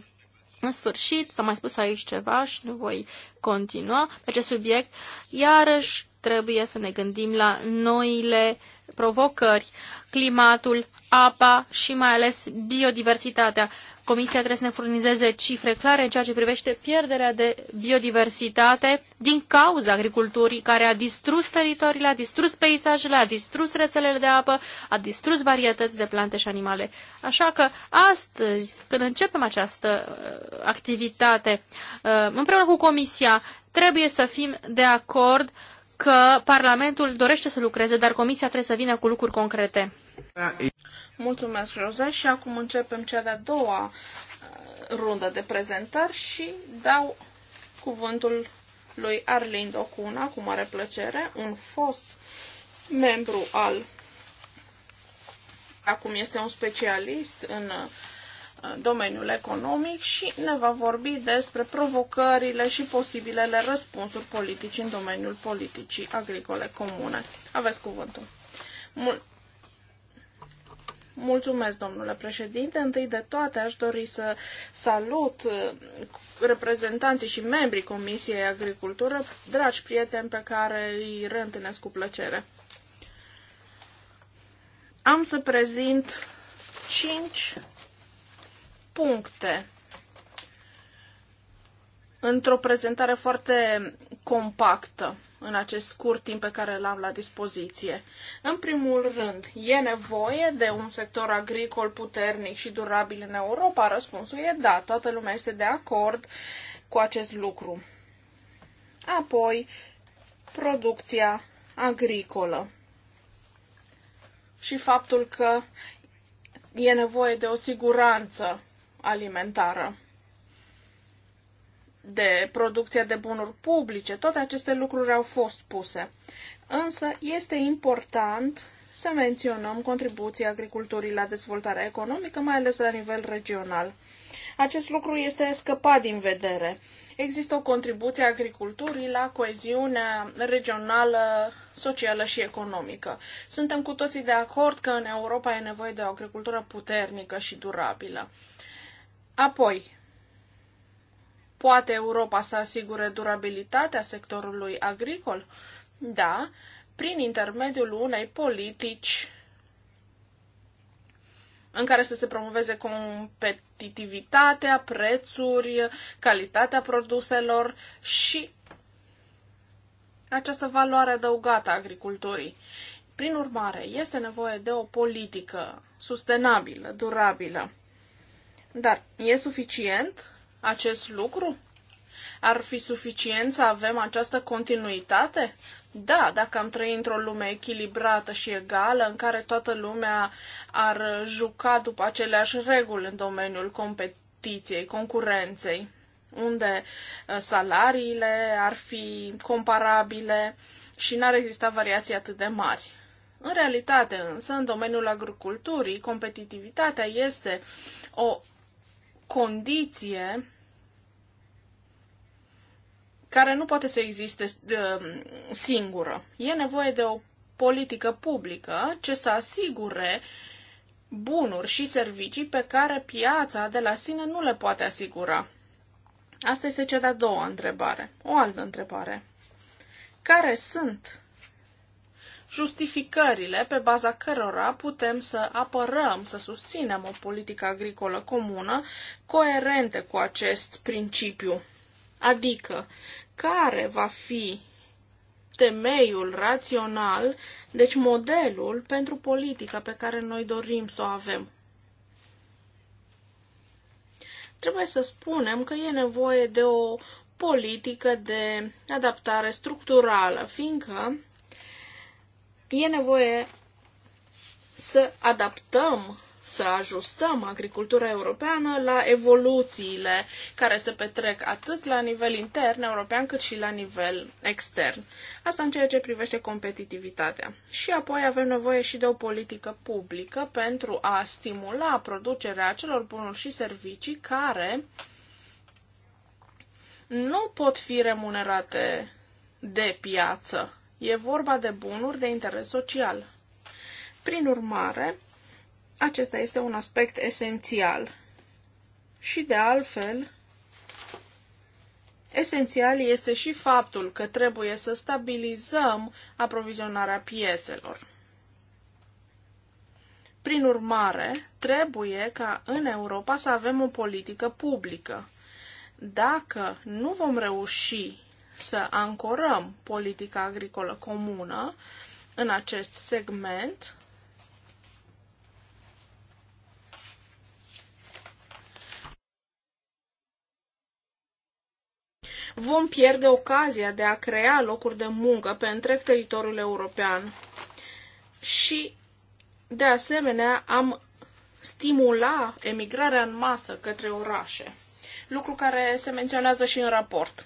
În sfârșit, s-a mai spus aici ceva și nu voi continua pe acest subiect. Iarăși trebuie să ne gândim la noile provocări, climatul, apa și mai ales biodiversitatea. Comisia trebuie să ne furnizeze cifre clare în ceea ce privește pierderea de biodiversitate din cauza agriculturii care a distrus teritoriile, a distrus peisajele, a distrus rețelele de apă, a distrus varietăți de plante și animale. Așa că astăzi, când începem această uh, activitate, uh, împreună cu Comisia, trebuie să fim de acord că Parlamentul dorește să lucreze, dar Comisia trebuie să vină cu lucruri concrete. Mulțumesc, Jose, și acum începem cea de-a doua uh, rundă de prezentări și dau cuvântul lui Arlindo Cuna, cu mare plăcere, un fost membru al acum este un specialist în uh, domeniul economic și ne va vorbi despre provocările și posibilele răspunsuri politici în domeniul politicii agricole comune. Aveți cuvântul. Mul- Mulțumesc, domnule președinte. Întâi de toate, aș dori să salut uh, reprezentanții și membrii Comisiei Agricultură, dragi prieteni pe care îi reîntâlnesc cu plăcere. Am să prezint cinci puncte într-o prezentare foarte compactă în acest scurt timp pe care l-am la dispoziție. În primul rând, e nevoie de un sector agricol puternic și durabil în Europa? Răspunsul e da, toată lumea este de acord cu acest lucru. Apoi, producția agricolă și faptul că e nevoie de o siguranță alimentară de producția de bunuri publice, toate aceste lucruri au fost puse. Însă este important să menționăm contribuția agriculturii la dezvoltarea economică, mai ales la nivel regional. Acest lucru este scăpat din vedere. Există o contribuție a agriculturii la coeziunea regională, socială și economică. Suntem cu toții de acord că în Europa e nevoie de o agricultură puternică și durabilă. Apoi, Poate Europa să asigure durabilitatea sectorului agricol? Da, prin intermediul unei politici în care să se promoveze competitivitatea, prețuri, calitatea produselor și această valoare adăugată a agriculturii. Prin urmare, este nevoie de o politică sustenabilă, durabilă. Dar e suficient acest lucru? Ar fi suficient să avem această continuitate? Da, dacă am trăi într-o lume echilibrată și egală, în care toată lumea ar juca după aceleași reguli în domeniul competiției, concurenței, unde uh, salariile ar fi comparabile și n-ar exista variații atât de mari. În realitate, însă, în domeniul agriculturii, competitivitatea este o condiție care nu poate să existe singură. E nevoie de o politică publică ce să asigure bunuri și servicii pe care piața de la sine nu le poate asigura. Asta este cea de-a doua întrebare. O altă întrebare. Care sunt justificările pe baza cărora putem să apărăm, să susținem o politică agricolă comună coerentă cu acest principiu. Adică, care va fi temeiul rațional, deci modelul pentru politica pe care noi dorim să o avem. Trebuie să spunem că e nevoie de o politică de adaptare structurală, fiindcă e nevoie să adaptăm să ajustăm agricultura europeană la evoluțiile care se petrec atât la nivel intern european cât și la nivel extern. Asta în ceea ce privește competitivitatea. Și apoi avem nevoie și de o politică publică pentru a stimula producerea acelor bunuri și servicii care nu pot fi remunerate de piață. E vorba de bunuri de interes social. Prin urmare, acesta este un aspect esențial. Și de altfel, esențial este și faptul că trebuie să stabilizăm aprovizionarea piețelor. Prin urmare, trebuie ca în Europa să avem o politică publică. Dacă nu vom reuși să ancorăm politica agricolă comună în acest segment, vom pierde ocazia de a crea locuri de muncă pe întreg teritoriul european. Și, de asemenea, am stimula emigrarea în masă către orașe, lucru care se menționează și în raport.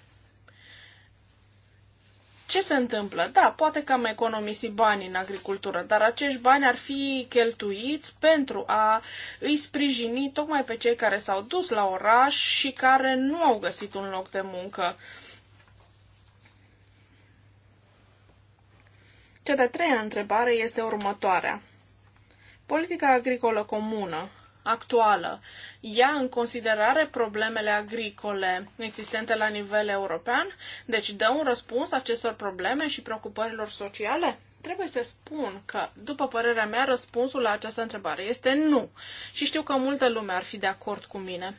Ce se întâmplă? Da, poate că am economisit bani în agricultură, dar acești bani ar fi cheltuiți pentru a îi sprijini tocmai pe cei care s-au dus la oraș și care nu au găsit un loc de muncă. Cea de-a treia întrebare este următoarea. Politica agricolă comună actuală ia în considerare problemele agricole existente la nivel european? Deci dă un răspuns acestor probleme și preocupărilor sociale? Trebuie să spun că, după părerea mea, răspunsul la această întrebare este nu. Și știu că multă lume ar fi de acord cu mine.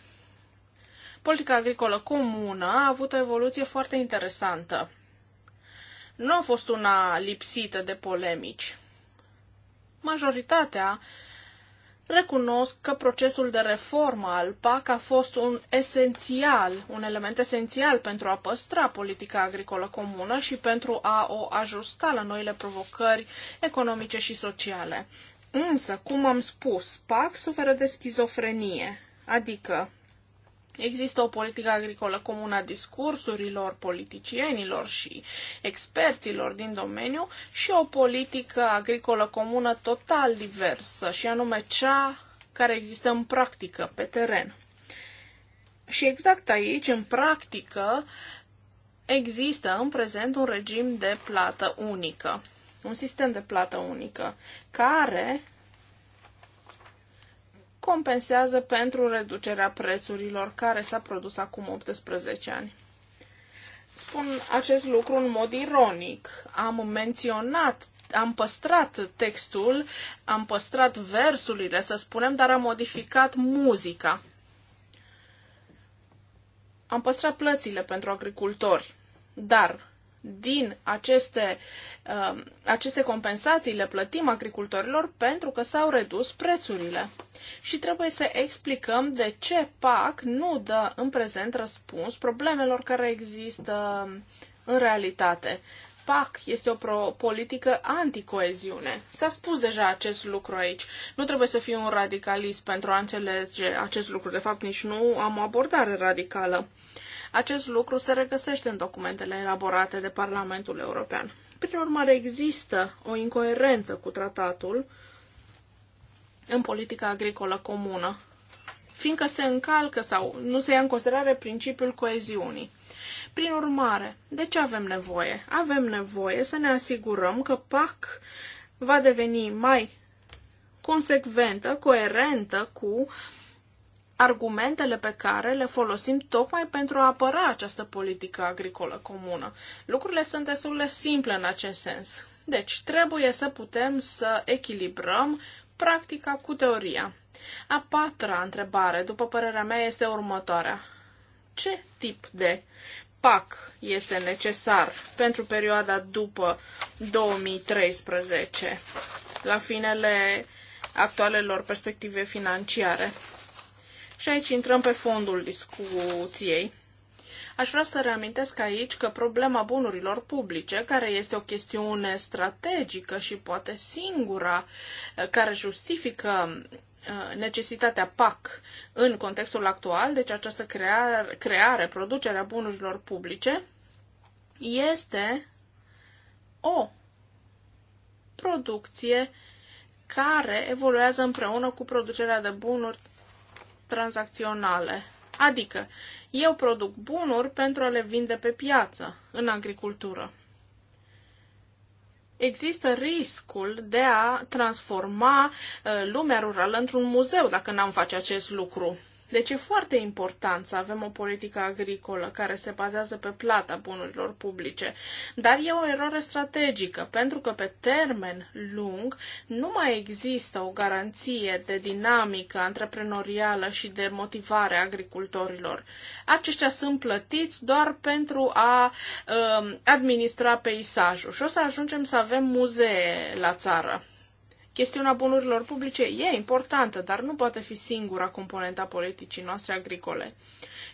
Politica agricolă comună a avut o evoluție foarte interesantă. Nu a fost una lipsită de polemici. Majoritatea recunosc că procesul de reformă al PAC a fost un esențial, un element esențial pentru a păstra politica agricolă comună și pentru a o ajusta la noile provocări economice și sociale. Însă, cum am spus, PAC suferă de schizofrenie, adică Există o politică agricolă comună a discursurilor politicienilor și experților din domeniu și o politică agricolă comună total diversă, și anume cea care există în practică, pe teren. Și exact aici, în practică, există în prezent un regim de plată unică, un sistem de plată unică, care compensează pentru reducerea prețurilor care s-a produs acum 18 ani. Spun acest lucru în mod ironic. Am menționat, am păstrat textul, am păstrat versurile, să spunem, dar am modificat muzica. Am păstrat plățile pentru agricultori, dar din aceste, um, aceste compensații le plătim agricultorilor pentru că s-au redus prețurile. Și trebuie să explicăm de ce PAC nu dă în prezent răspuns problemelor care există în realitate. PAC este o pro- politică anticoeziune. S-a spus deja acest lucru aici. Nu trebuie să fiu un radicalist pentru a înțelege acest lucru. De fapt, nici nu am o abordare radicală. Uh, acest lucru se regăsește în documentele elaborate de Parlamentul European. Prin urmare, există o incoerență cu tratatul în politica agricolă comună, fiindcă se încalcă sau nu se ia în considerare principiul coeziunii. Prin urmare, de ce avem nevoie? Avem nevoie să ne asigurăm că PAC va deveni mai consecventă, coerentă cu argumentele pe care le folosim tocmai pentru a apăra această politică agricolă comună. Lucrurile sunt destul de simple în acest sens. Deci, trebuie să putem să echilibrăm practica cu teoria. A patra întrebare, după părerea mea, este următoarea. Ce tip de PAC este necesar pentru perioada după 2013, la finele actualelor perspective financiare? Și aici intrăm pe fondul discuției. Aș vrea să reamintesc aici că problema bunurilor publice, care este o chestiune strategică și poate singura eh, care justifică eh, necesitatea PAC în contextul actual, deci această creare, creare producerea bunurilor publice, este o producție care evoluează împreună cu producerea de bunuri tranzacționale. Adică, eu produc bunuri pentru a le vinde pe piață, în agricultură. Există riscul de a transforma uh, lumea rurală într-un muzeu dacă n-am face acest lucru. Deci e foarte important să avem o politică agricolă care se bazează pe plata bunurilor publice, dar e o eroare strategică, pentru că pe termen lung nu mai există o garanție de dinamică antreprenorială și de motivare a agricultorilor. Aceștia sunt plătiți doar pentru a uh, administra peisajul și o să ajungem să avem muzee la țară. Chestiunea bunurilor publice e importantă, dar nu poate fi singura componentă a politicii noastre agricole.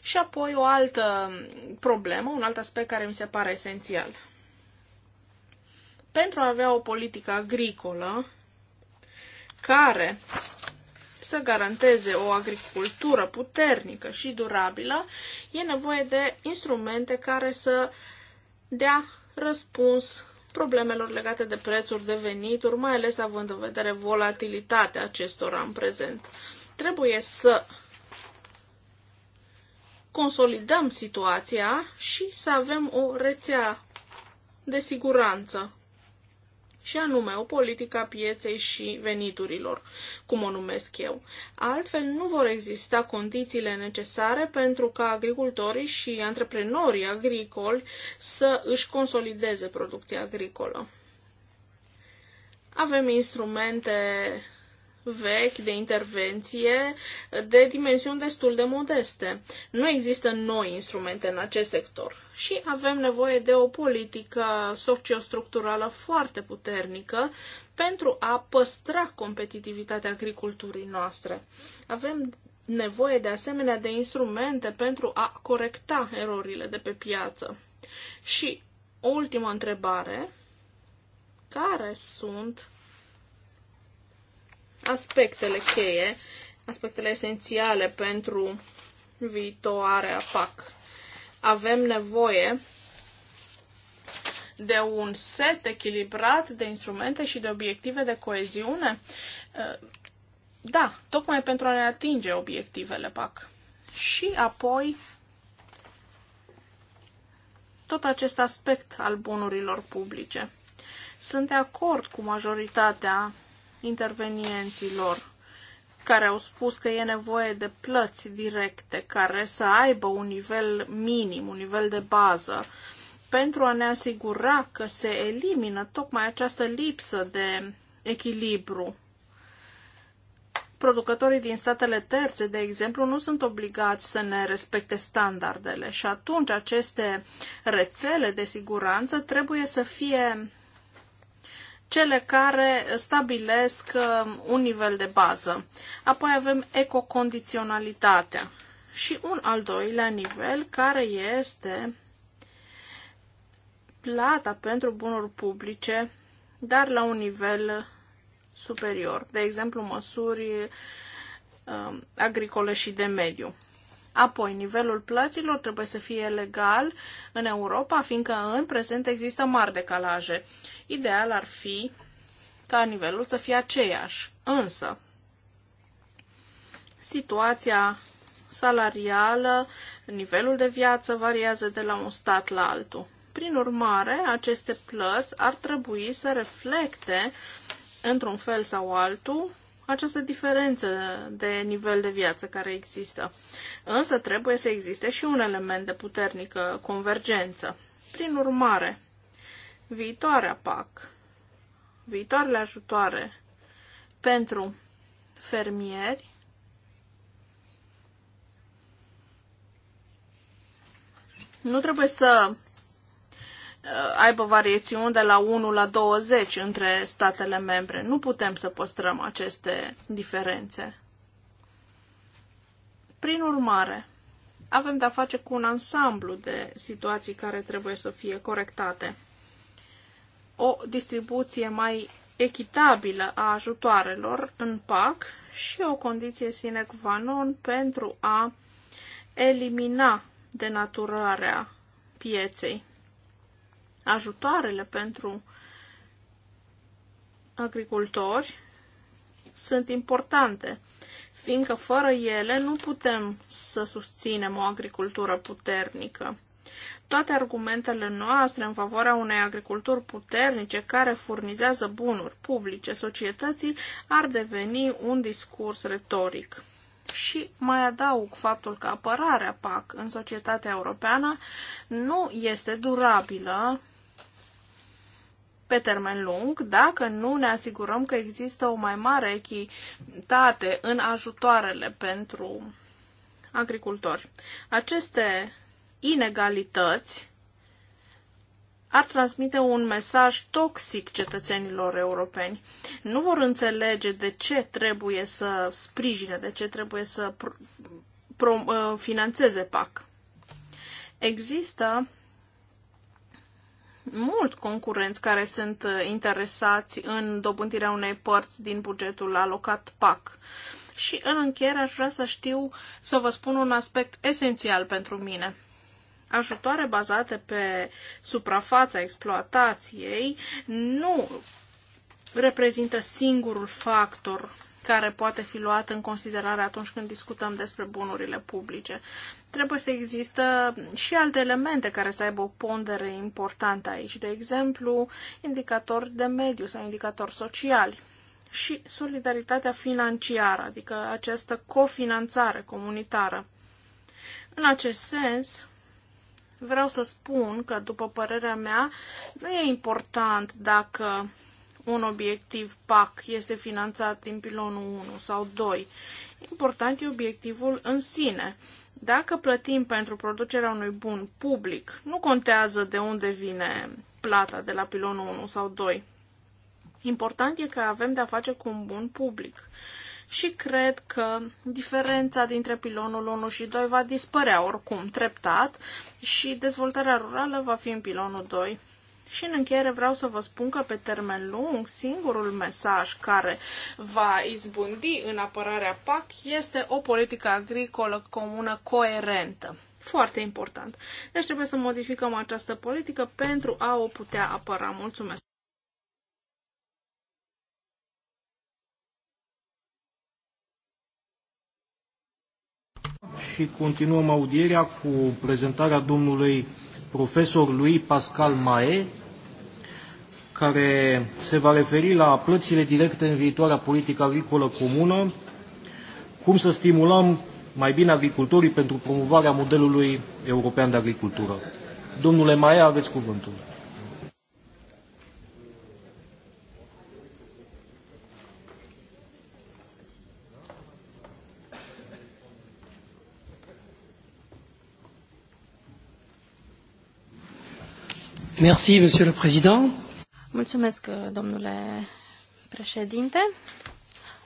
Și apoi o altă problemă, un alt aspect care mi se pare esențial. Pentru a avea o politică agricolă care să garanteze o agricultură puternică și durabilă, e nevoie de instrumente care să dea răspuns problemelor legate de prețuri de venituri, mai ales având în vedere volatilitatea acestora în prezent. Trebuie să consolidăm situația și să avem o rețea de siguranță și anume o politică a pieței și veniturilor, cum o numesc eu. Altfel nu vor exista condițiile necesare pentru ca agricultorii și antreprenorii agricoli să își consolideze producția agricolă. Avem instrumente vechi de intervenție de dimensiuni destul de modeste. Nu există noi instrumente în acest sector și avem nevoie de o politică sociostructurală foarte puternică pentru a păstra competitivitatea agriculturii noastre. Avem nevoie de asemenea de instrumente pentru a corecta erorile de pe piață. Și o ultimă întrebare. Care sunt aspectele cheie, aspectele esențiale pentru viitoarea PAC. Avem nevoie de un set echilibrat de instrumente și de obiective de coeziune? Uh, da, tocmai pentru a ne atinge obiectivele PAC. Și apoi tot acest aspect al bunurilor publice. Sunt de acord cu majoritatea intervenienților care au spus că e nevoie de plăți directe care să aibă un nivel minim, un nivel de bază, pentru a ne asigura că se elimină tocmai această lipsă de echilibru. Producătorii din statele terțe, de exemplu, nu sunt obligați să ne respecte standardele și atunci aceste rețele de siguranță trebuie să fie cele care stabilesc um, un nivel de bază. Apoi avem ecocondiționalitatea și un al doilea nivel care este plata pentru bunuri publice, dar la un nivel superior, de exemplu măsuri um, agricole și de mediu. Apoi, nivelul plăților trebuie să fie legal în Europa, fiindcă în prezent există mari decalaje. Ideal ar fi ca nivelul să fie aceeași. Însă, situația salarială, nivelul de viață variază de la un stat la altul. Prin urmare, aceste plăți ar trebui să reflecte, într-un fel sau altul, această diferență de nivel de viață care există. Însă trebuie să existe și un element de puternică convergență. Prin urmare, viitoarea PAC, viitoarele ajutoare pentru fermieri nu trebuie să Uh, aibă variațiuni de la 1 la 20 între statele membre. Nu putem să păstrăm aceste diferențe. Prin urmare, avem de-a face cu un ansamblu de situații care trebuie să fie corectate. O distribuție mai echitabilă a ajutoarelor în PAC și o condiție sine qua non pentru a elimina denaturarea pieței ajutoarele pentru agricultori sunt importante, fiindcă fără ele nu putem să susținem o agricultură puternică. Toate argumentele noastre în favoarea unei agriculturi puternice care furnizează bunuri publice societății ar deveni un discurs retoric. Și mai adaug faptul că apărarea PAC în societatea europeană nu este durabilă pe termen lung dacă nu ne asigurăm că există o mai mare echitate în ajutoarele pentru agricultori. Aceste inegalități ar transmite un mesaj toxic cetățenilor europeni. Nu vor înțelege de ce trebuie să sprijine, de ce trebuie să pro, pro, uh, finanțeze PAC. Există mulți concurenți care sunt uh, interesați în dobândirea unei părți din bugetul alocat PAC. Și în încheiere aș vrea să știu, să vă spun un aspect esențial pentru mine. Ajutoare bazate pe suprafața exploatației nu reprezintă singurul factor care poate fi luată în considerare atunci când discutăm despre bunurile publice. Trebuie să există și alte elemente care să aibă o pondere importantă aici, de exemplu, indicatori de mediu sau indicatori sociali și solidaritatea financiară, adică această cofinanțare comunitară. În acest sens, vreau să spun că, după părerea mea, nu e important dacă un obiectiv PAC este finanțat din pilonul 1 sau 2. Important e obiectivul în sine. Dacă plătim pentru producerea unui bun public, nu contează de unde vine plata de la pilonul 1 sau 2. Important e că avem de-a face cu un bun public. Și cred că diferența dintre pilonul 1 și 2 va dispărea oricum treptat și dezvoltarea rurală va fi în pilonul 2. Și în încheiere vreau să vă spun că pe termen lung singurul mesaj care va izbundi în apărarea PAC este o politică agricolă comună coerentă. Foarte important. Deci trebuie să modificăm această politică pentru a o putea apăra. Mulțumesc! Și continuăm audierea cu prezentarea domnului profesor lui Pascal Mae, care se va referi la plățile directe în viitoarea politică agricolă comună, cum să stimulăm mai bine agricultorii pentru promovarea modelului european de agricultură. Domnule Mahe, aveți cuvântul. Merci, Monsieur le Président. Mulțumesc, domnule președinte.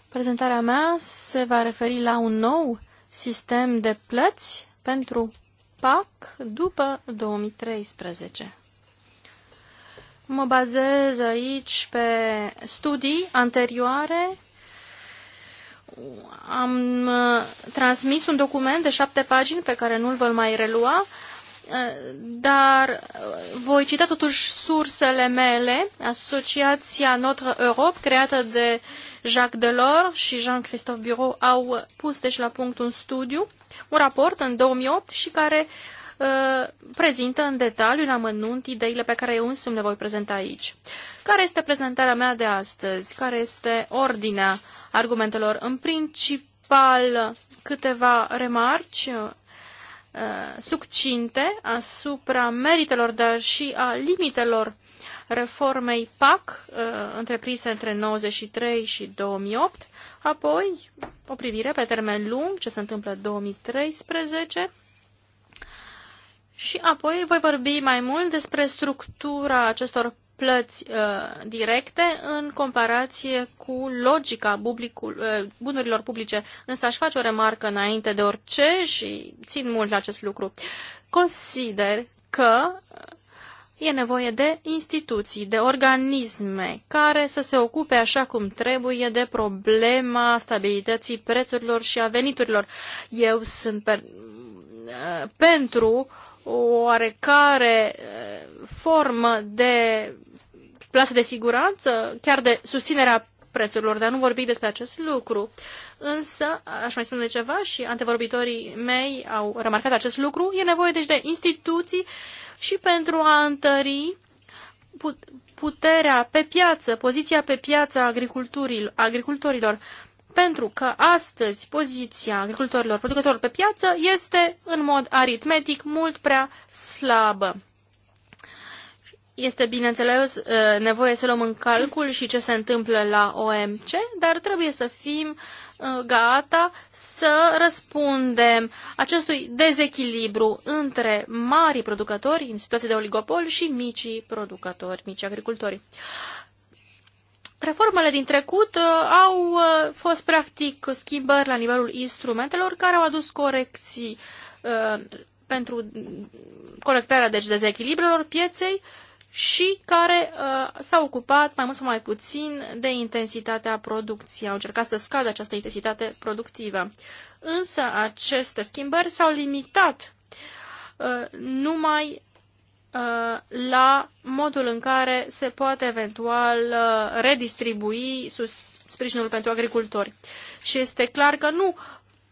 Prezentarea mea se va referi la un nou sistem de plăți pentru PAC după 2013. Mă bazez aici pe studii anterioare. Am uh, transmis un document de șapte pagini pe care nu-l voi mai relua dar uh, voi cita totuși sursele mele, Asociația Notre Europe, creată de Jacques Delors și Jean-Christophe Bureau, au pus deci la punct un studiu, un raport în 2008 și care uh, prezintă în detaliu, în amănunt, ideile pe care eu însumi le voi prezenta aici. Care este prezentarea mea de astăzi? Care este ordinea argumentelor? În principal, câteva remarci Uh, succinte asupra meritelor, dar și a limitelor reformei PAC, uh, întreprinse între 93 și 2008, apoi o privire pe termen lung, ce se întâmplă 2013, și apoi voi vorbi mai mult despre structura acestor plăți uh, directe în comparație cu logica publicul, uh, bunurilor publice. Însă aș face o remarcă înainte de orice și țin mult la acest lucru. Consider că e nevoie de instituții, de organisme care să se ocupe așa cum trebuie de problema stabilității prețurilor și a veniturilor. Eu sunt per, uh, pentru uh, o oarecare formă de plasă de siguranță, chiar de susținerea prețurilor, dar nu vorbim despre acest lucru. Însă, aș mai spune ceva și antevorbitorii mei au remarcat acest lucru, e nevoie deci de instituții și pentru a întări puterea pe piață, poziția pe piață a agricultorilor pentru că astăzi poziția agricultorilor, producătorilor pe piață este în mod aritmetic mult prea slabă. Este, bineînțeles, eh, nevoie să luăm în calcul și ce se întâmplă la OMC, dar trebuie să fim eh, gata să răspundem acestui dezechilibru între marii producători în situație de oligopol și micii producători, mici agricultori. Reformele din trecut uh, au uh, fost practic schimbări la nivelul instrumentelor care au adus corecții uh, pentru corectarea deci dezechilibrelor pieței și care uh, s-au ocupat mai mult sau mai puțin de intensitatea producției. Au încercat să scadă această intensitate productivă. Însă aceste schimbări s-au limitat uh, numai Uh, la modul în care se poate eventual uh, redistribui sprijinul pentru agricultori. Și este clar că nu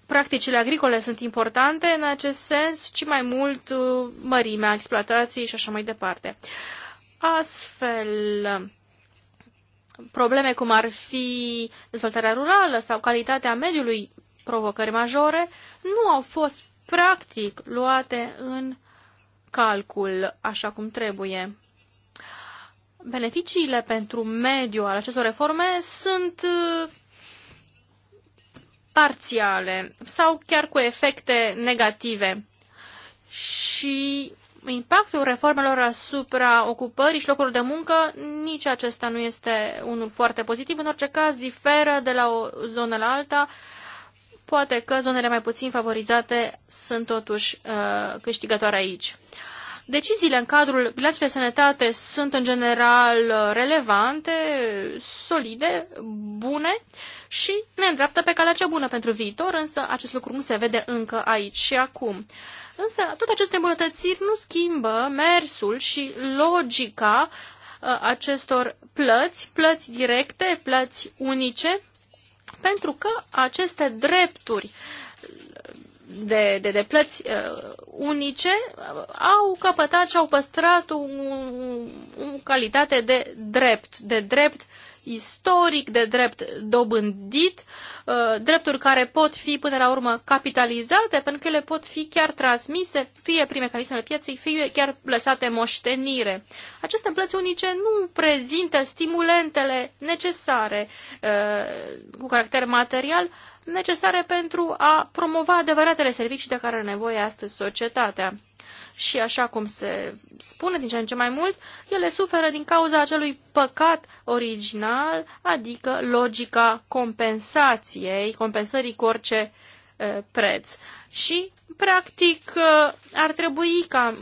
practicile agricole sunt importante în acest sens, ci mai mult uh, mărimea exploatației și așa mai departe. Astfel, probleme cum ar fi dezvoltarea rurală sau calitatea mediului, provocări majore, nu au fost practic luate în calcul așa cum trebuie. Beneficiile pentru mediu al acestor reforme sunt uh, parțiale sau chiar cu efecte negative. Și impactul reformelor asupra ocupării și locurilor de muncă, nici acesta nu este unul foarte pozitiv. În orice caz, diferă de la o zonă la alta Poate că zonele mai puțin favorizate sunt totuși uh, câștigătoare aici. Deciziile în cadrul bilanțului de sănătate sunt în general uh, relevante, solide, bune și ne îndreaptă pe calea cea bună pentru viitor, însă acest lucru nu se vede încă aici și acum. Însă tot aceste îmbunătățiri nu schimbă mersul și logica uh, acestor plăți, plăți directe, plăți unice, pentru că aceste drepturi de, de, de plăți uh, unice au căpătat și au păstrat o calitate de drept, de drept istoric, de drept dobândit uh, Uh, drepturi care pot fi până la urmă capitalizate, pentru că ele pot fi chiar transmise, fie prin mecanismele pieței, fie chiar lăsate moștenire. Aceste plăți unice nu prezintă stimulentele necesare uh, cu caracter material necesare pentru a promova adevăratele servicii de care are nevoie astăzi societatea. Și așa cum se spune din ce în ce mai mult, ele suferă din cauza acelui păcat original, adică logica compensației, compensării cu orice preț. Și, practic, ar trebui ca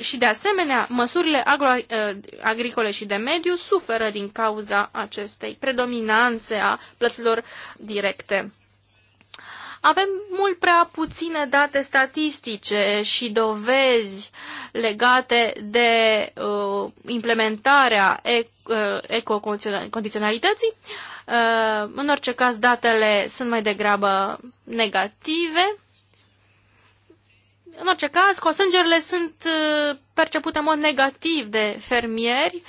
și, de asemenea, măsurile agro- agricole și de mediu suferă din cauza acestei predominanțe a plăților directe. Avem mult prea puține date statistice și dovezi legate de uh, implementarea uh, ecocondiționalității. Uh, în orice caz, datele sunt mai degrabă negative. În orice caz, constrângerile sunt uh, percepute în mod negativ de fermieri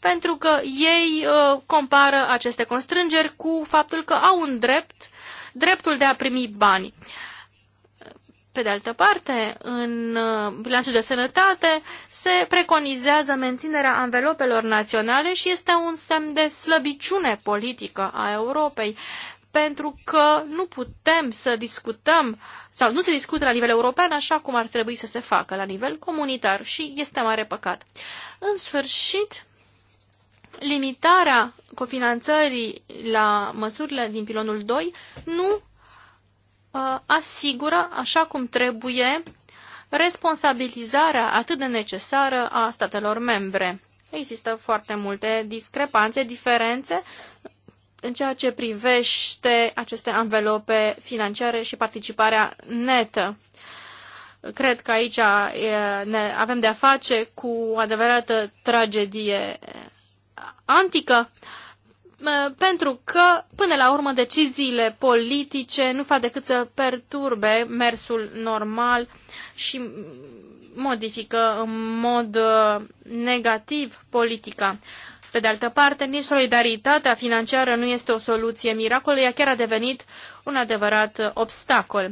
pentru că ei uh, compară aceste constrângeri cu faptul că au un drept dreptul de a primi bani. Pe de altă parte, în uh, bilanțul de sănătate se preconizează menținerea anvelopelor naționale și este un semn de slăbiciune politică a Europei, pentru că nu putem să discutăm sau nu se discută la nivel european așa cum ar trebui să se facă la nivel comunitar și este mare păcat. În sfârșit, limitarea cofinanțării la măsurile din pilonul 2 nu uh, asigură așa cum trebuie responsabilizarea atât de necesară a statelor membre. Există foarte multe discrepanțe, diferențe în ceea ce privește aceste anvelope financiare și participarea netă. Cred că aici uh, avem de-a face cu o adevărată tragedie antică, pentru că, până la urmă, deciziile politice nu fac decât să perturbe mersul normal și modifică în mod uh, negativ politica. Pe de altă parte, nici solidaritatea financiară nu este o soluție miracolă, ea chiar a devenit un adevărat obstacol.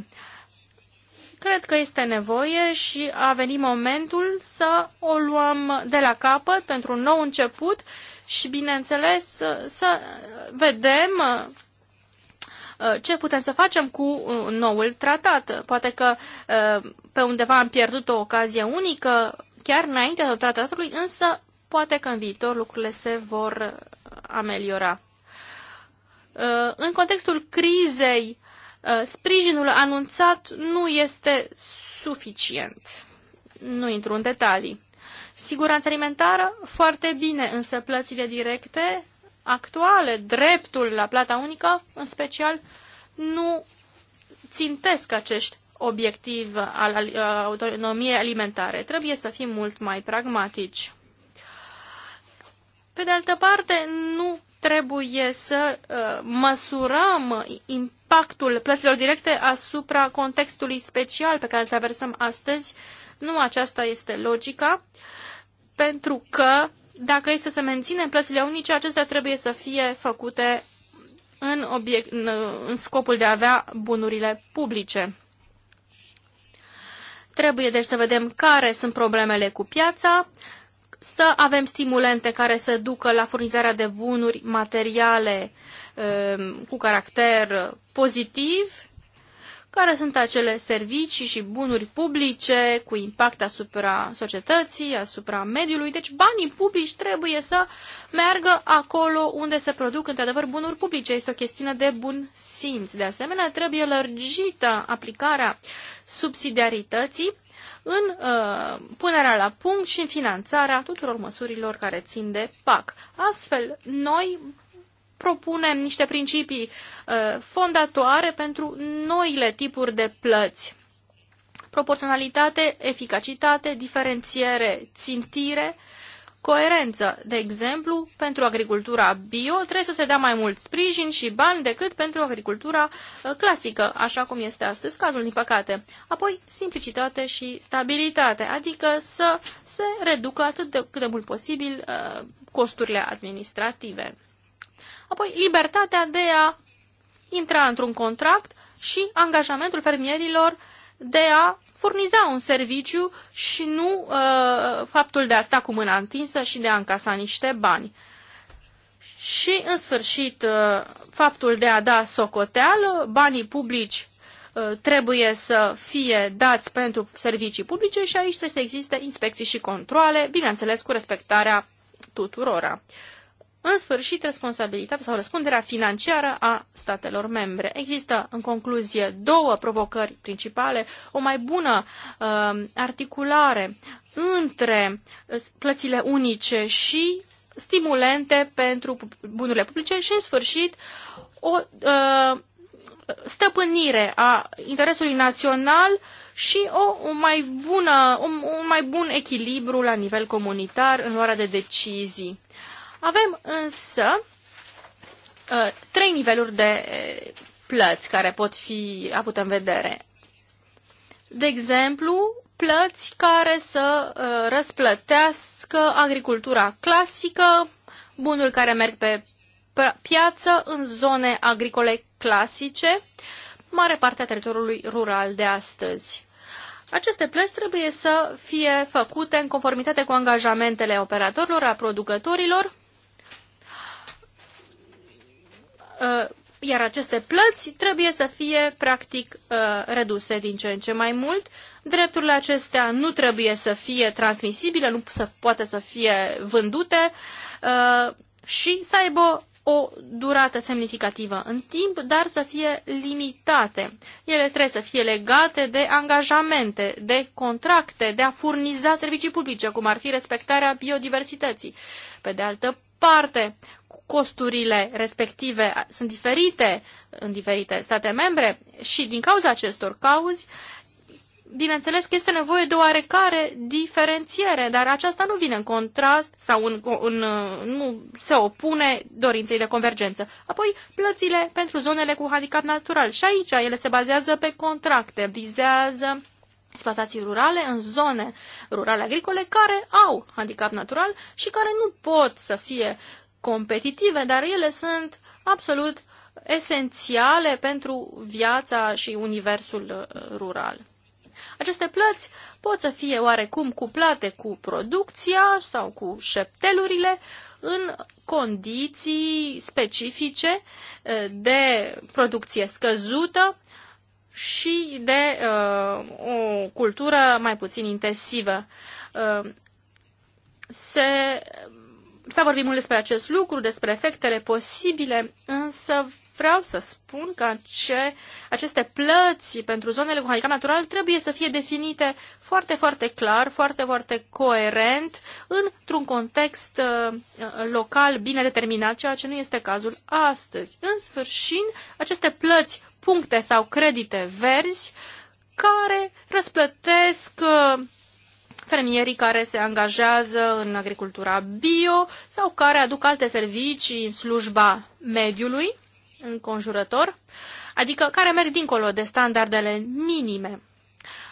Cred că este nevoie și a venit momentul să o luăm de la capăt pentru un nou început și, bineînțeles, să vedem uh, uh, ce putem să facem cu uh, noul tratat. Poate că pe undeva am pierdut o ocazie unică chiar înainte de tratatului, însă poate că în viitor lucrurile se vor ameliora. În contextul crizei, sprijinul anunțat nu este suficient. Nu intru în detalii. Siguranța alimentară, foarte bine, însă plățile directe actuale, dreptul la plata unică, în special, nu țintesc acești obiectiv al uh, autonomiei alimentare. Trebuie să fim mult mai pragmatici. Pe de altă parte, nu trebuie să uh, măsurăm impactul plăților directe asupra contextului special pe care îl traversăm astăzi nu aceasta este logica, pentru că dacă este să menținem plățile unice, acestea trebuie să fie făcute în, obiect, în, în scopul de a avea bunurile publice. Trebuie deci să vedem care sunt problemele cu piața, să avem stimulente care să ducă la furnizarea de bunuri materiale ehm, cu caracter pozitiv care sunt acele servicii și bunuri publice cu impact asupra societății, asupra mediului. Deci banii publici trebuie să meargă acolo unde se produc într-adevăr bunuri publice. Este o chestiune de bun simț. De asemenea, trebuie lărgită aplicarea subsidiarității în uh, punerea la punct și în finanțarea tuturor măsurilor care țin de PAC. Astfel, noi propunem niște principii uh, fondatoare pentru noile tipuri de plăți. Proporționalitate, eficacitate, diferențiere, țintire, coerență. De exemplu, pentru agricultura bio trebuie să se dea mai mult sprijin și bani decât pentru agricultura uh, clasică, așa cum este astăzi cazul, din păcate. Apoi, simplicitate și stabilitate, adică să se reducă atât de cât de mult posibil uh, costurile administrative apoi libertatea de a intra într-un contract și angajamentul fermierilor de a furniza un serviciu și nu uh, faptul de a sta cu mâna întinsă și de a încasa niște bani. Și, în sfârșit, uh, faptul de a da socoteală, banii publici uh, trebuie să fie dați pentru servicii publice și aici trebuie să existe inspecții și controle, bineînțeles cu respectarea tuturora. În sfârșit, responsabilitatea sau răspunderea financiară a statelor membre. Există, în concluzie, două provocări principale, o mai bună uh, articulare între uh, plățile unice și stimulente pentru bunurile publice și, în sfârșit, o uh, stăpânire a interesului național și o, o mai bună, un, un mai bun echilibru la nivel comunitar în luarea de decizii. Avem însă uh, trei niveluri de uh, plăți care pot fi avute în vedere. De exemplu, plăți care să uh, răsplătească agricultura clasică, bunuri care merg pe piață în zone agricole clasice, mare parte a teritoriului rural de astăzi. Aceste plăți trebuie să fie făcute în conformitate cu angajamentele operatorilor, a producătorilor Uh, iar aceste plăți trebuie să fie practic uh, reduse din ce în ce mai mult. Drepturile acestea nu trebuie să fie transmisibile, nu să, poate să fie vândute uh, și să aibă o durată semnificativă în timp, dar să fie limitate. Ele trebuie să fie legate de angajamente, de contracte, de a furniza servicii publice, cum ar fi respectarea biodiversității. Pe de altă parte, costurile respective sunt diferite în diferite state membre și din cauza acestor cauzi, bineînțeles că este nevoie de oarecare diferențiere, dar aceasta nu vine în contrast sau în, în, nu se opune dorinței de convergență. Apoi, plățile pentru zonele cu handicap natural. Și aici ele se bazează pe contracte, vizează exploatații rurale în zone rurale agricole care au handicap natural și care nu pot să fie competitive, dar ele sunt absolut esențiale pentru viața și universul uh, rural. Aceste plăți pot să fie oarecum cuplate cu producția sau cu șeptelurile în condiții specifice uh, de producție scăzută și de uh, o cultură mai puțin intensivă. Uh, se S-a vorbit mult despre acest lucru, despre efectele posibile, însă vreau să spun că ce, aceste plăți pentru zonele cu handicap natural trebuie să fie definite foarte, foarte clar, foarte, foarte coerent, într-un context uh, local bine determinat, ceea ce nu este cazul astăzi. În sfârșit, aceste plăți, puncte sau credite verzi, care răsplătesc uh, fermierii care se angajează în agricultura bio sau care aduc alte servicii în slujba mediului înconjurător, adică care merg dincolo de standardele minime.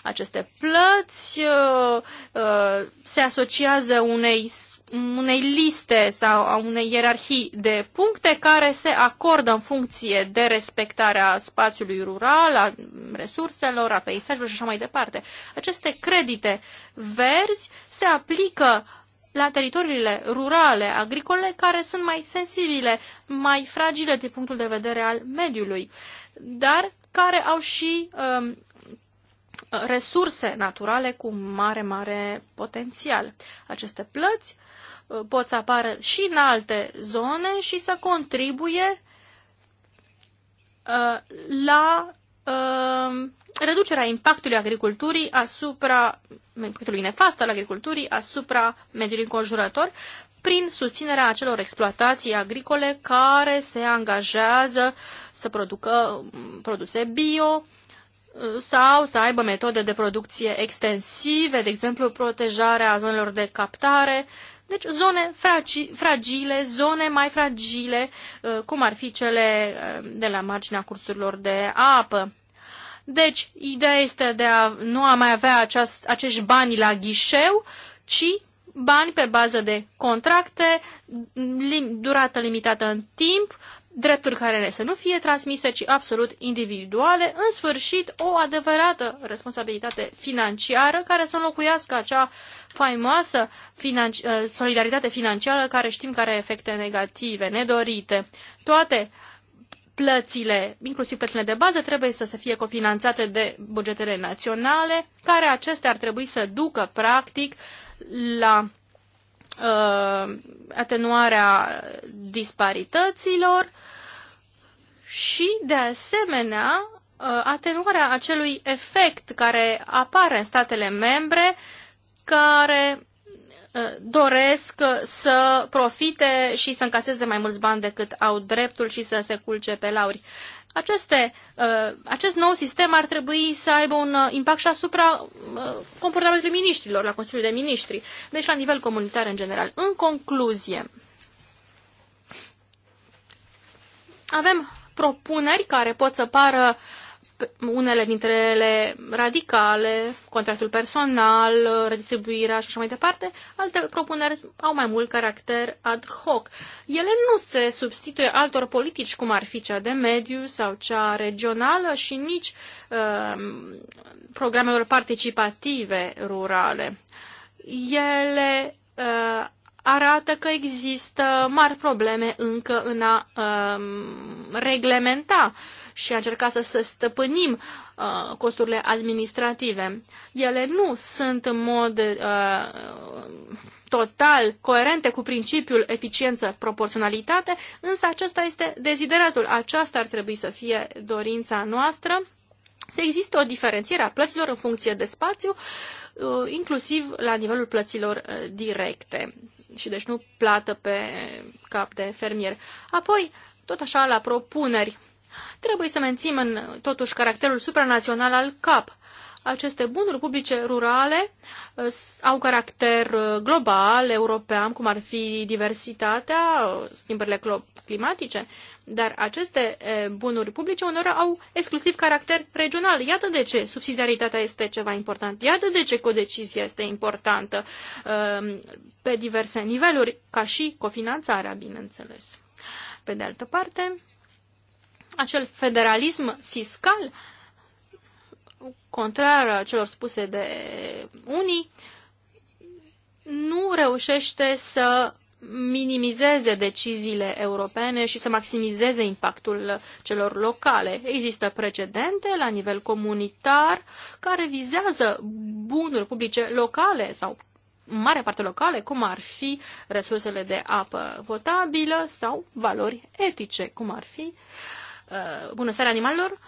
Aceste plăți uh, uh, se asociază unei unei liste sau a unei ierarhii de puncte care se acordă în funcție de respectarea spațiului rural, a resurselor, a peisajului și așa mai departe. Aceste credite verzi se aplică la teritoriile rurale, agricole, care sunt mai sensibile, mai fragile din punctul de vedere al mediului, dar care au și um, resurse naturale cu mare, mare potențial. Aceste plăți Uh, pot să apară și în alte zone și să contribuie uh, la uh, reducerea impactului agriculturii asupra, impactului nefast al agriculturii asupra mediului înconjurător prin susținerea acelor exploatații agricole care se angajează să producă um, produse bio sau să aibă metode de producție extensive, de exemplu protejarea zonelor de captare deci zone fragile, zone mai fragile, uh, cum ar fi cele uh, de la marginea cursurilor de apă. Deci, ideea este de a nu a mai avea aceast, acești bani la ghișeu, ci bani pe bază de contracte, lim, durată limitată în timp, drepturi care să nu fie transmise, ci absolut individuale, în sfârșit o adevărată responsabilitate financiară care să înlocuiască acea faimoasă financi- uh, solidaritate financiară care știm că are efecte negative, nedorite. Toate plățile, inclusiv plățile de bază, trebuie să se fie cofinanțate de bugetele naționale, care acestea ar trebui să ducă, practic, la uh, atenuarea disparităților și, de asemenea, uh, atenuarea acelui efect care apare în statele membre care uh, doresc să profite și să încaseze mai mulți bani decât au dreptul și să se culce pe lauri. Aceste, uh, acest nou sistem ar trebui să aibă un uh, impact și asupra uh, comportamentului miniștrilor la Consiliul de Miniștri, deci la nivel comunitar în general. În concluzie, avem propuneri care pot să pară uh, unele dintre ele radicale, contractul personal, redistribuirea și așa mai departe, alte propuneri au mai mult caracter ad hoc. Ele nu se substituie altor politici, cum ar fi cea de mediu sau cea regională și nici uh, programelor participative rurale. Ele uh, arată că există mari probleme încă în a uh, reglementa uh, și a încercat să, să stăpânim uh, costurile administrative. Ele nu sunt în mod uh, total coerente cu principiul eficiență-proporționalitate, însă acesta este dezideratul. Aceasta ar trebui să fie dorința noastră. Să există o diferențiere a plăților în funcție de spațiu, uh, inclusiv la nivelul plăților uh, directe și deci nu plată pe cap de fermier. Apoi, tot așa la propuneri, trebuie să în, totuși caracterul supranațional al CAP. Aceste bunuri publice rurale uh, au caracter uh, global, european, cum ar fi diversitatea, uh, schimbările climatice, dar aceste bunuri publice uneori au exclusiv caracter regional. Iată de ce subsidiaritatea este ceva important. Iată de ce codecizia este importantă pe diverse niveluri, ca și cofinanțarea, bineînțeles. Pe de altă parte, acel federalism fiscal, contrar celor spuse de unii, nu reușește să minimizeze deciziile europene și să maximizeze impactul celor locale. Există precedente la nivel comunitar care vizează bunuri publice locale sau în mare parte locale, cum ar fi resursele de apă potabilă sau valori etice, cum ar fi uh, Uh, bunăstarea animalelor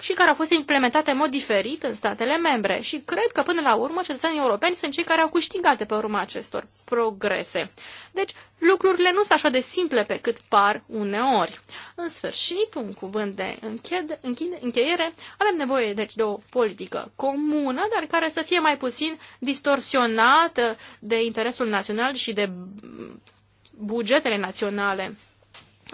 și care au fost implementate în mod diferit în statele membre. Și cred că, până la urmă, cetățenii europeni sunt cei care au câștigat pe urma acestor progrese. Deci, lucrurile nu sunt așa de simple pe cât par uneori. În sfârșit, un cuvânt de închid, închid, încheiere, avem nevoie, deci, de o politică comună, dar care să fie mai puțin distorsionată de interesul național și de bugetele naționale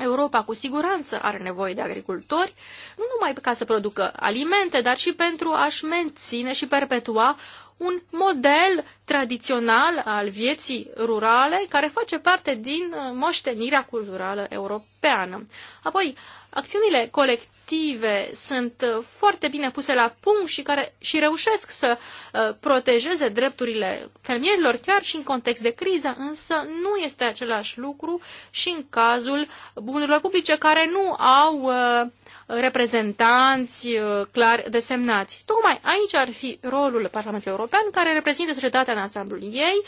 Europa cu siguranță are nevoie de agricultori, nu numai ca să producă alimente, dar și pentru a-și menține și perpetua un model tradițional al vieții rurale care face parte din uh, moștenirea culturală europeană. Apoi, acțiunile colective sunt uh, foarte bine puse la punct și care și reușesc să uh, protejeze drepturile fermierilor chiar și în context de criză, însă nu este același lucru și în cazul bunurilor publice care nu au reprezentanți uh, clar desemnați. Tocmai aici ar fi rolul Parlamentului European, care reprezintă societatea în ansamblul ei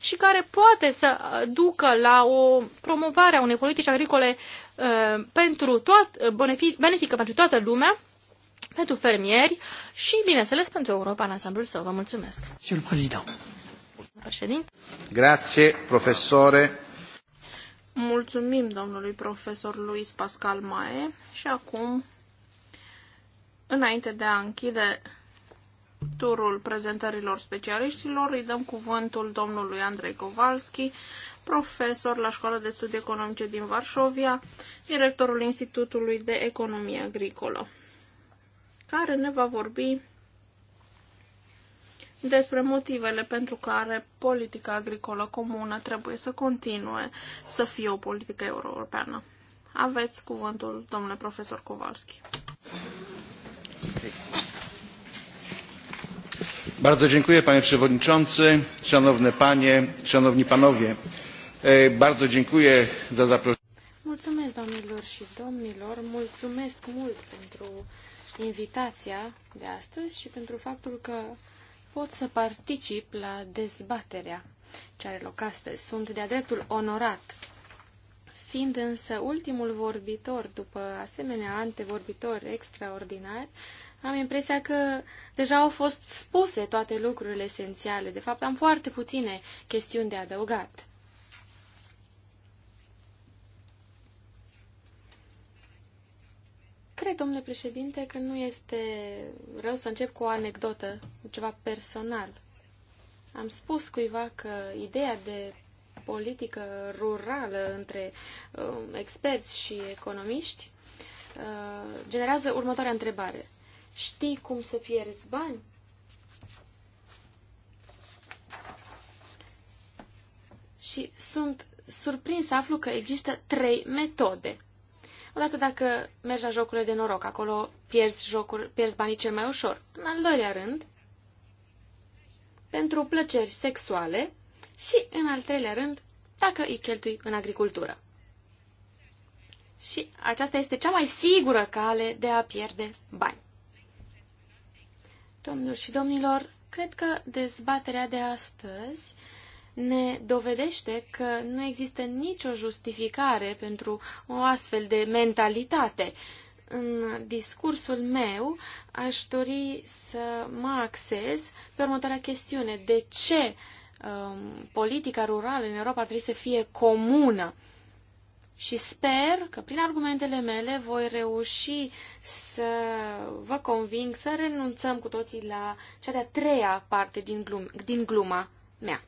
și care poate să ducă la o promovare a unei politici agricole uh, pentru toat, uh, benefică pentru toată lumea, pentru fermieri și, bineînțeles, pentru Europa în ansamblul său. Vă mulțumesc. Grazie, profesore. Mulțumim domnului profesor Luis Pascal Mae și acum, înainte de a închide turul prezentărilor specialiștilor, îi dăm cuvântul domnului Andrei Kowalski, profesor la Școala de Studii Economice din Varșovia, directorul Institutului de Economie Agricolă, care ne va vorbi despre motivele pentru care politica agricolă comună trebuie să continue să fie o politică europeană. Aveți cuvântul, domnule profesor Kowalski. Bardzo dziękuję panie przewodniczący, szanowne panie, szanowni panowie. Bardzo dziękuję za zaproszenie. Mulțumesc domnilor și domnilor, mulțumesc mult pentru invitația de astăzi și pentru faptul că pot să particip la dezbaterea ce are loc astăzi. Sunt de-a dreptul onorat. Fiind însă ultimul vorbitor, după asemenea antevorbitori extraordinari, am impresia că deja au fost spuse toate lucrurile esențiale. De fapt, am foarte puține chestiuni de adăugat. Cred, domnule președinte, că nu este rău să încep cu o anecdotă, cu ceva personal. Am spus cuiva că ideea de politică rurală între uh, experți și economiști uh, generează următoarea întrebare. Știi cum să pierzi bani? Și sunt surprins să aflu că există trei metode Odată dacă mergi la jocurile de noroc, acolo pierzi, jocuri, pierzi banii cel mai ușor. În al doilea rând, pentru plăceri sexuale și, în al treilea rând, dacă îi cheltui în agricultură. Și aceasta este cea mai sigură cale de a pierde bani. Domnilor și domnilor, cred că dezbaterea de astăzi ne dovedește că nu există nicio justificare pentru o astfel de mentalitate. În discursul meu aș dori să mă axez pe următoarea chestiune. De ce um, politica rurală în Europa trebuie să fie comună? și sper că prin argumentele mele voi reuși să vă conving să renunțăm cu toții la cea de-a treia parte din, glum, din gluma mea.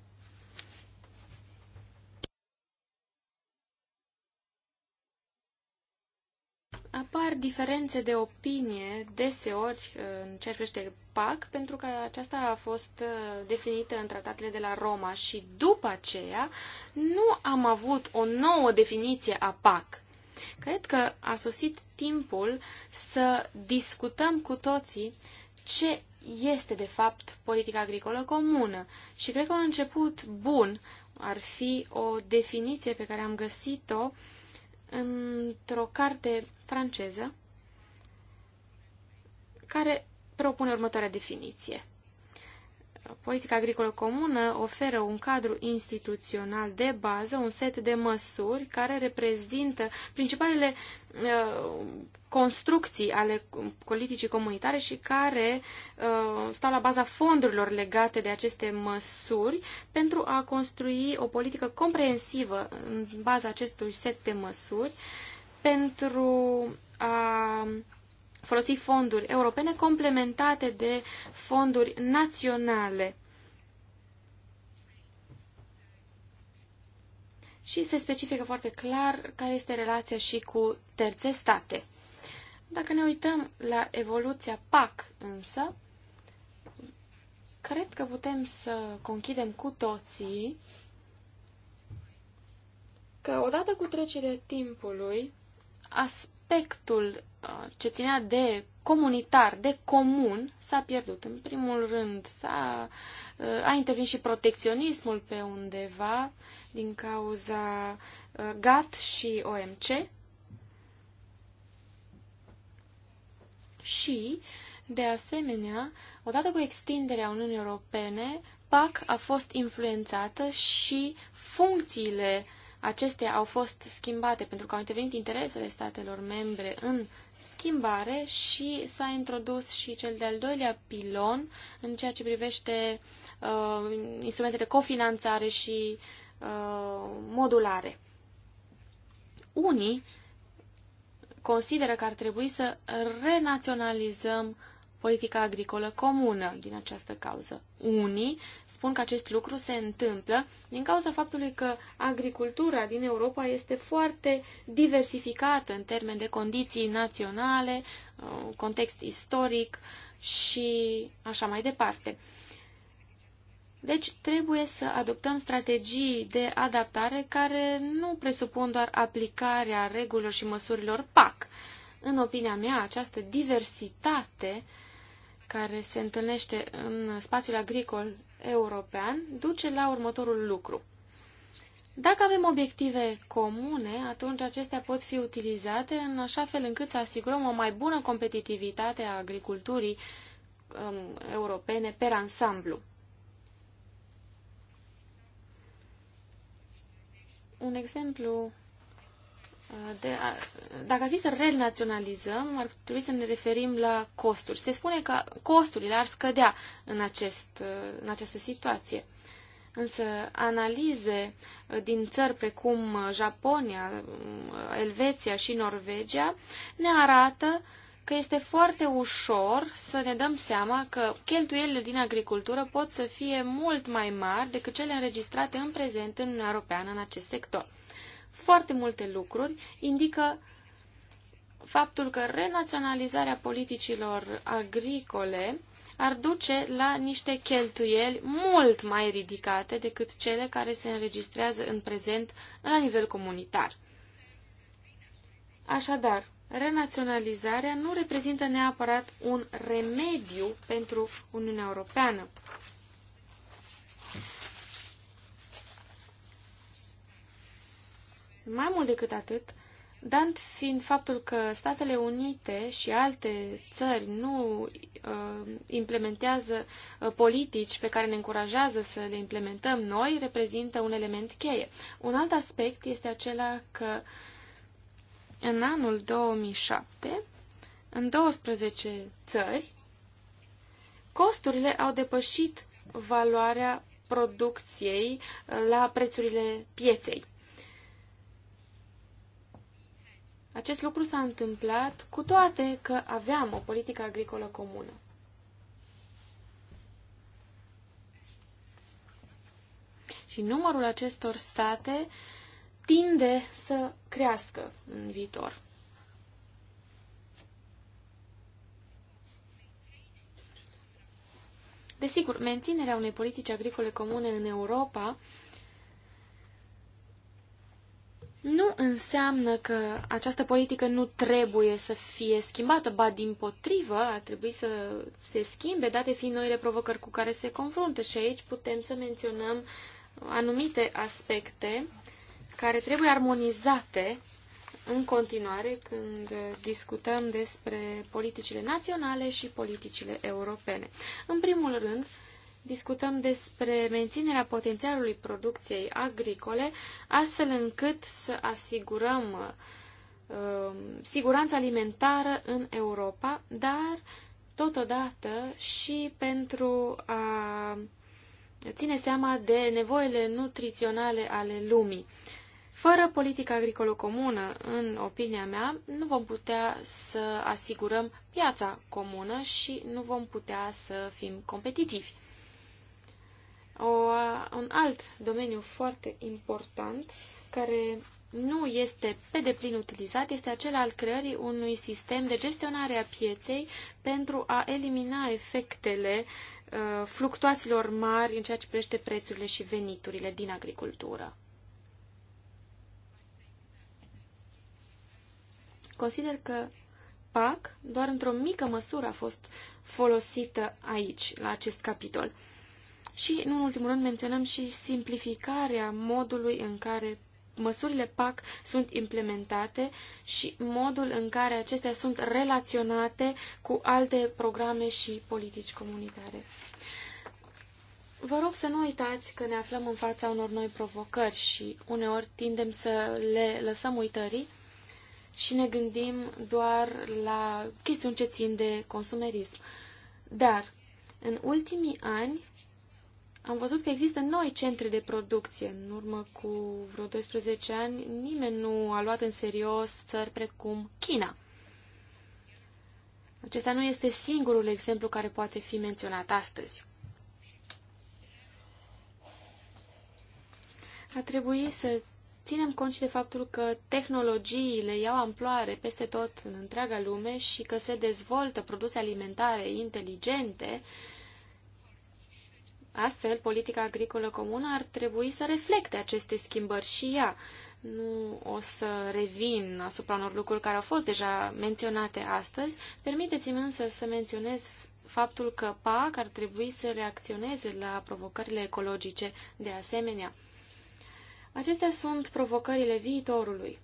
apar diferențe de opinie deseori uh, în ceea ce privește PAC, pentru că aceasta a fost uh, definită în tratatele de la Roma și după aceea nu am avut o nouă definiție a PAC. Cred că a sosit timpul să discutăm cu toții ce este de fapt politica agricolă comună și cred că un început bun ar fi o definiție pe care am găsit-o uh, într-o carte franceză care propune următoarea definiție politica agricolă comună oferă un cadru instituțional de bază, un set de măsuri care reprezintă principalele uh, construcții ale politicii comunitare și care uh, stau la baza fondurilor legate de aceste măsuri pentru a construi o politică comprehensivă în baza acestui set de măsuri pentru a uh, folosi fonduri europene complementate de fonduri naționale. Și se specifică foarte clar care este relația și cu terțe state. Dacă ne uităm la evoluția PAC însă, cred că putem să conchidem cu toții că odată cu trecerea timpului, aspectul uh, ce ținea de comunitar, de comun, s-a pierdut. În primul rând, s-a, uh, a intervenit și protecționismul pe undeva din cauza uh, GATT și OMC. Și, de asemenea, odată cu extinderea Uniunii Europene, PAC a fost influențată și funcțiile uh, Acestea au fost schimbate pentru că au intervenit interesele statelor membre în schimbare și s-a introdus și cel de-al doilea pilon în ceea ce privește uh, instrumente de cofinanțare și uh, modulare. Unii consideră că ar trebui să renaționalizăm politica agricolă comună din această cauză. Unii spun că acest lucru se întâmplă din cauza faptului că agricultura din Europa este foarte diversificată în termen de condiții naționale, uh, context istoric și așa mai departe. Deci trebuie să adoptăm strategii de adaptare care nu presupun doar aplicarea regulilor și măsurilor PAC. În opinia mea, această diversitate care se întâlnește în spațiul agricol european duce la următorul lucru. Dacă avem obiective comune, atunci acestea pot fi utilizate în așa fel încât să asigurăm o mai bună competitivitate a agriculturii um, europene per ansamblu. Un exemplu de a, dacă ar fi să renaționalizăm, ar trebui să ne referim la costuri. Se spune că costurile ar scădea în, acest, în această situație. Însă analize din țări precum Japonia, Elveția și Norvegia ne arată că este foarte ușor să ne dăm seama că cheltuielile din agricultură pot să fie mult mai mari decât cele înregistrate în prezent în Uniunea Europeană în acest sector foarte multe lucruri, indică faptul că renaționalizarea politicilor agricole ar duce la niște cheltuieli mult mai ridicate decât cele care se înregistrează în prezent la nivel comunitar. Așadar, renaționalizarea nu reprezintă neapărat un remediu pentru Uniunea Europeană. Mai mult decât atât, dant fiind faptul că Statele Unite și alte țări nu uh, implementează uh, politici pe care ne încurajează să le implementăm noi, reprezintă un element cheie. Un alt aspect este acela că în anul 2007, în 12 țări, costurile au depășit valoarea producției uh, la prețurile pieței. Acest lucru s-a întâmplat cu toate că aveam o politică agricolă comună. Și numărul acestor state tinde să crească în viitor. Desigur, menținerea unei politici agricole comune în Europa nu înseamnă că această politică nu trebuie să fie schimbată, ba din potrivă ar trebui să se schimbe, date fiind noile provocări cu care se confruntă. Și aici putem să menționăm anumite aspecte care trebuie armonizate în continuare când discutăm despre politicile naționale și politicile europene. În primul rând, discutăm despre menținerea potențialului producției agricole, astfel încât să asigurăm um, siguranța alimentară în Europa, dar totodată și pentru a ține seama de nevoile nutriționale ale lumii. Fără politica agricolă comună, în opinia mea, nu vom putea să asigurăm piața comună și nu vom putea să fim competitivi. O, un alt domeniu foarte important care nu este pe deplin utilizat este acela al creării unui sistem de gestionare a pieței pentru a elimina efectele uh, fluctuațiilor mari în ceea ce privește prețurile și veniturile din agricultură. Consider că PAC doar într-o mică măsură a fost folosită aici, la acest capitol. Și, în ultimul rând, menționăm și simplificarea modului în care măsurile PAC sunt implementate și modul în care acestea sunt relaționate cu alte programe și politici comunitare. Vă rog să nu uitați că ne aflăm în fața unor noi provocări și uneori tindem să le lăsăm uitării și ne gândim doar la chestiuni ce țin de consumerism. Dar, în ultimii ani, am văzut că există noi centre de producție. În urmă cu vreo 12 ani, nimeni nu a luat în serios țări precum China. Acesta nu este singurul exemplu care poate fi menționat astăzi. A trebuit să ținem cont și de faptul că tehnologiile iau amploare peste tot în întreaga lume și că se dezvoltă produse alimentare inteligente, uh, Astfel, politica agricolă comună ar trebui să reflecte aceste schimbări și ea. Nu o să revin asupra unor lucruri care au fost deja menționate astăzi. Permiteți-mi însă să menționez faptul că PAC ar trebui să reacționeze la provocările ecologice de asemenea. Acestea sunt provocările viitorului.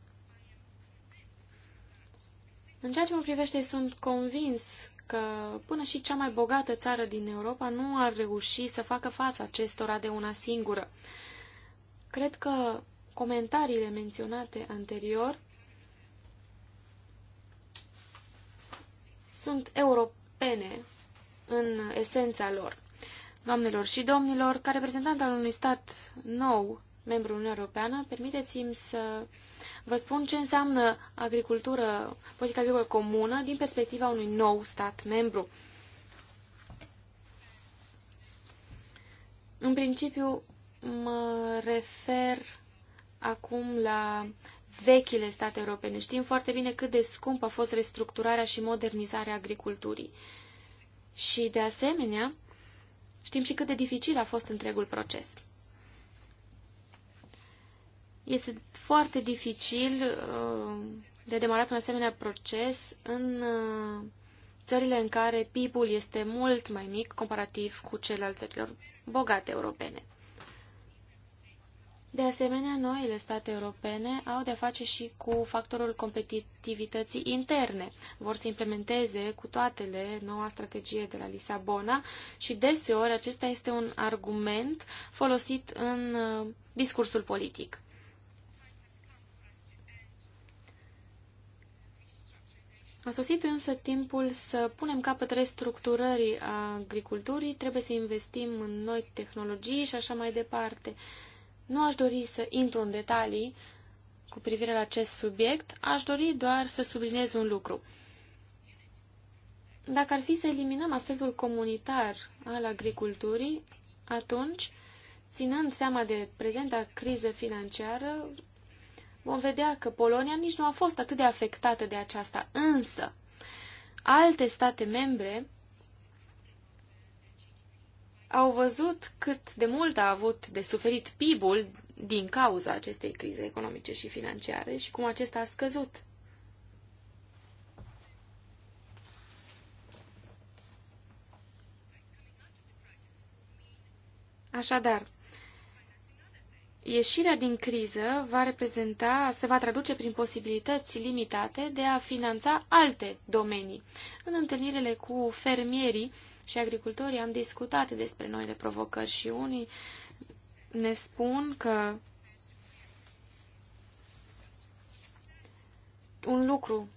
În ceea ce mă privește, sunt convins că până și cea mai bogată țară din Europa nu ar reuși să facă față acestora de una singură. Cred că comentariile menționate anterior sunt europene în esența lor. Doamnelor și domnilor, ca reprezentant al unui stat nou, membru Uniunii Europeană, permiteți-mi să Vă spun ce înseamnă agricultură, politica agricolă comună din perspectiva unui nou stat membru. În principiu, mă refer acum la vechile state europene. Știm foarte bine cât de scump a fost restructurarea și modernizarea agriculturii. Și, de asemenea, știm și cât de dificil a fost întregul proces. Este foarte dificil uh, de demarat un asemenea proces în uh, țările în care PIB-ul este mult mai mic comparativ cu cel al țărilor bogate europene. De asemenea, noile state europene au de-a face și cu factorul competitivității interne. Vor să implementeze cu toatele noua strategie de la Lisabona și deseori acesta este un argument folosit în uh, discursul politic. A sosit însă timpul să punem capăt restructurării agriculturii, trebuie să investim în noi tehnologii și așa mai departe. Nu aș dori să intru în detalii cu privire la acest subiect, aș dori doar să subliniez un lucru. Dacă ar fi să eliminăm aspectul comunitar al agriculturii, atunci, ținând seama de prezenta criză financiară, vom vedea că Polonia nici nu a fost atât de afectată de aceasta. Însă, alte state membre au văzut cât de mult a avut de suferit PIB-ul din cauza acestei crize economice și financiare și cum acesta a scăzut. Așadar, Ieșirea din criză va reprezenta, se va traduce prin posibilități limitate de a finanța alte domenii. În întâlnirile cu fermierii și agricultorii am discutat despre noile provocări și unii ne spun că un lucru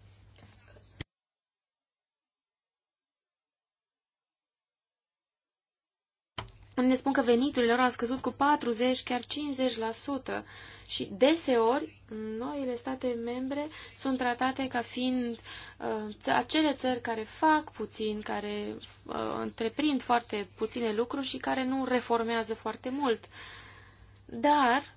ne spun că veniturile lor au scăzut cu 40, chiar 50% și deseori noile state membre sunt tratate ca fiind uh, acele țări care fac puțin, care uh, întreprind foarte puține lucruri și care nu reformează foarte mult. Dar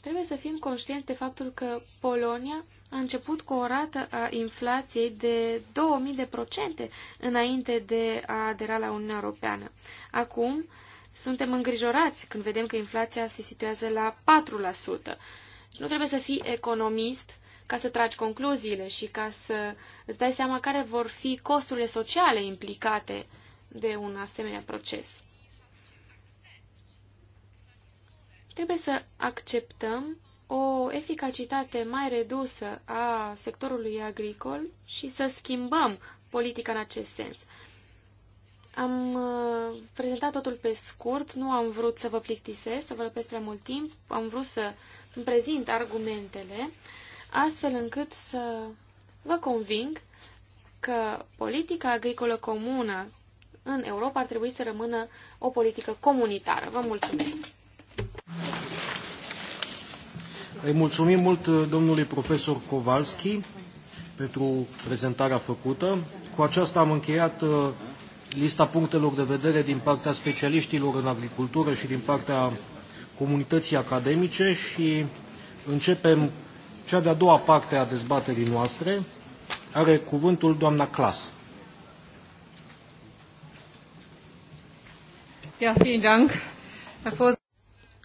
trebuie să fim conștienți de faptul că Polonia a început cu o rată a inflației de 2000 de procente înainte de a adera la Uniunea Europeană. Acum suntem îngrijorați când vedem că inflația se situează la 4%. Și nu trebuie să fii economist ca să tragi concluziile și ca să îți dai seama care vor fi costurile sociale implicate de un asemenea proces. Trebuie să acceptăm o eficacitate mai redusă a sectorului agricol și să schimbăm politica în acest sens. Am uh, prezentat totul pe scurt, nu am vrut să vă plictisesc, să vă răpesc prea mult timp, am vrut să îmi prezint argumentele, astfel încât să vă conving că politica agricolă comună în Europa ar trebui să rămână o politică comunitară. Vă mulțumesc! Îi mulțumim mult uh, domnului profesor Kowalski pentru prezentarea făcută. Cu aceasta am încheiat uh, lista punctelor de vedere din partea specialiștilor în agricultură și din partea comunității academice și începem cea de-a doua parte a dezbaterii noastre. Are cuvântul doamna Clas. Ja, vielen Dank, Herr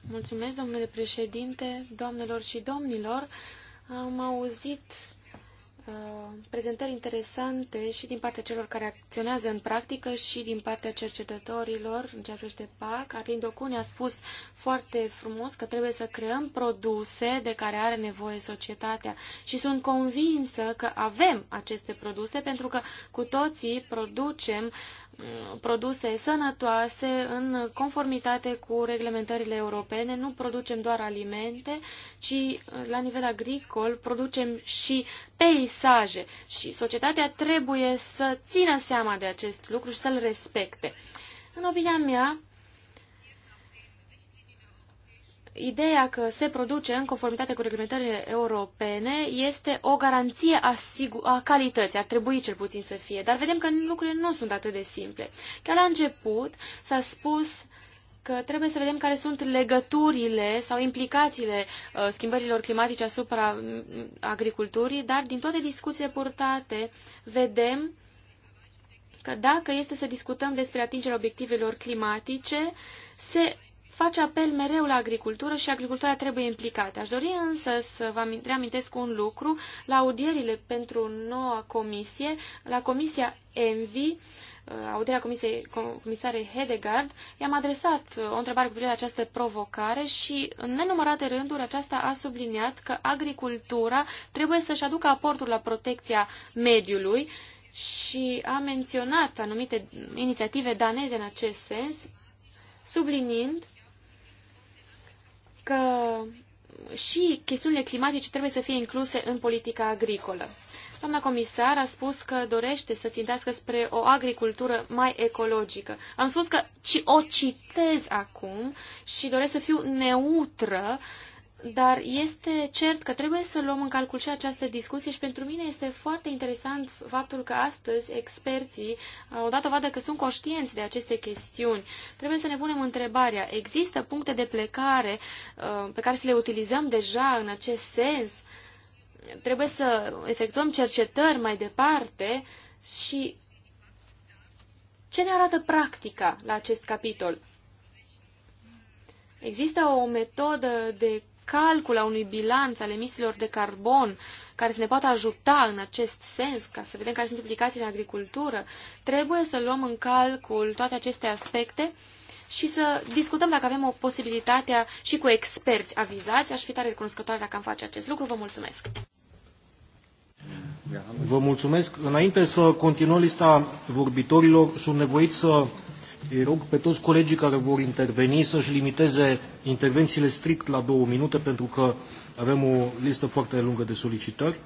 Mulțumesc, domnule președinte, doamnelor și domnilor. Am auzit uh, prezentări interesante și din partea celor care acționează în practică și din partea cercetătorilor în ceea ce privește PAC. Arlin Docune a spus foarte frumos că trebuie să creăm produse de care are nevoie societatea și sunt convinsă că avem aceste produse pentru că cu toții producem uh, Uh, produse sănătoase în conformitate cu reglementările europene. Nu producem doar alimente, ci uh, la nivel agricol producem și peisaje și societatea trebuie să țină seama de acest lucru și să-l respecte. În opinia mea, ideea că se produce în conformitate cu reglementările europene este o garanție a, sigur, a calității, ar trebui cel puțin să fie, dar vedem că lucrurile nu sunt atât de simple. Chiar la început s-a spus că trebuie să vedem care sunt legăturile sau implicațiile uh, schimbărilor climatice asupra mm, agriculturii, dar din toate discuțiile purtate vedem că dacă este să discutăm despre atingerea obiectivelor climatice, se face apel mereu la agricultură și agricultura trebuie implicată. Aș dori însă să vă reamintesc un lucru. La audierile pentru noua comisie, la comisia ENVI, uh, audierea comisiei, comisare Hedegaard, i-am adresat uh, o întrebare cu privire la această provocare și în nenumărate rânduri aceasta a subliniat că agricultura trebuie să-și aducă aportul la protecția mediului și a menționat anumite inițiative daneze în acest sens, subliniind că și chestiunile climatice trebuie să fie incluse în politica agricolă. Doamna comisar a spus că dorește să țintească spre o agricultură mai ecologică. Am spus că ci o citez acum și doresc să fiu neutră uh, dar este cert că trebuie să luăm în calcul și această discuție și pentru mine este foarte interesant faptul că astăzi experții odată vadă că sunt conștienți de aceste chestiuni. Trebuie să ne punem întrebarea, există puncte de plecare uh, pe care să le utilizăm deja în acest sens? Trebuie să efectuăm cercetări mai departe și ce ne arată practica la acest capitol? Există o metodă de calcul a unui bilanț al emisiilor de carbon care să ne poată ajuta în acest sens, ca să vedem care sunt implicațiile în agricultură, trebuie să luăm în calcul toate aceste aspecte și să discutăm dacă avem o posibilitate și cu experți avizați. Aș fi tare recunoscătoare dacă am face acest lucru. Vă mulțumesc! Vă mulțumesc. Înainte să continuăm lista vorbitorilor, sunt nevoit să îi rog pe toți colegii care vor interveni să-și limiteze intervențiile strict la două minute, pentru că avem o listă foarte lungă de solicitări.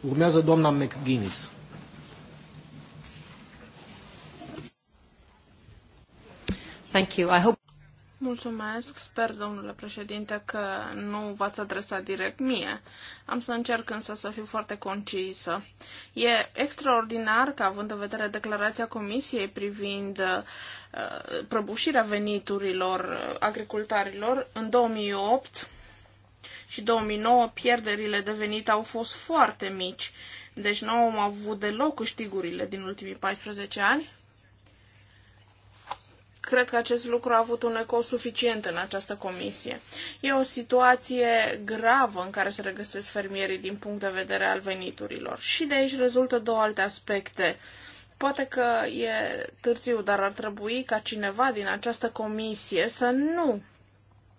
Urmează doamna McGuinness. Thank you. I hope Mulțumesc, sper, domnule președinte, că nu v-ați adresat direct mie. Am să încerc însă să fiu foarte concisă. E extraordinar că, având în vedere declarația Comisiei privind uh, prăbușirea veniturilor uh, agricultarilor, în 2008 și 2009 pierderile de venit au fost foarte mici. Deci nu am avut deloc câștigurile din ultimii 14 ani cred că acest lucru a avut un ecou suficient în această comisie. E o situație gravă în care se regăsesc fermierii din punct de vedere al veniturilor. Și de aici rezultă două alte aspecte. Poate că e târziu, dar ar trebui ca cineva din această comisie să nu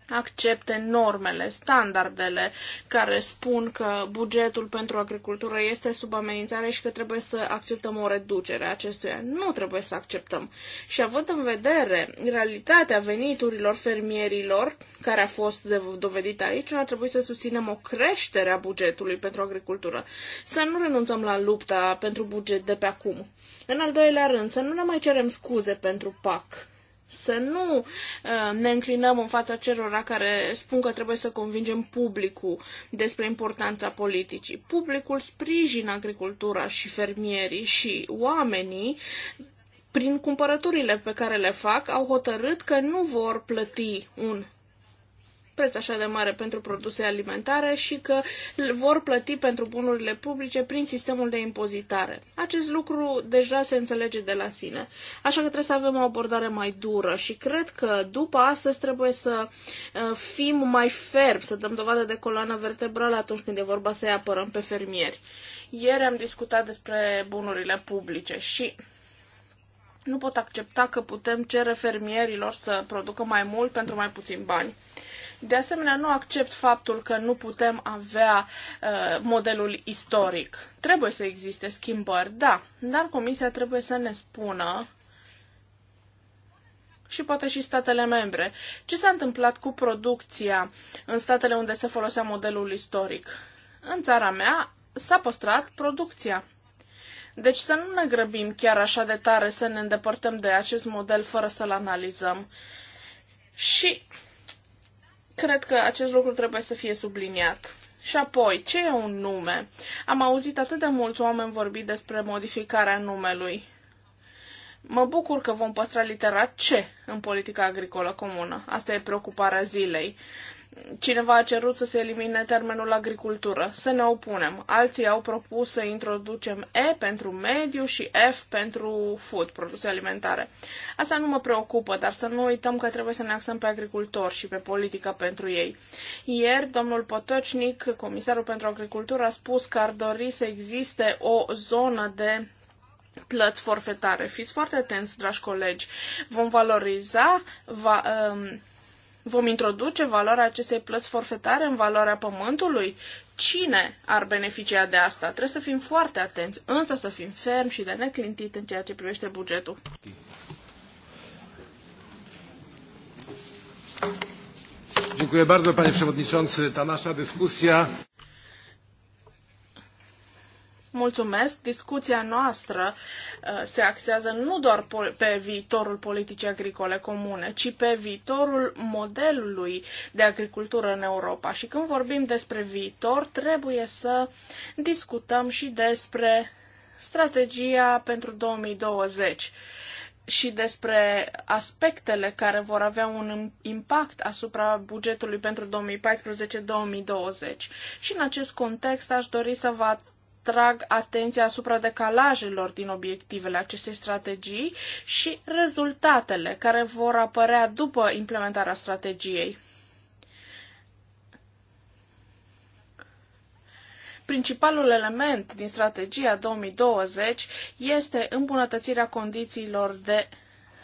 accepte normele, standardele care spun că bugetul pentru agricultură este sub amenințare și că trebuie să acceptăm o reducere a acestuia. Nu trebuie să acceptăm. Și având în vedere realitatea veniturilor fermierilor, care a fost dovedită aici, ar trebui să susținem o creștere a bugetului pentru agricultură. Să nu renunțăm la lupta pentru buget de pe acum. În al doilea rând, să nu ne mai cerem scuze pentru PAC să nu uh, ne înclinăm în fața celor care spun că trebuie să convingem publicul despre importanța politicii. Publicul sprijină agricultura și fermierii și oamenii prin cumpărăturile pe care le fac, au hotărât că nu vor plăti un preț așa de mare pentru produse alimentare și că vor plăti pentru bunurile publice prin sistemul de impozitare. Acest lucru deja se înțelege de la sine. Așa că trebuie să avem o abordare mai dură și cred că după astăzi trebuie să uh, fim mai fermi, să dăm dovadă de coloană vertebrală atunci când e vorba să-i apărăm pe fermieri. Ieri am discutat despre bunurile publice și nu pot accepta că putem cere fermierilor să producă mai mult pentru mai puțin bani. De asemenea, nu accept faptul că nu putem avea uh, modelul istoric. Trebuie să existe schimbări, da, dar Comisia trebuie să ne spună și poate și statele membre. Ce s-a întâmplat cu producția în statele unde se folosea modelul istoric? În țara mea s-a păstrat producția. Deci să nu ne grăbim chiar așa de tare să ne îndepărtăm de acest model fără să-l analizăm. Și Cred că acest lucru trebuie să fie subliniat. Și apoi, ce e un nume? Am auzit atât de mulți oameni vorbi despre modificarea numelui. Mă bucur că vom păstra litera C în politica agricolă comună. Asta e preocuparea zilei. Cineva a cerut să se elimine termenul agricultură, să ne opunem. Alții au propus să introducem E pentru mediu și F pentru food, produse alimentare. Asta nu mă preocupă, dar să nu uităm că trebuie să ne axăm pe agricultori și pe politica pentru ei. Ieri, domnul Potocnic, comisarul pentru agricultură, a spus că ar dori să existe o zonă de plăți forfetare. Fiți foarte atenți, dragi colegi. Vom valoriza va, um, Vom introduce valoarea acestei plăți forfetare în valoarea pământului? Cine ar beneficia de asta? Trebuie să fim foarte atenți, însă să fim fermi și de neclintit în ceea ce privește bugetul. Dziękuję bardzo, panie przewodniczący. Ta nasza dyskusja. Mulțumesc. Discuția noastră uh, se axează nu doar pe viitorul politicii agricole comune, ci pe viitorul modelului de agricultură în Europa. Și când vorbim despre viitor, trebuie să discutăm și despre strategia pentru 2020 și despre aspectele care vor avea un impact asupra bugetului pentru 2014-2020. Și în acest context aș dori să vă atrag atenția asupra decalajelor din obiectivele acestei strategii și rezultatele care vor apărea după implementarea strategiei. Principalul element din strategia 2020 este îmbunătățirea condițiilor de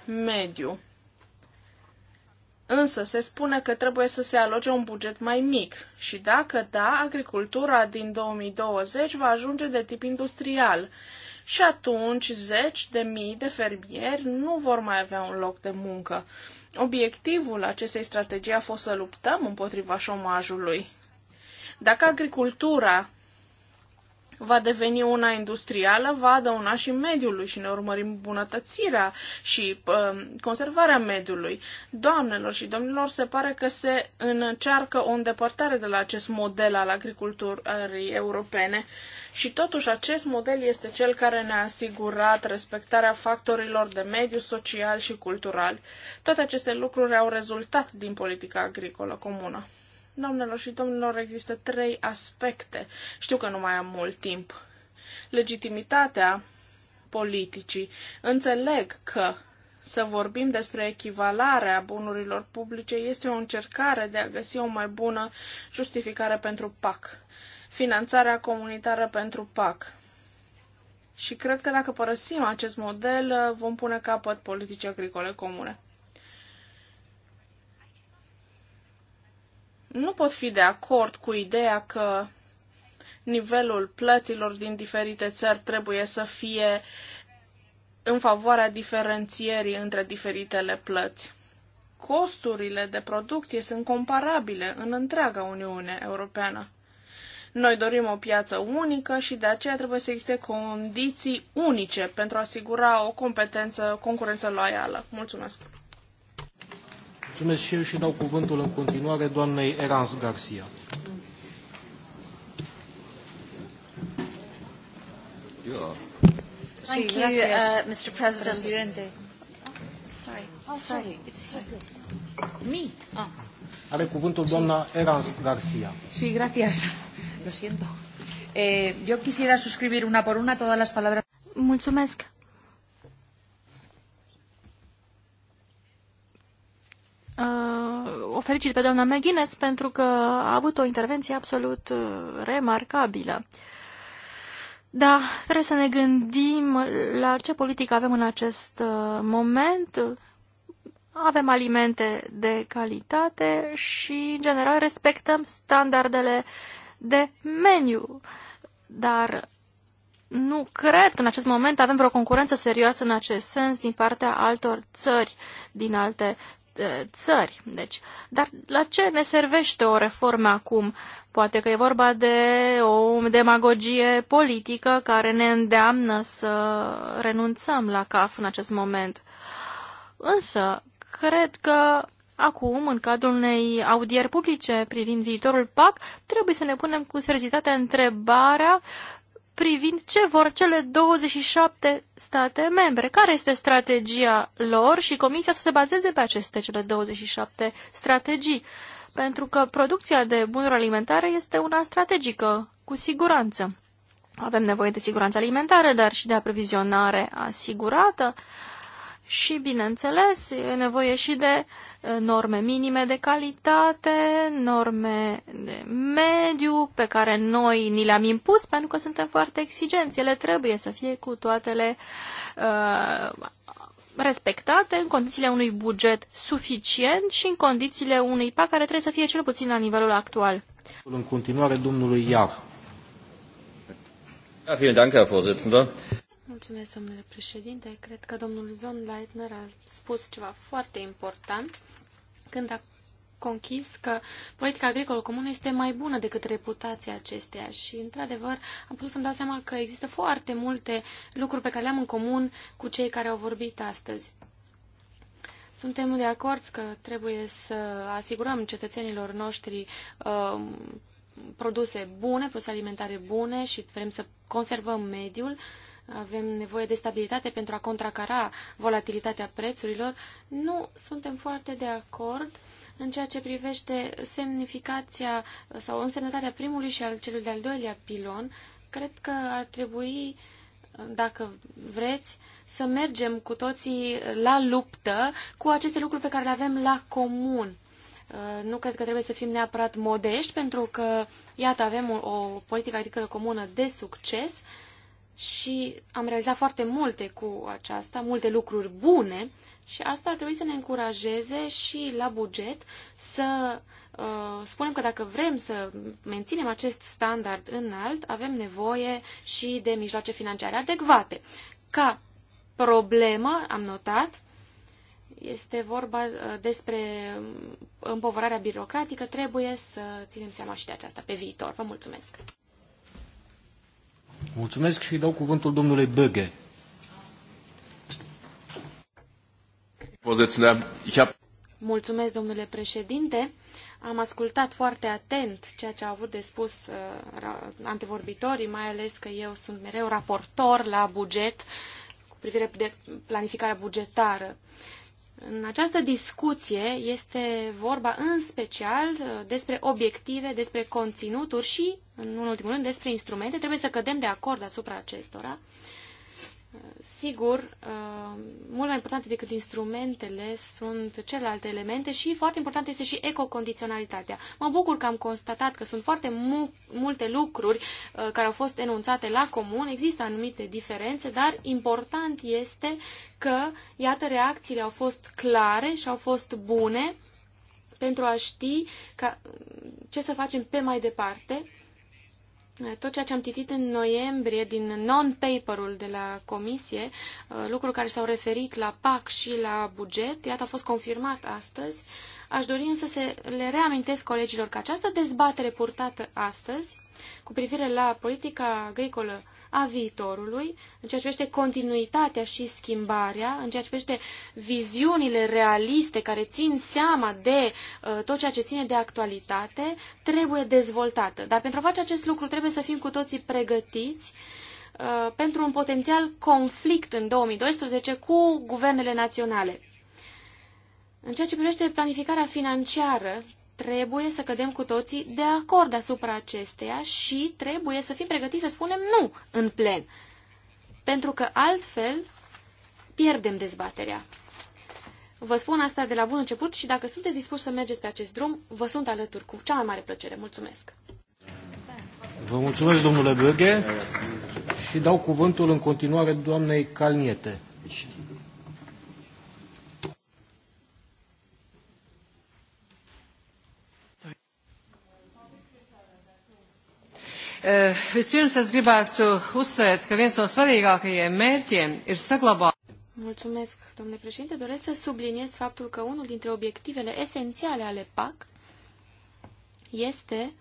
mediu. Însă se spune că trebuie să se aloce un buget mai mic și dacă da, agricultura din 2020 va ajunge de tip industrial și atunci zeci de mii de fermieri nu vor mai avea un loc de muncă. Obiectivul acestei strategii a fost să luptăm împotriva șomajului. Dacă agricultura va deveni una industrială, va adăuna și mediului și ne urmărim bunătățirea și uh, conservarea mediului. Doamnelor și domnilor, se pare că se încearcă o îndepărtare de la acest model al agriculturii europene și totuși acest model este cel care ne-a asigurat respectarea factorilor de mediu, social și cultural. Toate aceste lucruri au rezultat din politica agricolă comună. Doamnelor și domnilor, există trei aspecte. Știu că nu mai am mult timp. Legitimitatea politicii. Înțeleg că să vorbim despre echivalarea bunurilor publice este o încercare de a găsi o mai bună justificare pentru PAC. Finanțarea comunitară pentru PAC. Și cred că dacă părăsim acest model, vom pune capăt politicii agricole comune. nu pot fi de acord cu ideea că nivelul plăților din diferite țări trebuie să fie în favoarea diferențierii între diferitele plăți. Costurile de producție sunt comparabile în întreaga Uniune Europeană. Noi dorim o piață unică și de aceea trebuie să existe condiții unice pentru a asigura o competență, concurență loială. Mulțumesc! Mulțumesc și eu și dau cuvântul în continuare doamnei Erans Garcia. Thank you, uh, Mr. President. Presidente. Sorry. Oh, sorry. sorry. Me. Ah. Are cuvântul doamna Erans Garcia. Sí, gracias. Lo siento. Eh, yo quisiera suscribir una por una todas las palabras. Mulțumesc. Uh, o felicit pe doamna McGuinness pentru că a avut o intervenție absolut uh, remarcabilă. Da, trebuie să ne gândim la ce politică avem în acest uh, moment. Avem alimente de calitate și, în general, respectăm standardele de meniu. Dar nu cred că în acest moment avem vreo concurență serioasă în acest sens din partea altor țări din alte țări. Deci, dar la ce ne servește o reformă acum? Poate că e vorba de o demagogie politică care ne îndeamnă să renunțăm la CAF în acest moment. Însă, cred că acum, în cadrul unei audieri publice privind viitorul PAC, trebuie să ne punem cu seriozitate întrebarea privind ce vor cele 27 state membre, care este strategia lor și Comisia să se bazeze pe aceste cele 27 strategii, pentru că producția de bunuri alimentare este una strategică, cu siguranță. Avem nevoie de siguranță alimentară, dar și de aprovizionare asigurată. Uh, și, bineînțeles, e nevoie și de norme minime de calitate, norme de mediu pe care noi ni le-am impus pentru că suntem foarte exigenți. Ele trebuie să fie cu toatele uh, respectate în condițiile unui buget suficient și în condițiile unui PAC care trebuie să fie cel puțin la nivelul actual. În continuare, domnului Iar. Ja, vielen Dank, Herr Vorsitzender. Mulțumesc, domnule președinte. Cred că domnul Zon Leitner a spus ceva foarte important când a conchis că politica agricolă comună este mai bună decât reputația acesteia și, într-adevăr, am putut să-mi dau seama că există foarte multe lucruri pe care le-am în comun cu cei care au vorbit astăzi. Suntem de acord că trebuie să asigurăm cetățenilor noștri uh, produse bune, produse alimentare bune și vrem să conservăm mediul, uh, avem nevoie de stabilitate pentru a contracara volatilitatea prețurilor, nu suntem foarte de acord în ceea ce privește semnificația sau însemnătatea primului și al celui de-al doilea pilon. Cred că ar trebui, dacă vreți, să mergem cu toții la luptă cu aceste lucruri pe care le avem la comun. Uh, nu cred că trebuie să fim neapărat modești, pentru că, iată, avem o, o politică agricolă comună de succes, și am realizat foarte multe cu aceasta, multe lucruri bune și asta ar trebui să ne încurajeze și la buget să uh, spunem că dacă vrem să menținem acest standard înalt, avem nevoie și de mijloace financiare adecvate. Ca problemă, am notat, este vorba uh, despre împovărarea birocratică, trebuie să ținem seama și de aceasta pe viitor. Vă mulțumesc! Mulțumesc și dau cuvântul domnului Băghe. Mulțumesc, domnule președinte. Am ascultat foarte atent ceea ce au avut de spus uh, antevorbitorii, mai ales că eu sunt mereu raportor la buget cu privire de planificarea bugetară. Uh, în această discuție este vorba în special uh, despre obiective, despre conținuturi și, în ultimul rând, despre instrumente. Trebuie să cădem de acord asupra acestora. Uh, Sigur, uh, mult mai importante decât instrumentele sunt celelalte elemente și foarte importantă este și ecocondiționalitatea. Mă bucur că am constatat că sunt foarte mu multe lucruri uh, care au fost enunțate la comun, există anumite diferențe, dar important este că, iată, reacțiile au fost clare și au fost bune pentru a ști ca, ce să facem pe mai departe tot ceea ce am citit în noiembrie din non-paperul de la comisie, uh, lucruri care s-au referit la PAC și la buget, iată a fost confirmat astăzi. Aș dori însă să le reamintesc colegilor că această dezbatere purtată astăzi cu privire la politica agricolă a viitorului, în ceea ce privește continuitatea și schimbarea, în ceea ce privește viziunile realiste care țin seama de uh, tot ceea ce ține de actualitate, trebuie dezvoltată. Dar pentru a face acest lucru trebuie să fim cu toții pregătiți uh, pentru un potențial conflict în 2012 cu guvernele naționale. În ceea ce privește planificarea financiară, trebuie să cădem cu toții de acord asupra acesteia și trebuie să fim pregătiți să spunem nu în plen. Pentru că altfel pierdem dezbaterea. Vă spun asta de la bun început și dacă sunteți dispuși să mergeți pe acest drum, vă sunt alături cu cea mai mare plăcere. Mulțumesc! Vă mulțumesc, domnule Bărghe, și dau cuvântul în continuare doamnei Calniete. Vispirms es gribētu uzsvērt, ka viens no svarīgākajiem mērķiem ir saglabāt. Mulțumesc, domnule președinte. Doresc să subliniez faptul că unul dintre obiectivele esențiale ale PAC este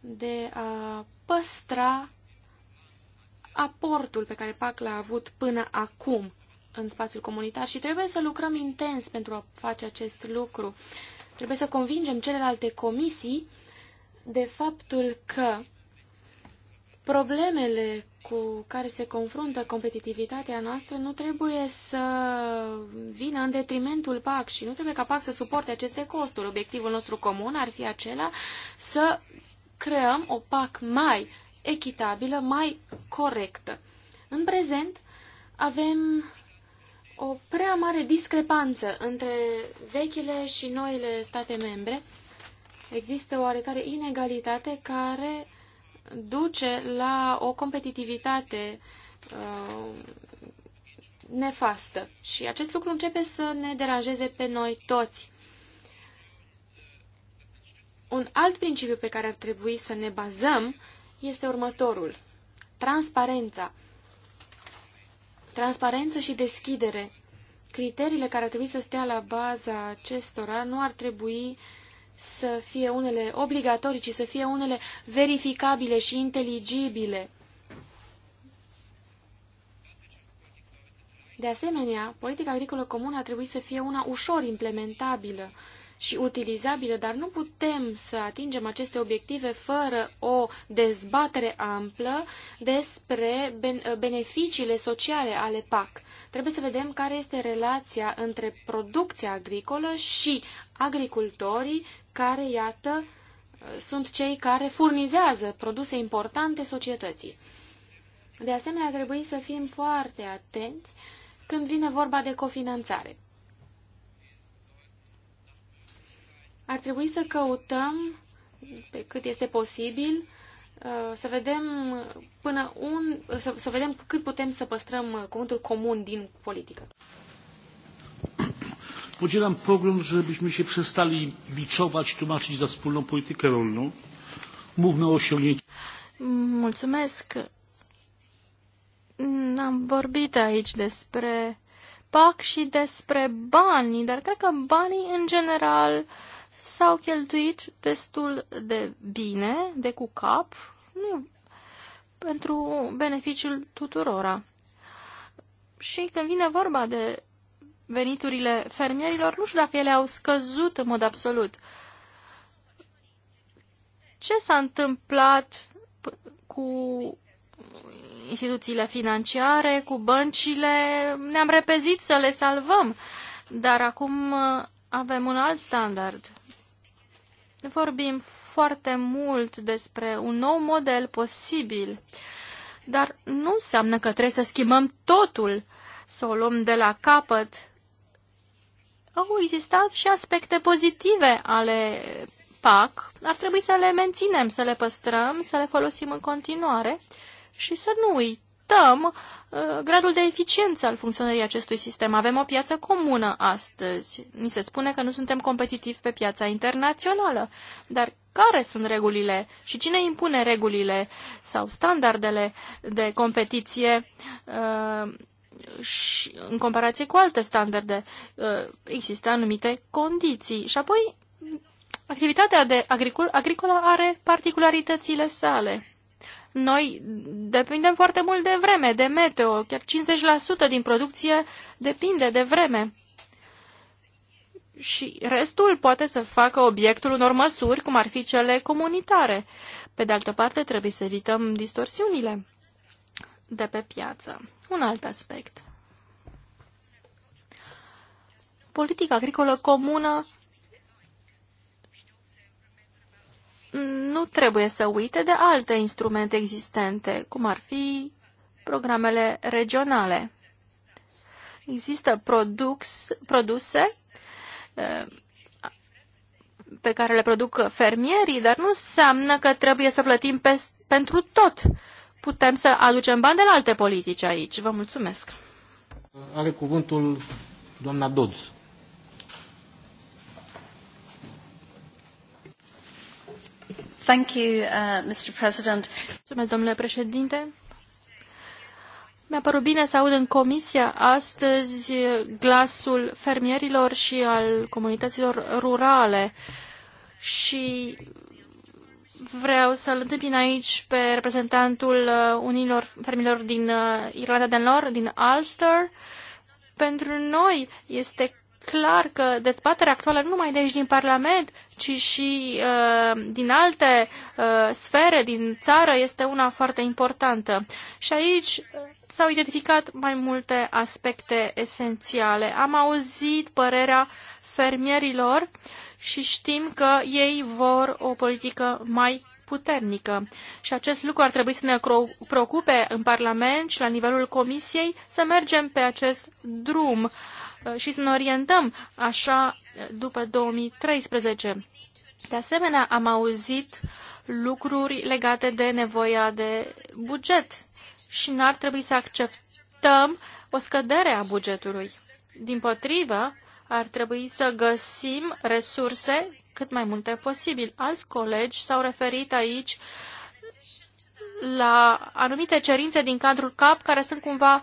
de a păstra aportul pe care PAC l-a avut până acum în spațiul comunitar și trebuie să lucrăm intens pentru a face acest lucru. Trebuie să convingem celelalte comisii de faptul că Problemele cu care se confruntă competitivitatea noastră nu trebuie să vină în detrimentul PAC și nu trebuie ca PAC să suporte aceste costuri. Obiectivul nostru comun ar fi acela să creăm o PAC mai echitabilă, mai corectă. În prezent avem o prea mare discrepanță între vechile și noile state membre. Există oarecare inegalitate care duce la o competitivitate uh, nefastă. Și acest lucru începe să ne deranjeze pe noi toți. Un alt principiu pe care ar trebui să ne bazăm este următorul. Transparența. Transparență și deschidere. Criteriile care ar trebui să stea la baza acestora nu ar trebui uh, să fie unele obligatorii, ci să fie unele verificabile și inteligibile. De asemenea, politica agricolă comună a trebuit să fie una ușor implementabilă și utilizabilă, dar nu putem să atingem aceste obiective fără o dezbatere amplă despre beneficiile sociale ale PAC. Trebuie să vedem care este relația între producția agricolă și agricultorii care, iată, sunt cei care furnizează produse importante societății. De asemenea, ar trebui să fim foarte atenți când vine vorba de cofinanțare. Ar trebui să căutăm, pe cât este posibil, uh, să vedem până un, să, să vedem cât putem să păstrăm cuvântul comun din politică podzielam pogląd, żebyśmy się przestali biczować, tłumaczyć za wspólną politykę rolną. Mówmy o osiągnięciu. Mulțumesc. Am vorbit aici despre PAC și despre banii, dar cred că banii în general s-au cheltuit destul de bine, de cu cap, nu, pentru beneficiul tuturora. Și când vine vorba de veniturile fermierilor, nu știu dacă ele au scăzut în mod absolut. Ce s-a întâmplat cu instituțiile financiare, cu băncile? Ne-am repezit să le salvăm, dar acum uh, avem un alt standard. Vorbim foarte mult despre un nou model posibil, dar nu înseamnă că trebuie să schimbăm totul, să o luăm de la capăt au existat și aspecte pozitive ale PAC. Ar trebui să le menținem, să le păstrăm, să le folosim în continuare și să nu uităm uh, gradul de eficiență al funcționării acestui sistem. Avem o piață comună astăzi. Ni se spune că nu suntem competitivi pe piața internațională, dar care sunt regulile și cine impune regulile sau standardele de competiție uh, și în comparație cu alte standarde uh, există anumite condiții și apoi activitatea de agricol, agricolă are particularitățile sale. Noi depindem foarte mult de vreme, de meteo, chiar 50% din producție depinde de vreme. Și restul poate să facă obiectul unor măsuri, cum ar fi cele comunitare. Pe de altă parte, trebuie să evităm distorsiunile de pe piață. Un alt aspect. Politica agricolă comună nu trebuie să uite de alte instrumente existente, cum ar fi programele regionale. Există produx, produse pe care le produc fermierii, dar nu înseamnă că trebuie să plătim pe, pentru tot putem să aducem bani de la alte politici aici. Vă mulțumesc. Are cuvântul doamna Dodds. Thank you, uh, Mr. President. Mulțumesc, domnule președinte. Mi-a părut bine să aud în comisia astăzi glasul fermierilor și al comunităților rurale și vreau să-l întâmpin aici pe reprezentantul uh, unilor fermilor din uh, Irlanda de Nord, din Ulster. Pentru noi este clar că dezbaterea actuală nu numai de aici din Parlament, ci și uh, din alte uh, sfere din țară este una foarte importantă. Și aici uh, s-au identificat mai multe aspecte esențiale. Am auzit părerea fermierilor uh, și știm că ei vor o politică mai puternică. Și acest lucru ar trebui să ne preocupe în Parlament și la nivelul Comisiei să mergem pe acest drum uh, și să ne orientăm așa după 2013. De asemenea, am auzit lucruri legate de nevoia de buget și n-ar trebui să acceptăm o scădere a bugetului. Din potrivă, ar trebui să găsim resurse cât mai multe posibil. Alți colegi s-au referit aici la anumite cerințe din cadrul CAP care sunt cumva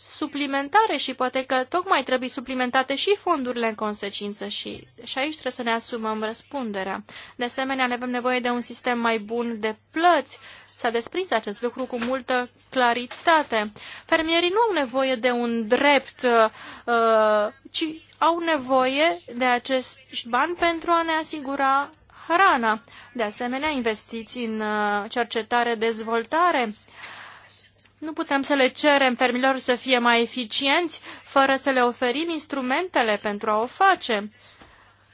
suplimentare și poate că tocmai trebuie suplimentate și fondurile în consecință și, și aici trebuie să ne asumăm răspunderea. De asemenea, ne avem nevoie de un sistem mai bun de plăți S-a desprins acest lucru cu multă claritate. Fermierii nu au nevoie de un drept, uh, ci au nevoie de acești bani pentru a ne asigura hrana. De asemenea, investiții în uh, cercetare, dezvoltare. Nu putem să le cerem fermilor să fie mai eficienți fără să le oferim instrumentele pentru a o face.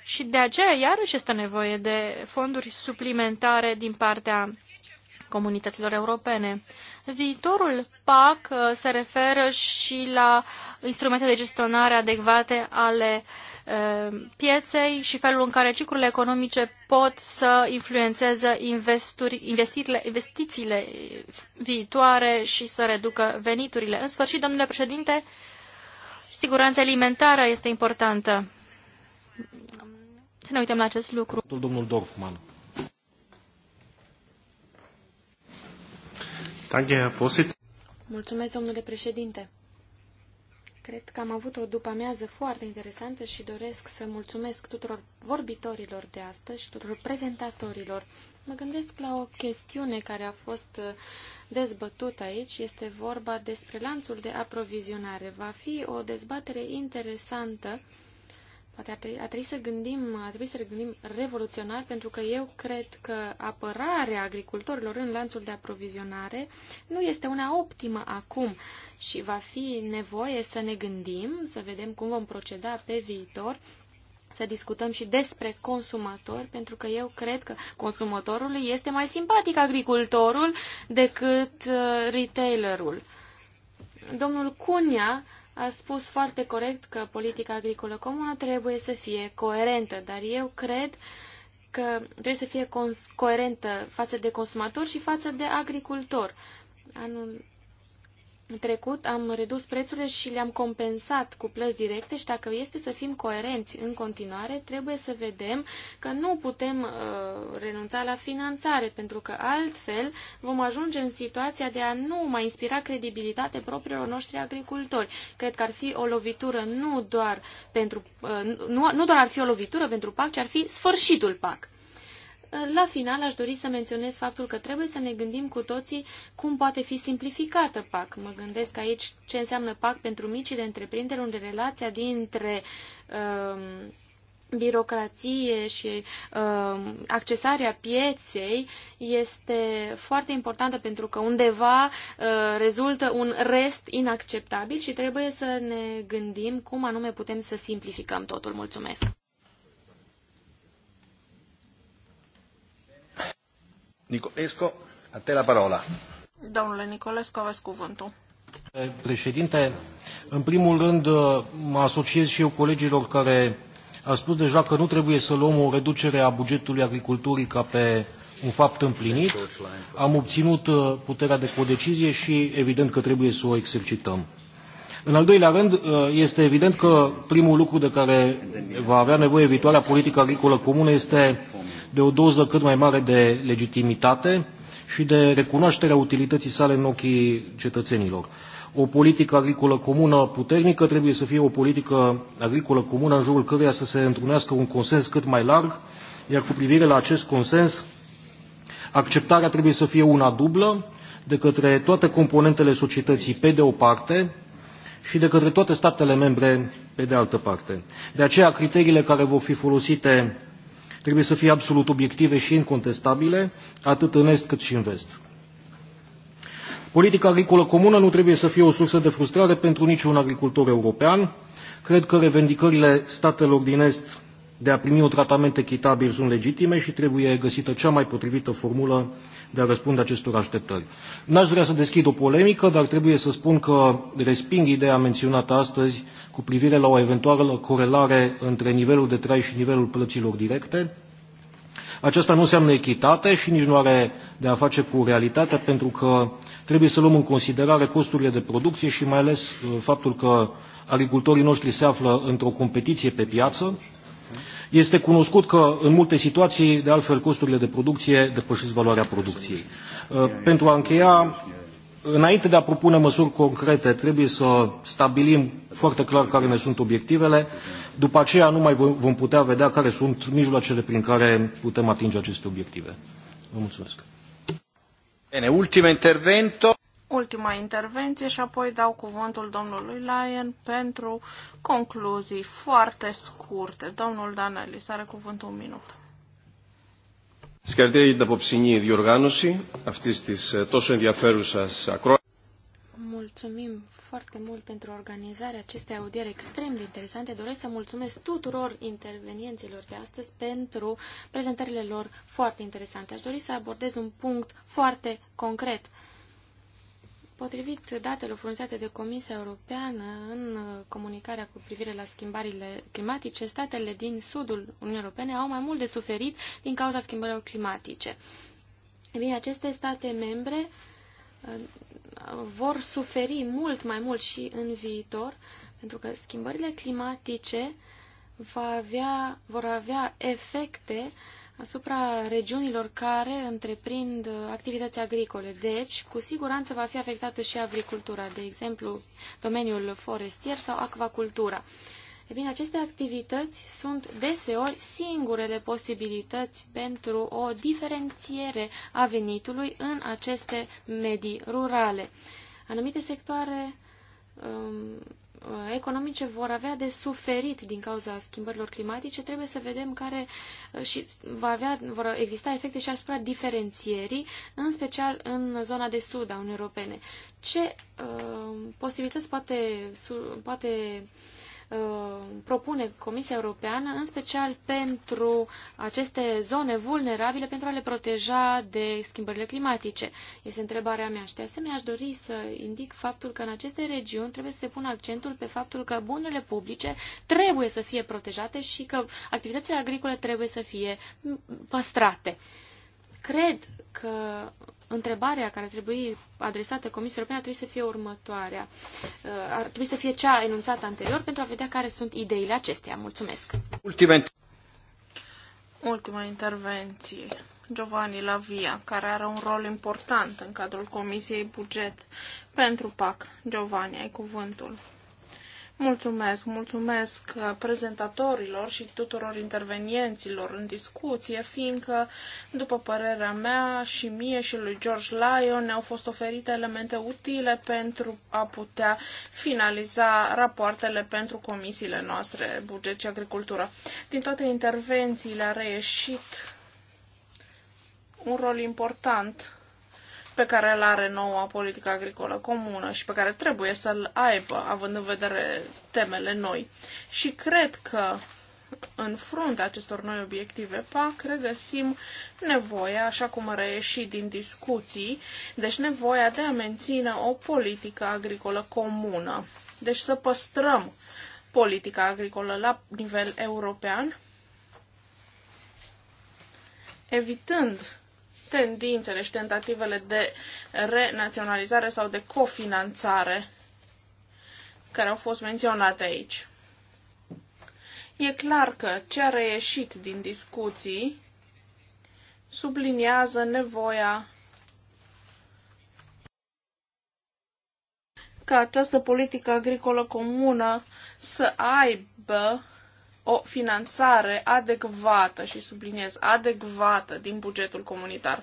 Și de aceea, iarăși, este nevoie de fonduri suplimentare din partea comunităților europene. Viitorul PAC uh, se referă și la instrumente de gestionare adecvate ale uh, pieței și felul în care ciclurile economice pot să influențeze investițiile, investițiile viitoare și să reducă veniturile. În sfârșit, domnule președinte, siguranța alimentară este importantă. Să ne uităm la acest lucru. Domnul Dorfman. Mulțumesc, domnule președinte. Cred că am avut o după-amiază foarte interesantă și doresc să mulțumesc tuturor vorbitorilor de astăzi și tuturor prezentatorilor. Mă gândesc la o chestiune care a fost uh, dezbătută aici. Este vorba despre lanțul de aprovizionare. Va fi o dezbatere interesantă Poate ar trebui, ar trebui să gândim, ar trebui să gândim revoluționar, pentru că eu cred că apărarea agricultorilor în lanțul de aprovizionare nu este una optimă acum și va fi nevoie să ne gândim, să vedem cum vom proceda pe viitor, să discutăm și despre consumatori, pentru că eu cred că consumatorului este mai simpatic agricultorul decât uh, retailerul. Domnul Cunia a spus foarte corect că politica agricolă comună trebuie să fie coerentă, dar eu cred că trebuie să fie coerentă față de consumator și față de agricultor. Anul în trecut am redus prețurile și le-am compensat cu plăți directe și dacă este să fim coerenți în continuare, trebuie să vedem că nu putem uh, renunța la finanțare, pentru că altfel vom ajunge în situația de a nu mai inspira credibilitate propriilor noștri agricultori. Cred că ar fi o lovitură nu doar pentru, uh, nu, nu doar ar fi o lovitură pentru PAC, ci ar fi sfârșitul PAC. La final aș dori să menționez faptul că trebuie să ne gândim cu toții cum poate fi simplificată PAC. Mă gândesc aici ce înseamnă PAC pentru micile întreprinderi, unde relația dintre um, birocrație și um, accesarea pieței este foarte importantă pentru că undeva uh, rezultă un rest inacceptabil și trebuie să ne gândim cum anume putem să simplificăm totul. Mulțumesc! Nicolescu, a te la parola. Domnule Nicolescu, aveți cuvântul. Președinte, în primul rând uh, mă asociez și eu colegilor care a spus deja că nu trebuie să luăm o reducere a bugetului agriculturii ca pe un fapt împlinit. Am obținut uh, puterea de codecizie și evident că trebuie să o exercităm. În al doilea rând, uh, este evident că primul lucru de care va avea nevoie viitoarea politică agricolă comună este de o doză cât mai mare de legitimitate și de recunoașterea utilității sale în ochii cetățenilor. O politică agricolă comună puternică trebuie să fie o politică agricolă comună în jurul căreia să se întrunească un consens cât mai larg, iar cu privire la acest consens, acceptarea trebuie să fie una dublă de către toate componentele societății pe de o parte și de către toate statele membre pe de altă parte. De aceea, criteriile care vor fi folosite trebuie să fie absolut obiective și incontestabile, atât în est cât și în vest. Politica agricolă comună nu trebuie să fie o sursă de frustrare pentru niciun agricultor european. Cred că revendicările statelor din Est de a primi un tratament echitabil sunt legitime și trebuie găsită cea mai potrivită formulă de a răspunde acestor așteptări. N-aș vrea să deschid o polemică, dar trebuie să spun că resping ideea menționată astăzi cu privire la o eventuală corelare între nivelul de trai și nivelul plăților directe. Aceasta nu înseamnă echitate și nici nu are de a face cu realitatea, pentru că trebuie să luăm în considerare costurile de producție și mai ales uh, faptul că agricultorii noștri se află într-o competiție pe piață, este cunoscut că în multe situații, de altfel, costurile de producție depășesc valoarea producției. Uh, pentru a încheia, înainte de a propune măsuri concrete, trebuie să stabilim foarte clar care ne sunt obiectivele. După aceea nu mai vom putea vedea care sunt mijloacele prin care putem atinge aceste obiective. Vă mulțumesc. Bine, ultimul intervento ultima intervenție și apoi dau cuvântul domnului Lyon pentru concluzii foarte scurte. Domnul Danelis are cuvântul un minut. Συγχαρητήρια για την απόψινή διοργάνωση αυτή τη τόσο ενδιαφέρουσα ακρόαση. Mulțumim foarte mult pentru organizarea acestei audieri extrem de interesante. Doresc să mulțumesc tuturor intervenienților de astăzi pentru prezentările lor foarte interesante. Aș dori să abordez un punct foarte concret Potrivit datelor furnizate de Comisia Europeană în comunicarea cu privire la schimbările climatice, statele din sudul Uniunii Europene au mai mult de suferit din cauza schimbărilor climatice. E bine, aceste state membre uh, vor suferi mult mai mult și în viitor, pentru că schimbările climatice va avea, vor avea efecte uh, asupra regiunilor care întreprind activități agricole. Deci, cu siguranță va fi afectată și agricultura, de exemplu, domeniul forestier sau acvacultura. E bine, aceste activități sunt deseori singurele posibilități pentru o diferențiere a venitului în aceste medii rurale. Anumite sectoare um, Uh, economice vor avea de suferit din cauza schimbărilor climatice, trebuie să vedem care uh, și va avea, vor exista efecte și asupra diferențierii, în special în zona de sud a Uniunii Europene. Ce uh, posibilități poate, poate uh, Uh, propune Comisia Europeană, în special pentru aceste zone vulnerabile, pentru a le proteja de schimbările climatice? Este întrebarea mea. Și de asemenea aș dori să indic faptul că în aceste regiuni trebuie să se pună accentul pe faptul că bunurile publice trebuie să fie protejate și că activitățile agricole trebuie să fie păstrate. Cred că întrebarea care trebuie adresată Comisiei Europene trebuie să fie următoarea. Uh, ar trebui să fie cea enunțată anterior pentru a vedea care sunt ideile acesteia. Mulțumesc! Ultima, Ultima intervenție. Giovanni Lavia, care are un rol important în cadrul Comisiei Buget pentru PAC. Giovanni, ai cuvântul. Mulțumesc, mulțumesc uh, prezentatorilor și tuturor intervenienților în discuție, fiindcă, după părerea mea și mie și lui George Lyon, ne-au fost oferite elemente utile pentru a putea finaliza rapoartele pentru comisiile noastre, buget și agricultură. Din toate intervențiile a reieșit un rol important pe care îl are noua politică agricolă comună și pe care trebuie să-l aibă, având în vedere temele noi. Și cred că în fruntea acestor noi obiective PAC regăsim nevoia, așa cum a reieșit din discuții, deci nevoia de a menține o politică agricolă comună. Deci să păstrăm politica agricolă la nivel european, evitând tendințele și tentativele de renaționalizare sau de cofinanțare care au fost menționate aici. E clar că ce a reieșit din discuții subliniază nevoia ca această politică agricolă comună să aibă o finanțare adecvată și subliniez adecvată din bugetul comunitar.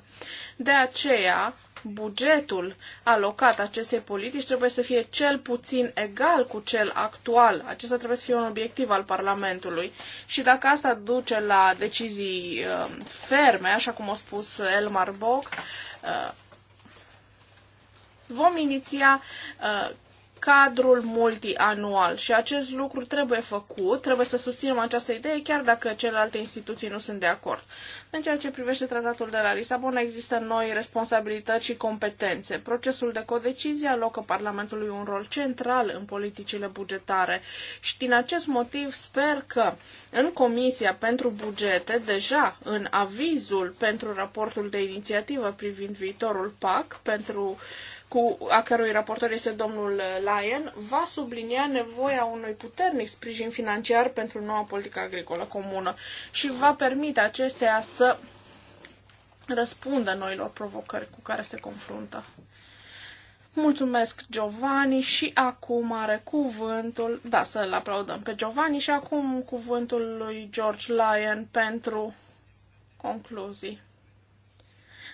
De aceea, bugetul alocat acestei politici trebuie să fie cel puțin egal cu cel actual. Acesta trebuie să fie un obiectiv al Parlamentului. Și dacă asta duce la decizii uh, ferme, așa cum a spus Elmar Bock, uh, vom iniția uh, cadrul multianual și acest lucru trebuie făcut, trebuie să susținem această idee chiar dacă celelalte instituții nu sunt de acord. În ceea ce privește tratatul de la Lisabona există noi responsabilități și competențe. Procesul de codecizie alocă Parlamentului un rol central în politicile bugetare și din acest motiv sper că în Comisia pentru Bugete, deja în avizul pentru raportul de inițiativă privind viitorul PAC pentru uh, cu, a cărui raportor este domnul Lyon, va sublinia nevoia unui puternic sprijin financiar pentru noua politică agricolă comună și va permite acesteia să răspundă noilor provocări cu care se confruntă. Mulțumesc, Giovanni, și acum are cuvântul, da, să-l aplaudăm pe Giovanni, și acum cuvântul lui George Lyon pentru concluzii.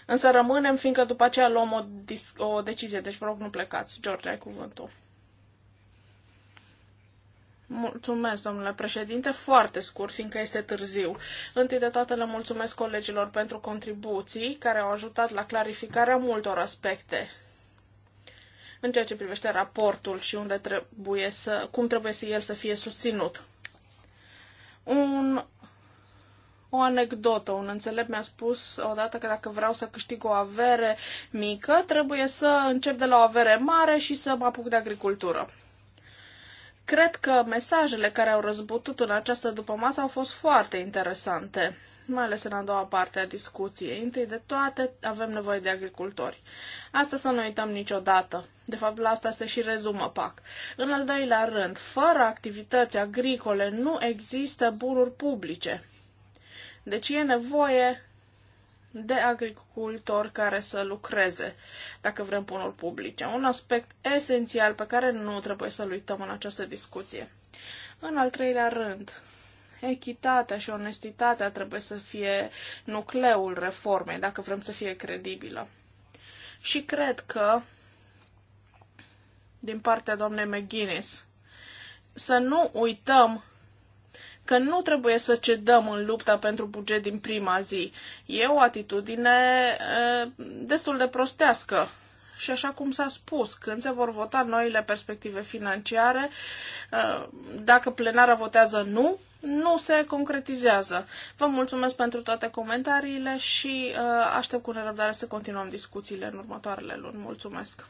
Însă rămânem, fiindcă după aceea luăm o, o decizie. Deci vă rog, nu plecați. George, ai cuvântul. Mulțumesc, domnule președinte. Foarte scurt, fiindcă este târziu. Întâi de toate le mulțumesc colegilor pentru contribuții care au ajutat la clarificarea multor aspecte în ceea ce privește raportul și unde trebuie să, cum trebuie să el să fie susținut. Un o anecdotă. Un înțelept mi-a spus odată că dacă vreau să câștig o avere mică, trebuie să încep de la o avere mare și să mă apuc de agricultură. Cred că mesajele care au răzbutut în această dupămasă au fost foarte interesante, mai ales în a doua parte a discuției. Întâi de toate, avem nevoie de agricultori. Asta să nu uităm niciodată. De fapt, la asta se și rezumă PAC. În al doilea rând, fără activități agricole nu există bunuri publice. Deci e nevoie de agricultori care să lucreze, dacă vrem puneri publice. Un aspect esențial pe care nu trebuie să-l uităm în această discuție. În al treilea rând, echitatea și onestitatea trebuie să fie nucleul reformei, dacă vrem să fie credibilă. Și cred că, din partea doamnei McGuinness, să nu uităm că nu trebuie să cedăm în lupta pentru buget din prima zi. E o atitudine destul de prostească. Și așa cum s-a spus, când se vor vota noile perspective financiare, dacă plenara votează nu, nu se concretizează. Vă mulțumesc pentru toate comentariile și aștept cu nerăbdare să continuăm discuțiile în următoarele luni. Mulțumesc!